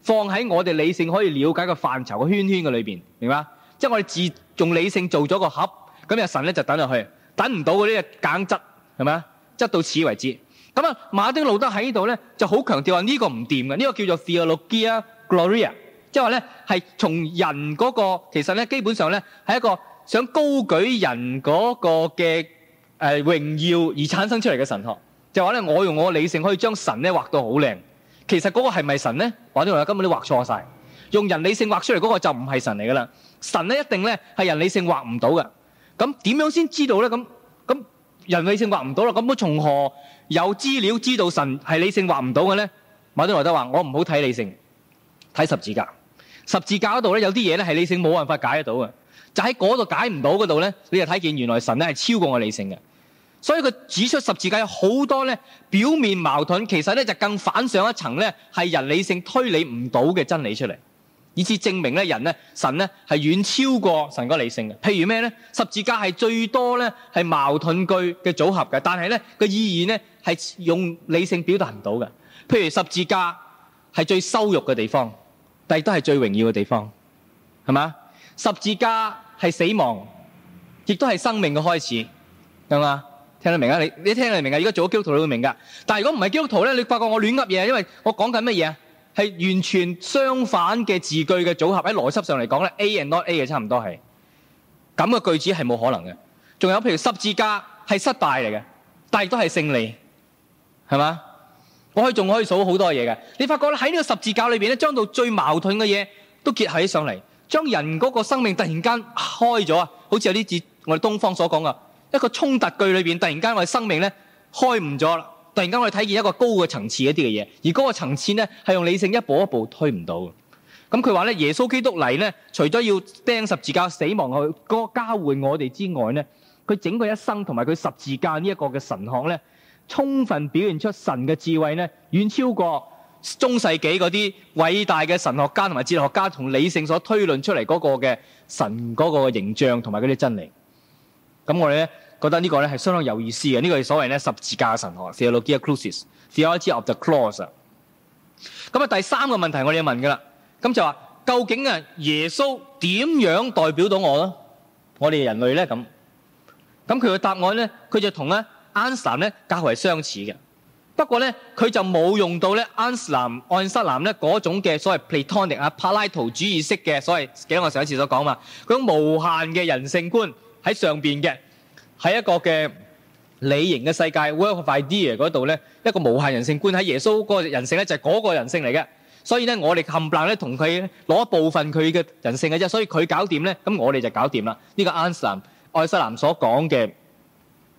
S1: 放喺我哋理性可以了解嘅範疇嘅圈圈嘅裏邊，明白，即係我哋自用理性做咗個盒。咁啊神咧就等落去，等唔到嗰啲嘅梗質，係咪啊？質到此為止。咁啊，馬丁路德喺呢度咧就好強調話，呢個唔掂嘅，呢個叫做 Theologia Gloria，即係話咧係從人嗰、嗰個其實咧基本上咧係一個想高舉人嗰個嘅誒、呃、榮耀而產生出嚟嘅神學，就話咧我用我嘅理性可以將神咧畫到好靚，其實嗰個係咪神咧？馬丁路德根本都畫錯晒。用人理性畫出嚟嗰個就唔係神嚟㗎喇，神咧一定咧係人理性畫唔到嘅。咁點樣先知道呢？咁咁人理性畫唔到啦。咁咁從何有資料知道神係理性畫唔到嘅呢？馬丁路德話：我唔好睇理性，睇十字架。十字架嗰度咧有啲嘢咧係理性冇辦法解得到嘅，就喺嗰度解唔到嗰度呢，你就睇見原來神咧係超過我理性嘅。所以佢指出十字架有好多呢表面矛盾，其實呢就更反上一層呢，係人理性推理唔到嘅真理出嚟。以致證明咧，人咧，神咧，係遠超過神個理性嘅。譬如咩咧，十字架係最多咧係矛盾句嘅組合嘅，但係咧個意義咧係用理性表達唔到嘅。譬如十字架係最羞辱嘅地方，但係都係最榮耀嘅地方，係嘛？十字架係死亡，亦都係生命嘅開始，啱嘛？聽得明啊？你你聽得明啊？而家做咗基督徒你會明㗎，但係如果唔係基督徒咧，你發覺我亂噏嘢，因為我講緊乜嘢啊？係完全相反嘅字句嘅組合，喺邏輯上嚟講咧，A and not A 嘅差唔多係咁嘅句子係冇可能嘅。仲有譬如十字架係失敗嚟嘅，但係都係勝利，係嘛？我可以仲可以數好多嘢嘅。你發覺喺呢個十字架裏邊咧，將到最矛盾嘅嘢都結合起上嚟，將人嗰個生命突然間開咗啊！好似有啲似我哋東方所講嘅一個衝突句裏邊，突然間我哋生命咧開唔咗啦。突然間，我哋睇見一個高嘅層次一啲嘅嘢，而嗰個層次呢係用理性一步一步推唔到嘅。咁佢話咧，耶穌基督嚟呢，除咗要釘十字架、死亡去嗰個交換我哋之外呢，佢整個一生同埋佢十字架呢一個嘅神學呢，充分表現出神嘅智慧呢，遠超過中世紀嗰啲偉大嘅神學家同埋哲學家同理性所推論出嚟嗰個嘅神嗰個形象同埋嗰啲真理。咁我哋咧。覺得呢個咧係相當有意思嘅，呢個係所謂咧十字架神學 （Theologia Crucis，Theology of the Cross）。咁啊，第三個問題我哋要問㗎喇，咁就話究竟啊耶穌點樣代表到我咧？我哋人類咧咁，咁佢嘅答案咧，佢就同咧安瑟南咧較為相似嘅，不過咧佢就冇用到咧安瑟南、安瑟南咧嗰種嘅所謂 Platonic、柏拉圖主義式嘅所謂，記得我上一次所講嘛，嗰種無限嘅人性觀喺上邊嘅。喺一個嘅理型嘅世界，world idea 嗰度咧，一個無限人性觀喺耶穌個個人性咧，就係嗰個人性嚟嘅。所以咧，我哋冚唪唥咧同佢攞一部分佢嘅人性嘅啫。所以佢搞掂咧，咁我哋就搞掂啦。呢、這個安瑟蘭、愛瑟蘭所講嘅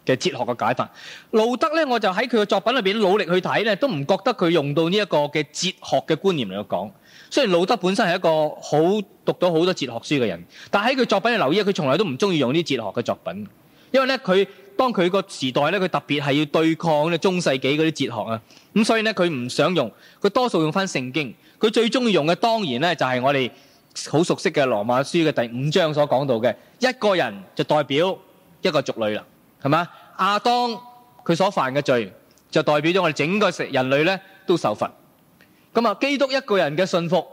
S1: 嘅哲學嘅解法，路德咧，我就喺佢嘅作品裏面努力去睇咧，都唔覺得佢用到呢一個嘅哲學嘅觀念嚟講。雖然路德本身係一個好讀到好多哲學書嘅人，但喺佢作品裏留意，佢從來都唔中意用啲哲學嘅作品。因為呢佢當佢個時代呢佢特別係要對抗中世紀嗰啲哲學啊，咁所以呢，佢唔想用，佢多數用返聖經。佢最中意用嘅當然呢，就係我哋好熟悉嘅羅馬書嘅第五章所講到嘅，一個人就代表一個族類啦，係嘛？亞當佢所犯嘅罪就代表咗我哋整個人類呢都受罰。咁啊，基督一個人嘅信服，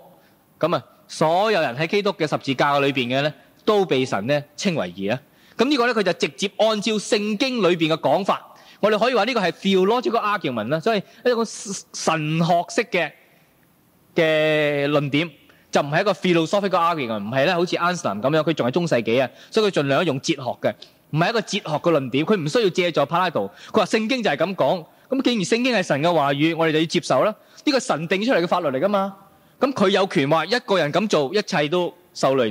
S1: 咁啊，所有人喺基督嘅十字架裏面嘅呢，都被神呢稱為義啊。咁呢個咧，佢就直接按照聖經裏邊嘅講法，我哋可以話呢個係 philological argument 啦，所以一個神學式嘅嘅論點，就唔係一個 philosophical argument，唔係咧，好似安瑟倫咁樣，佢仲係中世紀啊，所以佢盡量用哲學嘅，唔係一個哲學嘅論點，佢唔需要借助 Plato，佢話聖經就係咁講，咁既然聖經係神嘅話語，我哋就要接受啦，呢個神定出嚟嘅法律嚟噶嘛，咁佢有權話一個人咁做，一切都受累，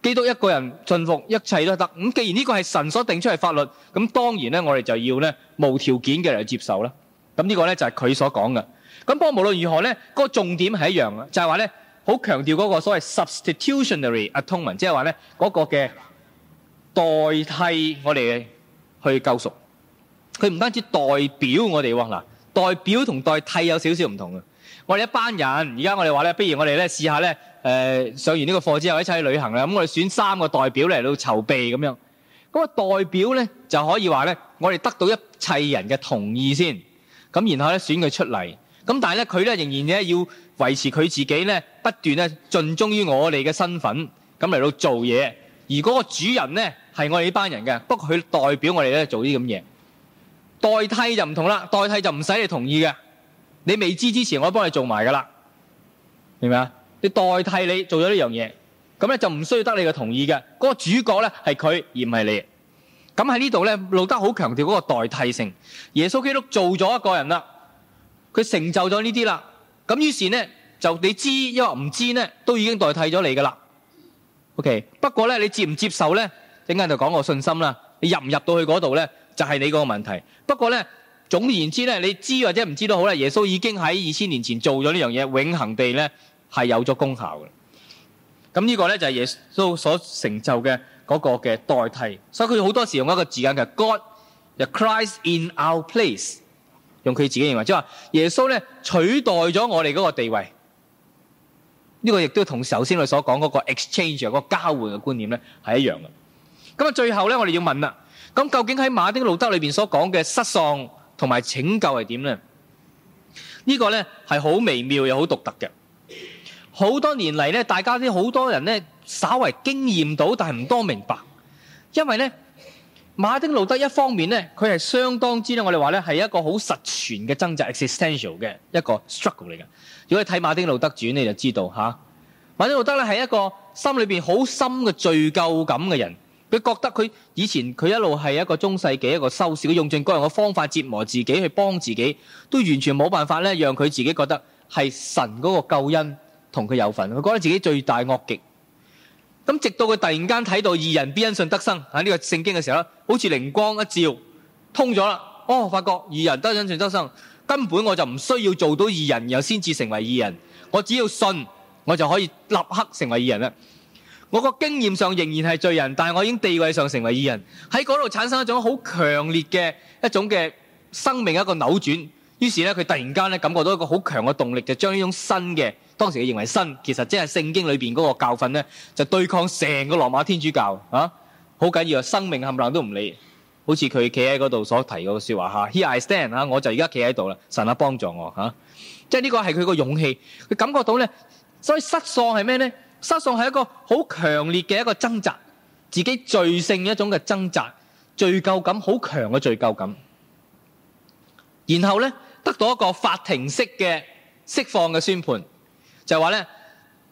S1: 基督一個人順服，一切都得，咁既然呢個係神所定出嚟法律，咁當然咧我哋就要咧無條件嘅嚟接受啦。咁呢個咧就係佢所講嘅。咁不過無論如何咧，個重點係一樣嘅，就係話咧好強調嗰個所謂 substitutionary atonement，即係話咧嗰個嘅代替我哋去救贖。佢唔單止代表我哋喎，嗱代表同代替有少少唔同嘅。我哋一班人，而家我哋話咧，不如我哋咧試下咧，誒、呃、上完呢個課之後，一齊去旅行啦。咁、嗯、我哋選三個代表嚟到籌備咁樣。咁嗰個代表咧就可以話咧，我哋得到一切人嘅同意先。咁然後咧選佢出嚟。咁但係咧佢咧仍然咧要維持佢自己咧不斷咧盡忠於我哋嘅身份，咁嚟到做嘢。而嗰個主人咧係我哋呢班人嘅，不過佢代表我哋咧做啲咁嘢。代替就唔同啦，代替就唔使你同意嘅。你未知之前，我幫你做埋噶啦，明唔明啊？你代替你做咗呢樣嘢，咁咧就唔需要得你嘅同意嘅。嗰個主角咧係佢而唔係你。咁喺呢度咧，路德好強調嗰個代替性。耶穌基督做咗一個人啦，佢成就咗呢啲啦。咁於是呢，就你知，因為唔知呢，都已經代替咗你噶啦。OK，不過咧你接唔接受呢？一陣間就講個信心啦。你入唔入到去嗰度呢，就係你嗰個問題。不過呢。總言之咧，你知或者唔知都好啦。耶穌已經喺二千年前做咗呢樣嘢，永恆地咧係有咗功效嘅。咁呢個咧就係、是、耶穌所成就嘅嗰個嘅代替。所以佢好多時用一個字眼嘅，God the Christ in our place，用佢自己認為，即係話耶穌咧取代咗我哋嗰個地位。呢、這個亦都同首先我所講嗰個 exchange 嗰個交換嘅觀念咧係一樣嘅。咁啊，最後咧我哋要問啦，咁究竟喺馬丁路德裏邊所講嘅失喪，同埋拯救係點呢？呢、呢個呢，係好微妙又好獨特嘅。好多年嚟呢，大家啲好多人呢，稍為經驗到，但係唔多明白。因為呢，馬丁路德一方面呢，佢係相當之呢，我哋話呢，係一個好實存嘅掙扎 （existential） 嘅一個 struggle 嚟嘅。如果你睇馬丁路德傳，你就知道，吓。馬丁路德呢係一個心裏面好深嘅罪疚感嘅人。佢覺得佢以前佢一路係一個中世紀一個修士，佢用盡各樣嘅方法折磨自己去幫自己，都完全冇辦法咧，讓佢自己覺得係神嗰個救恩同佢有份。佢覺得自己罪大惡極。咁直到佢突然間睇到義人必因信得生喺呢個聖經嘅時候咧，好似靈光一照，通咗啦。哦，發覺義人得恩信得生，根本我就唔需要做到義人，然後先至成為義人。我只要信，我就可以立刻成為義人啦。我個經驗上仍然係罪人，但我已經地位上成為義人，喺嗰度產生一種好強烈嘅一種嘅生命一個扭轉。於是呢，佢突然間感覺到一個好強嘅動力，就將呢種新嘅，當時佢認為新，其實即係聖經裏面嗰個教訓呢——就對抗成個羅馬天主教好緊要生命冚唪都唔理，好似佢企喺嗰度所提嗰個說話 h e r e I stand 我就而家企喺度啦，神啊幫助我即係呢個係佢個勇氣，佢感覺到呢，所以失喪係咩呢？失喪係一個好強烈嘅一個掙扎，自己罪性嘅一種嘅掙扎，罪疚感好強嘅罪疚感。然後咧，得到一個法庭式嘅釋放嘅宣判，就話咧，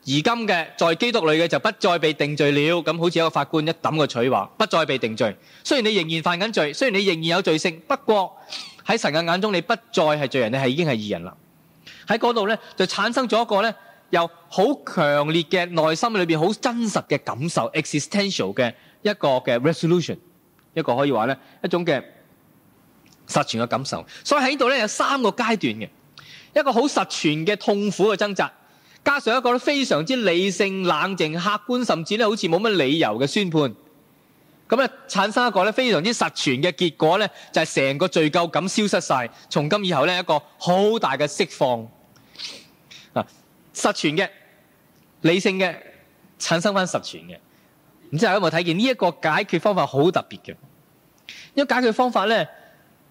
S1: 而今嘅在基督裏嘅就不再被定罪了。咁好似一個法官一抌個錘話，不再被定罪。雖然你仍然犯緊罪，雖然你仍然有罪性，不過喺神嘅眼中，你不再係罪人，你係已經係義人啦。喺嗰度咧，就產生咗一個咧。有好強烈嘅內心裏面，好真實嘅感受，existential 嘅一個嘅 resolution，一個可以話呢一種嘅實存嘅感受。所以喺度呢，有三個階段嘅，一個好實存嘅痛苦嘅掙扎，加上一個非常之理性、冷靜、客觀，甚至呢好似冇乜理由嘅宣判，咁呢產生一個非常之實存嘅結果呢就係成個罪疚感消失晒。從今以後呢，一個好大嘅釋放啊！實存嘅理性嘅產生翻實存嘅，唔知大家有冇睇見呢一個解決方法好特別嘅，呢個解決方法咧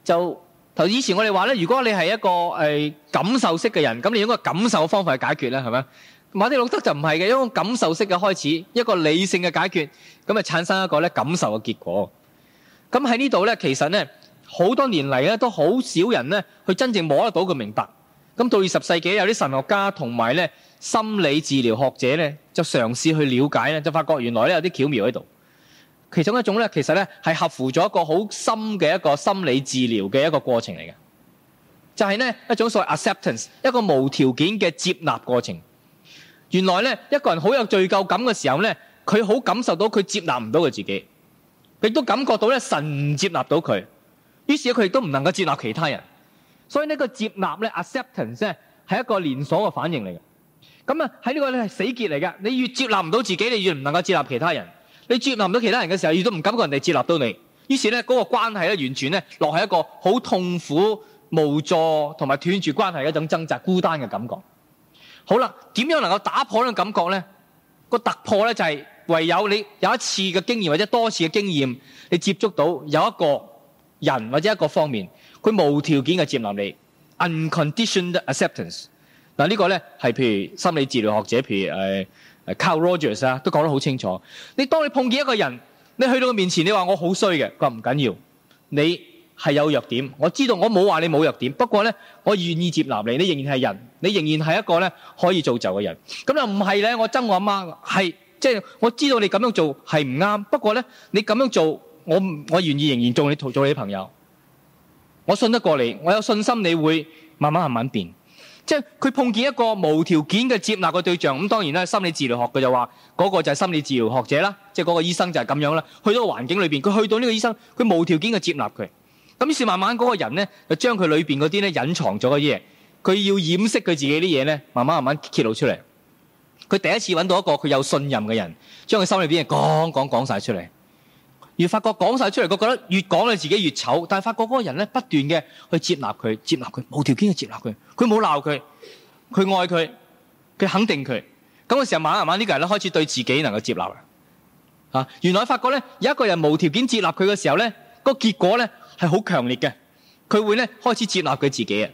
S1: 就頭以前我哋話咧，如果你係一個誒、呃、感受式嘅人，咁你應該感受嘅方法去解決啦，係咪？馬丁路德就唔係嘅，因為感受式嘅開始，一個理性嘅解決，咁啊產生一個咧感受嘅結果。咁喺呢度咧，其實咧好多年嚟咧都好少人咧去真正摸得到佢明白。咁到二十世紀，有啲神學家同埋咧心理治療學者咧，就嘗試去了解咧，就發覺原來咧有啲巧妙喺度。其中一種咧，其實咧係合乎咗一個好深嘅一個心理治療嘅一個過程嚟嘅，就係咧一種所謂 acceptance，一個無條件嘅接納過程。原來咧一個人好有罪疚感嘅時候咧，佢好感受到佢接納唔到佢自己，亦都感覺到咧神唔接納到佢，於是佢亦都唔能夠接納其他人。所以呢個接納咧，acceptance 係一個連鎖嘅反應嚟嘅。咁啊喺呢個呢，係死結嚟嘅。你越接納唔到自己，你越唔能夠接納其他人。你接納唔到其他人嘅時候，越都唔感覺人哋接納到你。於是呢，嗰、嗰個關係呢，完全呢，落喺一個好痛苦、無助同埋斷絕關係嘅一種掙扎、孤單嘅感覺。好啦，點樣能夠打破呢種感覺呢？嗰個突破呢，就係、是、唯有你有一次嘅經驗或者多次嘅經驗，你接觸到有一個人或者一個方面。佢無條件嘅接納你，unconditioned acceptance。嗱，呢個咧，係譬如心理治療學者，譬如誒誒 Carl Rogers 啊，都講得好清楚。你當你碰見一個人，你去到佢面前，你話我好衰嘅，佢話唔緊要，你係有弱點，我知道，我冇話你冇弱點，不過咧我願意接納你，你仍然係人，你仍然係一個咧可以造就嘅人。咁又唔係咧？我憎我阿媽，係即係我知道你咁樣做係唔啱，不過咧你咁樣做，我我願意仍然做你做你朋友。我信得過你，我有信心你會慢慢慢慢變。即係佢碰見一個無條件嘅接納嘅對象，咁當然啦，心理治療學佢就話嗰個就係心理治療學者啦，即係嗰個醫生就係咁樣啦。去到一個環境裏邊，佢去到呢個醫生，佢無條件嘅接納佢。咁於是慢慢嗰個人咧，就將佢裏邊嗰啲咧隱藏咗嘅嘢，佢要掩飾佢自己啲嘢咧，慢慢慢慢揭露出嚟。佢第一次揾到一個佢有信任嘅人，將佢心裏邊嘅講講講晒出嚟。越發覺講晒出嚟，覺得越講佢自己越醜。但係發覺嗰個人呢不斷嘅去接納佢，接納佢，無條件去接納佢。佢冇鬧佢，佢愛佢，佢肯定佢。咁嘅時候，慢慢慢慢呢個人開始對自己能夠接納啦。啊，原來發覺呢，有一個人無條件接納佢嘅時候呢，個結果呢係好強烈嘅。佢會呢，開始接納佢自己啊。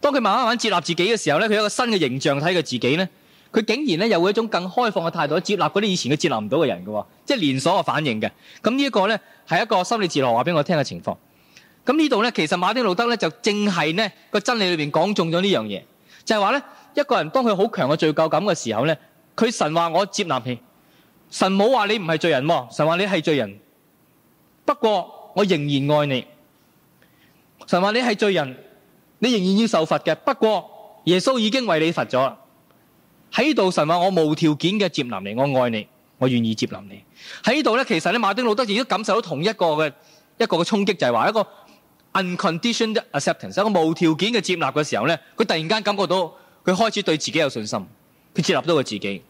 S1: 當佢慢慢慢接納自己嘅時候呢，佢有一個新嘅形象睇佢自己呢。佢竟然咧又會一種更開放嘅態度，接納嗰啲以前佢接納唔到嘅人嘅。哦，即係連鎖嘅反應嘅。咁、嗯這個、呢一個咧係一個心理學嚟，話俾我聽嘅情況。咁、嗯、呢度咧其實馬丁路德咧就正係咧個真理裏邊講中咗呢樣嘢，就係話咧一個人當佢好強嘅罪疚感嘅時候咧，佢神話我接納你，神冇話你唔係罪人，神話你係罪人，不過我仍然愛你。神話你係罪人，你仍然要受罰嘅，不過耶穌已經為你罰咗喺度神話我無條件嘅接納你，我愛你，我願意接納你。喺呢度咧，其實咧馬丁路德亦都感受到同一個嘅一個嘅衝擊，就係話一個 unconditional acceptance，一個無條件嘅接納嘅時候咧，佢突然間感覺到佢開始對自己有信心，佢接納到佢自己，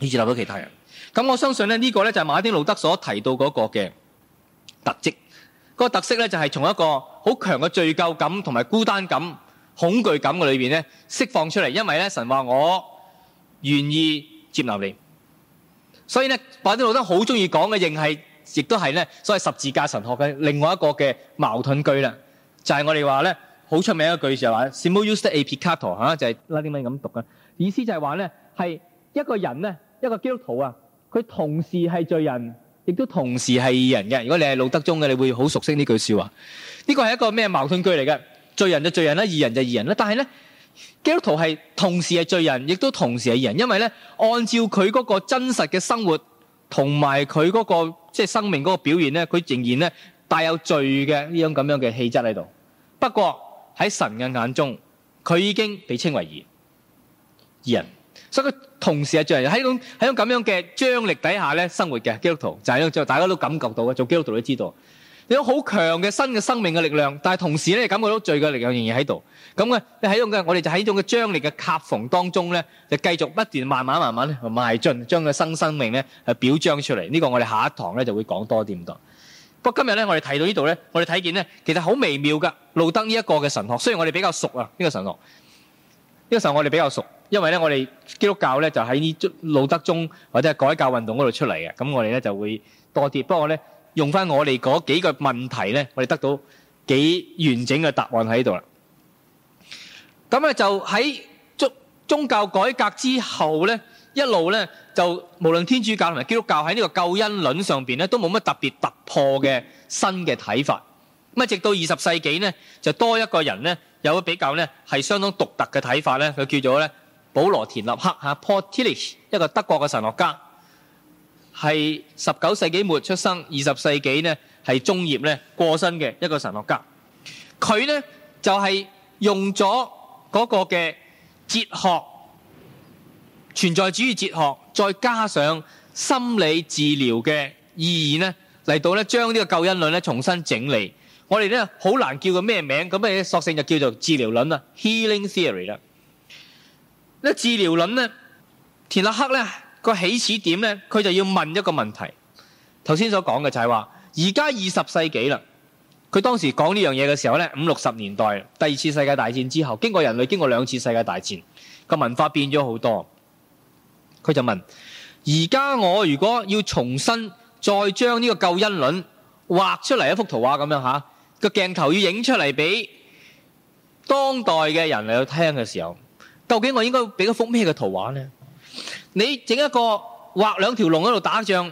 S1: 佢接納到其他人。咁我相信咧呢個咧就係馬丁路德所提到嗰個嘅特質。嗰個特色咧就係從一個好強嘅罪疚感同埋孤單感、恐懼感嘅裏邊咧釋放出嚟，因為咧神話我。願意接納你，所以咧，馬丁路德好中意講嘅，仍係亦都係咧，所謂十字架神學嘅另外一個嘅矛盾句啦，就係、是、我哋話咧，好出名一個句就話 simul justus et peccator 啊，就係拉丁文咁讀嘅，意思就係話咧，係一個人咧，一個基督徒啊，佢同時係罪人，亦都同時係義人嘅。如果你係路德宗嘅，你會好熟悉呢句說話。呢、這個係一個咩矛盾句嚟嘅？罪人就罪人啦，義人就義人啦，但係咧。基督徒係同時係罪人，亦都同時係義人，因為咧，按照佢嗰個真實嘅生活，同埋佢嗰個即係生命嗰個表現咧，佢仍然咧帶有罪嘅呢種咁樣嘅氣質喺度。不過喺神嘅眼中，佢已經被稱為義人，所以佢同時係罪人喺種喺種咁樣嘅張力底下咧生活嘅基督徒，就係呢種，大家都感覺到嘅，做基督徒都知道。有好強嘅新嘅生命嘅力量，但係同時咧，感覺到罪嘅力量仍然喺度。咁嘅，你喺度嘅，我哋就喺呢種嘅張力嘅夾縫當中咧，就繼續不斷慢慢慢慢咧邁進，將個新生命咧表彰出嚟。呢、這個我哋下一堂咧就會講多啲咁多。不過今日咧，我哋提到，到呢度咧，我哋睇見咧，其實好微妙噶。路德呢一個嘅神學，雖然我哋比較熟啊，呢、這個神學，呢、這個神學我哋比較熟，因為咧我哋基督教咧就喺路德宗或者係改革運動嗰度出嚟嘅，咁我哋咧就會多啲。不過咧。用翻我哋嗰幾個問題呢我哋得到幾完整嘅答案喺度啦。咁就喺宗宗教改革之後呢一路呢，就無論天主教同埋基督教喺呢個救恩論上邊呢都冇乜特別突破嘅新嘅睇法。咁啊，直到二十世紀呢就多一個人呢有個比較呢係相當獨特嘅睇法呢佢叫做呢：「保羅田立克啊，Paul Tillich 一個德國嘅神學家。係十九世紀末出生，二十世紀呢係中葉咧過身嘅一個神學家，佢呢就係、是、用咗嗰個嘅哲學存在主義哲學，再加上心理治療嘅意義呢嚟到呢將呢個救恩論呢重新整理，我哋呢好難叫個咩名，咁嘅索性就叫做治療論啦，healing theory 啦。呢治療論呢，田立克呢？個起始點呢，佢就要問一個問題。頭先所講嘅就係話，而家二十世紀啦，佢當時講呢樣嘢嘅時候呢，五六十年代，第二次世界大戰之後，經過人類經過兩次世界大戰，個文化變咗好多。佢就問：而家我如果要重新再將呢個救恩論畫出嚟一幅圖畫咁樣吓，個鏡頭要影出嚟俾當代嘅人嚟去聽嘅時候，究竟我應該俾一幅咩嘅圖畫呢？」你整一個畫兩條龍喺度打仗，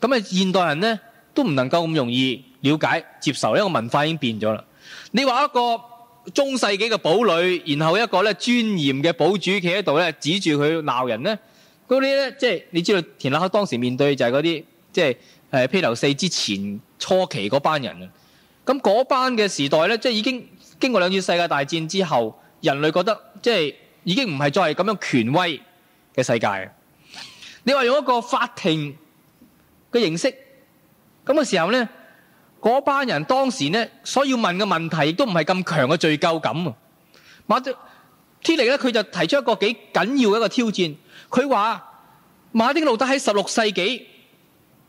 S1: 咁啊現代人呢都唔能夠咁容易了解接受，因為文化已經變咗啦。你畫一個中世紀嘅堡壘，然後一個呢，尊嚴嘅堡主企喺度呢，指住佢鬧人呢。嗰啲呢，即係你知道田立克當時面對就係嗰啲即係誒披頭四之前初期嗰班人啊。咁嗰班嘅時代呢，即係已經經過兩次世界大戰之後，人類覺得即係已經唔係再係咁樣權威。嘅世界，你話用一個法庭嘅形式，咁嘅時候呢，嗰班人當時呢，所要問嘅問題，亦都唔係咁強嘅罪疚感。馬天尼呢，咧，佢就提出一個幾緊要嘅一個挑戰。佢話馬丁路德喺十六世紀，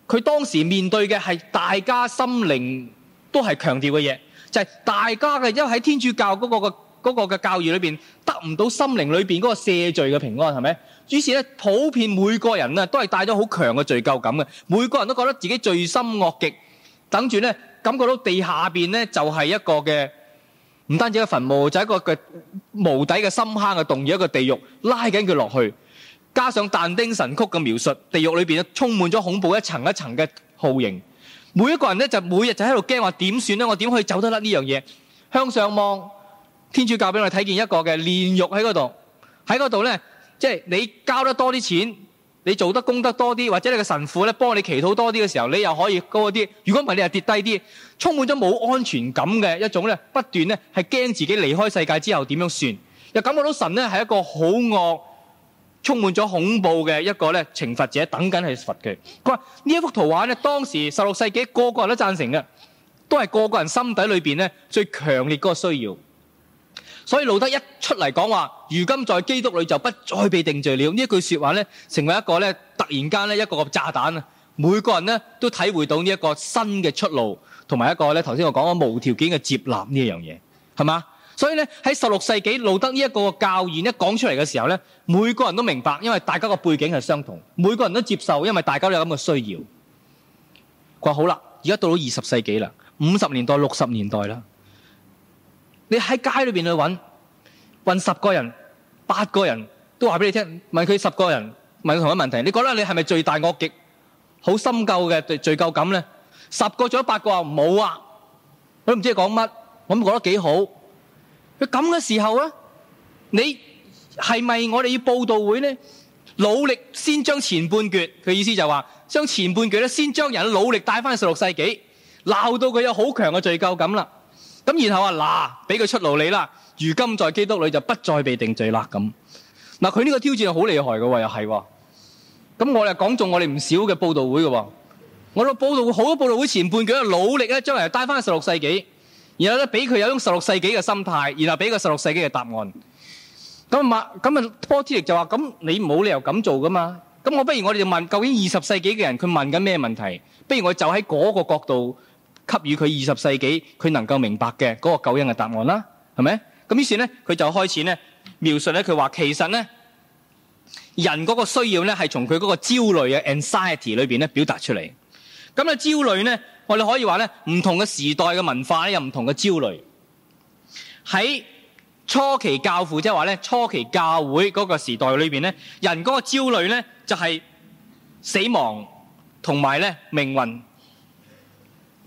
S1: 佢當時面對嘅係大家心靈都係強調嘅嘢，就係、是、大家嘅，因為喺天主教嗰、那個嘅嗰、那個嘅教義裏邊，得唔到心靈裏邊嗰個赦罪嘅平安，係咪？於是咧，普遍每個人咧都係帶咗好強嘅罪疚感嘅，每個人都覺得自己罪心惡極，等住咧感覺到地下邊咧就係一個嘅唔單止嘅墳墓，就係一個嘅無底嘅深坑嘅洞，一個地獄拉緊佢落去。加上但丁神曲嘅描述，地獄裏面充滿咗恐怖，一層一層嘅酷刑。每一個人咧就每日就喺度驚話點算咧？我點可以走得甩呢樣嘢？向上望，天主教俾我睇見一個嘅煉獄喺嗰度，喺嗰度咧。即係你交得多啲錢，你做得功德多啲，或者你個神父咧幫你祈禱多啲嘅時候，你又可以高啲；如果唔係，你又跌低啲。充滿咗冇安全感嘅一種咧，不斷咧係驚自己離開世界之後點樣算，又感覺到神咧係一個好惡、充滿咗恐怖嘅一個咧懲罰者，等緊去罰佢。佢話呢一幅圖畫咧，當時十六世紀個個人都贊成嘅，都係個個人心底裏邊咧最強烈嗰個需要。所以路德一出嚟講話，如今在基督裏就不再被定罪了。呢句說話呢成為一個咧，突然間一個個炸彈啊！每個人呢都體會到呢一個新嘅出路，同埋一個呢頭先我講嘅無條件嘅接納呢樣嘢，係嘛？所以呢，喺十六世紀路德呢一個教義一講出嚟嘅時候呢，每個人都明白，因為大家個背景係相同，每個人都接受，因為大家都有咁嘅需要。咁好啦，而家到咗二十世紀啦，五十年代、六十年代啦。你喺街裏邊去揾，揾十個人、八個人都話俾你聽，問佢十個人，問佢同一問題，你覺得你係咪罪大惡極、好深究嘅罪疚感咧？十個中有八個話冇啊，佢都唔知講乜，我唔覺得幾好。佢咁嘅時候咧，你係咪我哋要布道會咧？努力先將前半橛，佢意思就話將前半橛咧，先將人努力帶翻去十六世紀，鬧到佢有好強嘅罪疚感啦。咁然後啊嗱，俾佢出路你啦。如今在基督裏就不再被定罪啦。咁嗱，佢呢個挑戰好厲害嘅喎，又係。咁我又講中我哋唔少嘅報道會嘅。我個報道會好多報道會前半段啊，努力咧，將來帶翻十六世紀，然後咧俾佢有種十六世紀嘅心態，然後俾個十六世紀嘅答案。咁啊，咁啊，波特力就話，咁你冇理由咁做噶嘛？咁我不如我哋就問，究竟二十世紀嘅人佢問緊咩問題？不如我就喺嗰個角度。給予佢二十世紀佢能夠明白嘅嗰個救恩嘅答案啦，係咪？咁於是咧，佢就開始咧描述咧，佢話其實咧，人嗰個需要咧係從佢嗰個焦慮嘅 anxiety 裏邊咧表達出嚟。咁啊焦慮咧，我哋可以話咧唔同嘅時代嘅文化咧有唔同嘅焦慮。喺初期教父即係話咧，初期教會嗰個時代裏面咧，人嗰個焦慮咧就係死亡同埋咧命運。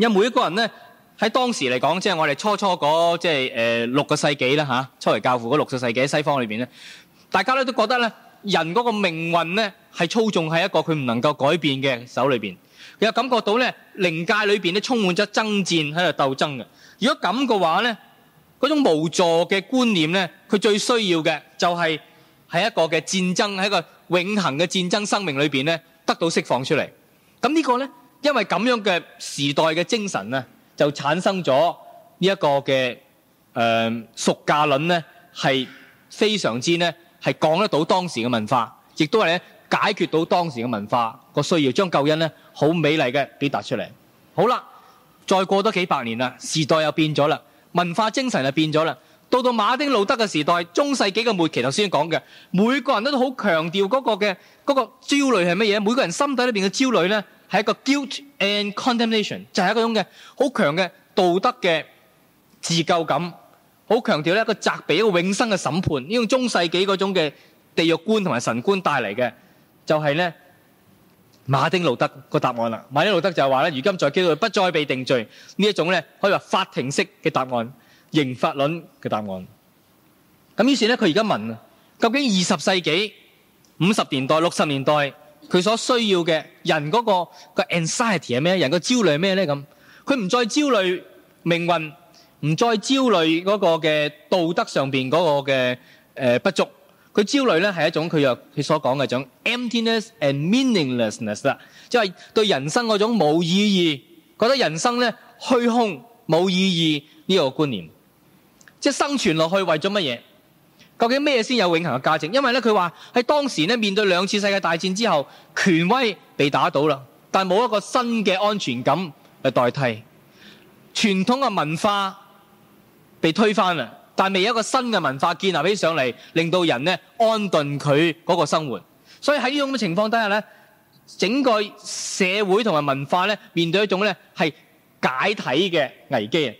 S1: 因每一個人咧喺當時嚟講，即係我哋初初嗰即係誒六個世紀啦吓，初嚟教父嗰六個世紀喺西方裏邊咧，大家咧都覺得咧人嗰個命運咧係操縱喺一個佢唔能夠改變嘅手裏邊，又感覺到咧靈界裏邊咧充滿咗爭戰喺度鬥爭嘅。如果咁嘅話咧，嗰種無助嘅觀念咧，佢最需要嘅就係喺一個嘅戰爭喺一個永恆嘅戰爭生命裏邊咧得到釋放出嚟。咁呢個咧。因為咁樣嘅時代嘅精神呢，就產生咗、呃、呢一個嘅誒贖價論呢係非常之呢，係講得到當時嘅文化，亦都係呢解決到當時嘅文化個需要，將救恩呢，好美麗嘅表達出嚟。好啦，再過多幾百年啦，時代又變咗啦，文化精神又變咗啦。到到馬丁路德嘅時代，中世紀嘅末期頭先講嘅，每個人都好強調嗰個嘅嗰、嗰個焦慮係乜嘢，每個人心底裏面嘅焦慮呢。係一個 guilt and condemnation，就係一個種嘅好強嘅道德嘅自救感，好強調咧一個責備一個永生嘅審判，呢種中世紀嗰種嘅地獄觀同埋神觀帶嚟嘅，就係、是、咧馬丁路德個答案啦。馬丁路德就係話咧，如今在基督裏不再被定罪，呢一種咧可以話法庭式嘅答案，刑法論嘅答案。咁於是咧佢而家問，究竟二十世紀五十年代六十年代？佢所需要嘅人嗰個、個 anxiety 係咩？人個焦慮係咩咧？咁佢唔再焦慮命運，唔再焦慮嗰個嘅道德上邊嗰個嘅誒不足。佢焦慮咧係一種佢又佢所講嘅一種 emptiness and meaninglessness 啦，即係對人生嗰種冇意義，覺得人生咧虛空冇意義呢個觀念，即係生存落去為咗乜嘢？究竟咩先有永恆嘅價值？因為咧，佢話喺當時咧，面對兩次世界大戰之後，權威被打倒啦，但係冇一個新嘅安全感嚟代替，傳統嘅文化被推翻啦，但係未有一個新嘅文化建立起上嚟，令到人咧安頓佢嗰個生活。所以喺呢種嘅情況底下咧，整個社會同埋文化咧，面對一種咧係解體嘅危機。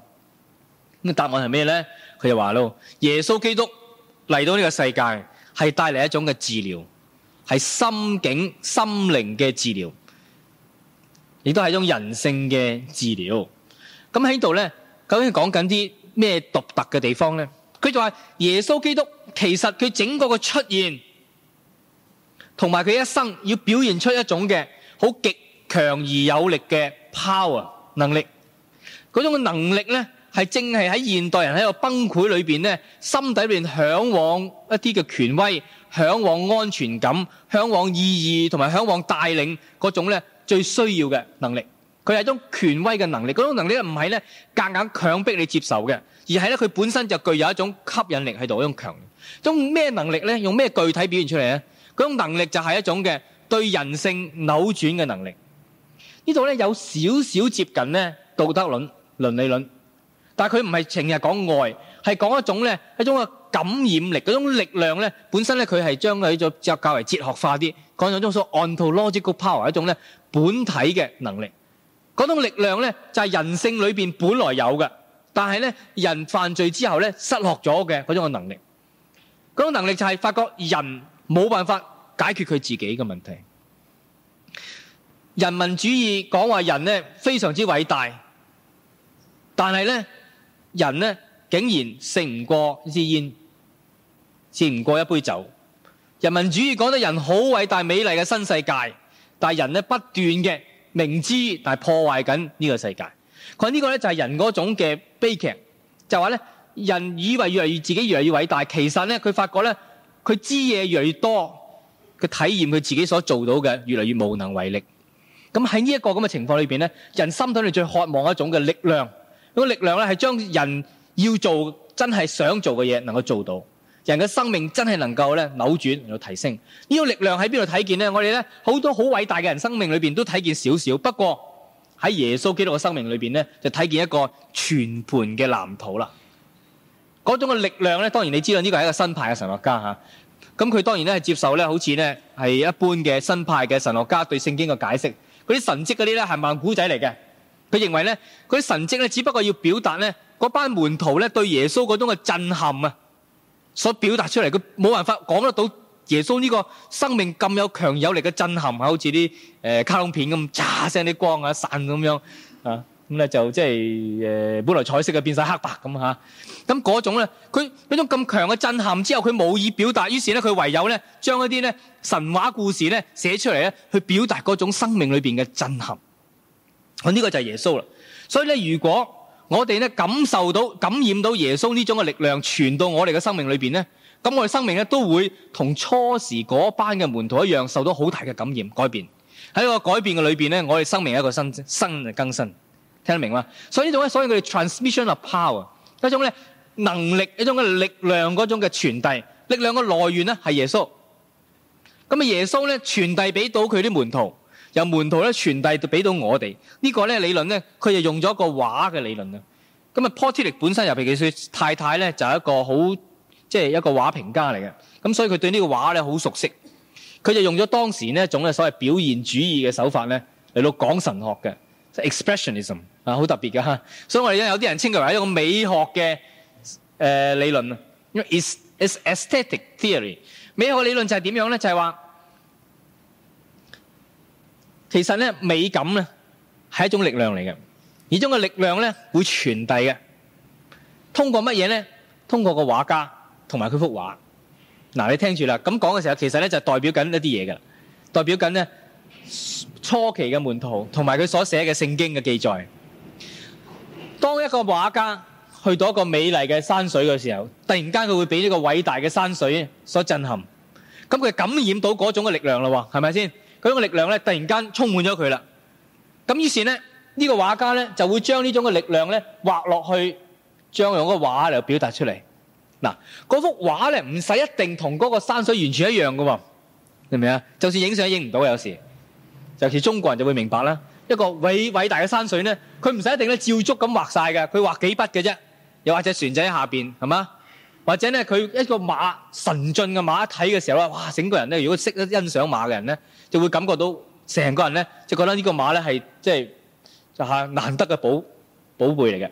S1: 答案係咩呢？佢就話咯，耶穌基督嚟到呢個世界，係帶嚟一種嘅治療，係心境心靈嘅治療，亦都係一種人性嘅治療。咁喺度呢，究竟講緊啲咩獨特嘅地方呢？佢就話耶穌基督其實佢整個嘅出現，同埋佢一生要表現出一種嘅好極強而有力嘅 power 能力，嗰種嘅能力呢？是正係喺現代人喺個崩潰裏面呢，呢心底裏面向往一啲嘅權威，向往安全感，向往意義，同埋向往帶領嗰種呢最需要嘅能力。佢係一種權威嘅能力，嗰種能力咧唔係呢夾硬強迫你接受嘅，而係呢，佢本身就具有一種吸引力喺度，嗰種強，嗰種咩能力呢？用咩具體表現出嚟呢？嗰種能力就係一種嘅對人性扭轉嘅能力。呢度呢，有少少接近呢道德論、倫理論。但佢唔係成日講愛係講一種咧一種嘅感染力，嗰種力量咧本身咧佢係將佢做作較為哲學化啲，講咗一種所謂 ontological power 一種咧本體嘅能力。嗰種力量咧就係、是、人性裏面本來有嘅，但係咧人犯罪之後咧失學咗嘅嗰種嘅能力，嗰種能力就係發覺人冇辦法解決佢自己嘅問題。人民主義講話人咧非常之偉大，但係咧。人呢，竟然食唔過支煙，勝唔過一杯酒。人民主義講得人好偉大、美麗嘅新世界，但係人呢不斷嘅明知，但係破壞緊呢個世界。佢呢個咧就係、是、人嗰種嘅悲劇，就話咧人以為越嚟越自己越嚟越偉大，其實咧佢發覺咧佢知嘢越嚟越多，佢體驗佢自己所做到嘅越嚟越無能為力。咁喺呢一個咁嘅情況裏面咧，人心底裏最渴望一種嘅力量。呢個力量咧，係將人要做真係想做嘅嘢，能夠做到人嘅生命真係能夠咧扭轉，能夠提升。呢個力量喺邊度睇見咧？我哋咧好多好偉大嘅人，生命裏邊都睇見少少。不過喺耶穌基督嘅生命裏邊咧，就睇見一個全盤嘅藍圖啦。嗰種嘅力量咧，當然你知道呢個係一個新派嘅神學家吓。咁、啊、佢當然咧係接受咧，好似咧係一般嘅新派嘅神學家對聖經嘅解釋。嗰啲神蹟嗰啲咧係漫古仔嚟嘅。是佢認為呢，他的神蹟呢，只不過要表達呢嗰班門徒呢對耶穌嗰種嘅震撼啊，所表達出嚟，佢冇辦法講得到耶穌呢個生命咁有強有力嘅震撼，好似啲呃卡通片咁，炸、呃、聲啲光啊散咁樣啊，咁呢就即、就、係、是，誒、呃、本來彩色嘅變晒黑白咁吓，咁、啊、嗰種呢，佢嗰種咁強嘅震撼之後，佢冇以表達，於是呢，佢唯有呢將一啲呢神話故事呢寫出嚟呢，去表達嗰種生命裏面嘅震撼。我呢個就係耶穌啦，所以咧，如果我哋咧感受到、感染到耶穌呢種嘅力量傳到我哋嘅生命裏邊咧，咁我哋生命咧都會同初時嗰班嘅門徒一樣，受到好大嘅感染改變。喺個改變嘅裏邊咧，我哋生命一個新新嘅更新，聽得明嘛？所以呢種咧，所以佢哋 transmission of power 一種咧能力，一種嘅力量嗰種嘅傳遞，力量嘅來源咧係耶穌。咁啊，耶穌咧傳遞俾到佢啲門徒。由門徒咧傳遞到俾到我哋呢個咧理論咧，佢就用咗一個畫嘅理論啊。咁啊 Portilik 本身尤其是太太咧，就係一個好即係一個畫評家嚟嘅。咁所以佢對呢個畫咧好熟悉，佢就用咗當時呢一種咧所謂表現主義嘅手法咧嚟到講神學嘅即係 Expressionism 啊，好特別嘅㗎。所以我哋有啲人稱佢為一個美學嘅誒理論啊，因為 is is aesthetic theory。美學理論就係點樣咧？就係話。其實咧，美感咧係一種力量嚟嘅，而種嘅力量咧會傳遞嘅。通過乜嘢咧？通過個畫家同埋佢幅畫。嗱，你聽住啦。咁講嘅時候，其實咧就代表緊一啲嘢噶，代表緊咧初期嘅門徒同埋佢所寫嘅聖經嘅記載。當一個畫家去到一個美麗嘅山水嘅時候，突然間佢會俾呢個偉大嘅山水所震撼，咁佢感染到嗰種嘅力量咯，係咪先？佢個力量咧，突然間充滿咗佢啦。咁於是咧，這個、畫呢個畫家咧就會將呢種嘅力量咧畫落去將用個畫嚟表達出嚟。嗱，嗰幅畫咧唔使一定同嗰個山水完全一樣噶，明唔明啊？就算影相影唔到，有時，尤其中國人就會明白啦。一個偉偉大嘅山水咧，佢唔使一定咧照足咁畫晒嘅，佢畫幾筆嘅啫。又或者船仔喺下邊係嘛？或者咧，佢一個馬神駿嘅馬一睇嘅時候咧，哇！整個人咧，如果識得欣賞馬嘅人咧。就會感覺到成個人咧，就覺得呢個馬咧係即係就係難得嘅寶寶貝嚟嘅。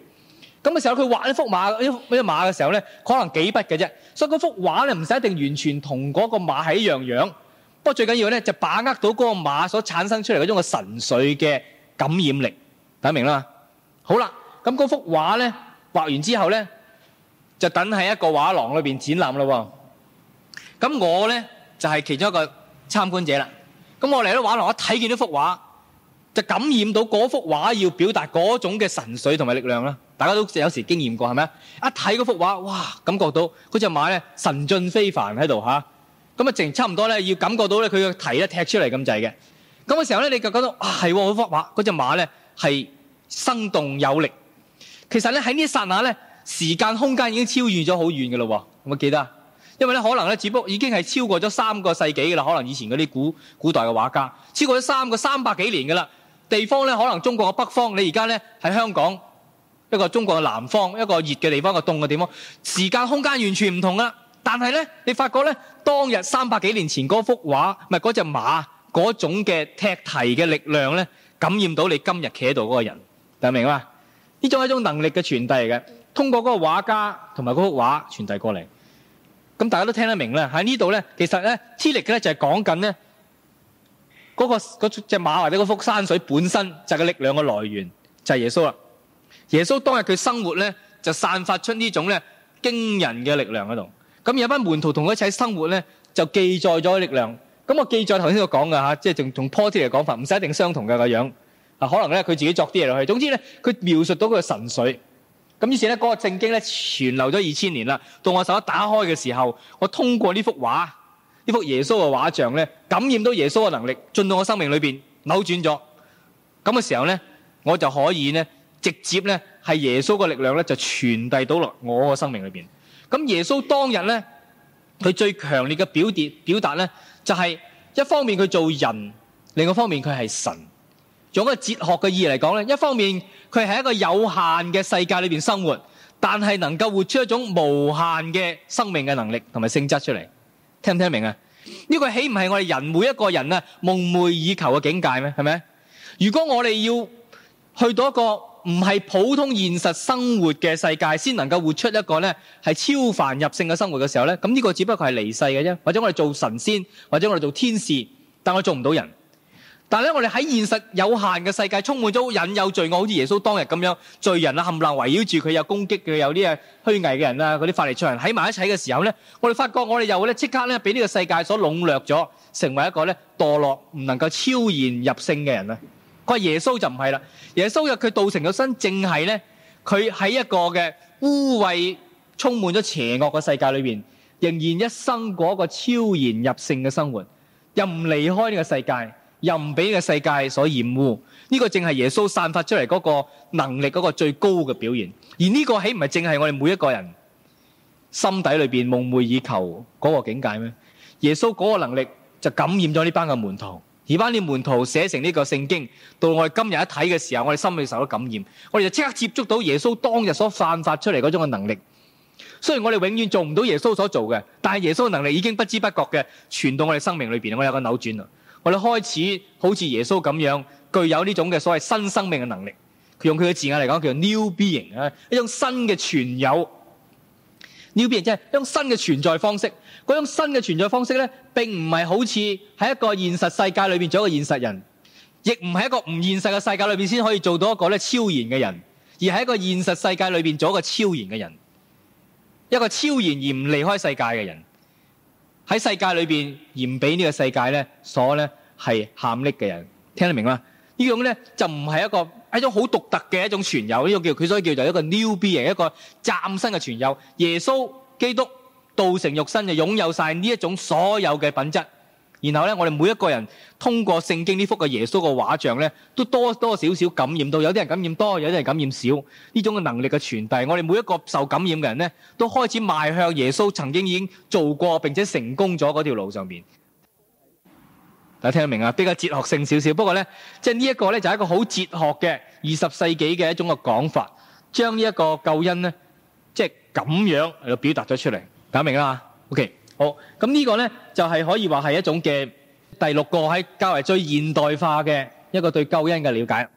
S1: 咁嘅時候，佢畫一幅馬，一幅馬嘅時候咧，可能幾筆嘅啫。所以嗰幅畫咧，唔使一定完全同嗰個馬係一樣樣。不過最緊要咧，就把握到嗰個馬所產生出嚟嗰種嘅純粹嘅感染力。睇明啦嘛。好啦，咁嗰幅畫咧畫完之後咧，就等喺一個畫廊裏邊展覽咯。咁我咧就係其中一個參觀者啦。咁我嚟都玩落，我一睇見呢幅畫，就感染到嗰幅畫要表達嗰種嘅神髓同埋力量啦。大家都有時經驗過，係咪？一睇嗰幅畫，哇，感覺到嗰隻馬咧神駿非凡喺度嚇。咁啊，淨差唔多咧，要感覺到咧佢嘅蹄咧踢出嚟咁滯嘅。咁嘅時候咧，你就覺得哇，係喎、啊，嗰幅畫嗰隻馬咧係生動有力。其實咧喺呢一剎那咧，時間空間已經超越咗好遠嘅咯喎。有冇記得啊？因為咧，可能咧，只不過已經係超過咗三個世紀噶啦。可能以前嗰啲古古代嘅畫家，超過咗三個三百幾年噶啦。地方咧，可能中國嘅北方，你而家咧喺香港，一個中國嘅南方，一個熱嘅地方，一個凍嘅地方，時間空間完全唔同啦。但係咧，你發覺咧，當日三百幾年前嗰幅畫，唔係嗰隻馬嗰種嘅踢蹄嘅力量咧，感染到你今日企喺度嗰個人，明唔明啊？呢種係一種能力嘅傳遞嚟嘅，通過嗰個畫家同埋嗰幅畫傳遞過嚟。咁大家都聽得明啦，喺呢度咧，其實咧，天力嘅咧就係講緊咧嗰個嗰隻、那個、馬或者嗰幅山水本身就係力量嘅來源，就係、是、耶穌啦。耶穌當日佢生活咧，就散發出呢種咧驚人嘅力量喺度。咁有班門徒同佢一齊生活咧，就記載咗力量。咁我記載頭先度講嘅吓即係仲同 po 嘅講法，唔使一定相同嘅個樣。啊，可能咧佢自己作啲嘢落去，總之咧佢描述到佢嘅神髓。咁於是咧，個、嗰個正經咧傳留咗二千年啦。到我手一打開嘅時候，我通過呢幅畫，呢幅耶穌嘅畫像咧，感染到耶穌嘅能力，進到我生命裏邊，扭轉咗。咁嘅時候咧，我就可以咧，直接咧係耶穌嘅力量咧，就傳遞到落我嘅生命裏邊。咁耶穌當日咧，佢最強烈嘅表達表達咧，就係一方面佢做人，另一方面佢係神。用一個哲學嘅意義嚟講呢，一方面佢係一個有限嘅世界裏面生活，但係能夠活出一種無限嘅生命嘅能力同埋性質出嚟，聽唔聽得明啊？呢、這個豈唔係我哋人每一個人啊夢寐以求嘅境界咩？係咪？如果我哋要去到一個唔係普通現實生活嘅世界，先能夠活出一個呢係超凡入聖嘅生活嘅時候呢？咁呢個只不過係離世嘅啫，或者我哋做神仙，或者我哋做天使，但我做唔到人。但係咧，我哋喺現實有限嘅世界，充滿咗引誘罪惡，好似耶穌當日咁樣罪人啊，冚唪唥圍繞住佢，有攻擊佢，有啲啊虛偽嘅人啊，嗰啲法利賽人喺埋一齊嘅時候咧，我哋發覺我哋又咧即刻咧，俾呢個世界所籠掠咗，成為一個咧墮落，唔能夠超然入聖嘅人啦。佢話耶穌就唔係啦，耶穌佢道成咗身，正係咧佢喺一個嘅污穢充滿咗邪惡嘅世界裏邊，仍然一生嗰個超然入聖嘅生活，又唔離開呢個世界。又唔俾個世界所厭惡，呢個正係耶穌散發出嚟嗰個能力嗰個最高嘅表現。而呢個豈唔係正係我哋每一個人心底裏邊夢寐以求嗰個境界咩？耶穌嗰個能力就感染咗呢班嘅門徒，而班啲門徒寫成呢個聖經，到我哋今日一睇嘅時候，我哋心裏受到感染，我哋就即刻接觸到耶穌當日所散發出嚟嗰種嘅能力。雖然我哋永遠做唔到耶穌所做嘅，但係耶穌嘅能力已經不知不覺嘅傳到我哋生命裏邊，我有個扭轉啦。我哋開始好似耶穌咁樣，具有呢種嘅所謂新生命嘅能力。用佢嘅字眼嚟講，叫做 new being 啊，一種新嘅存有，new being，即係一種新嘅存在方式。嗰種新嘅存在方式咧，並唔係好似喺一個現實世界裏邊做一個現實人，亦唔係一個唔現實嘅世界裏邊先可以做到一個咧超然嘅人，而係一個現實世界裏邊做一個超然嘅人，一個超然而唔離開世界嘅人，喺世界裏邊而唔俾呢個世界咧所咧。係喊叻嘅人，聽得明啦？呢種咧就唔係一個一種好獨特嘅一種傳友，呢種叫佢所以叫做一個 newbie 型一個嶄新嘅傳友。耶穌基督道成肉身就擁有晒呢一種所有嘅品質。然後咧，我哋每一個人通過聖經呢幅嘅耶穌個畫像咧，都多多少少感染到，有啲人感染多，有啲人感染少。呢種嘅能力嘅傳遞，我哋每一個受感染嘅人咧，都開始邁向耶穌曾經已經做過並且成功咗嗰條路上面。嗱，大家聽得明啊？比較哲學性少少，不過呢，即係呢一個呢，就係、是、一個好哲學嘅二十世紀嘅一種個講法，將呢一個救恩呢，即係咁樣表達咗出嚟，搞明啦。OK，好，咁呢個呢，就係、是、可以話係一種嘅第六個係較為最現代化嘅一個對救恩嘅了解。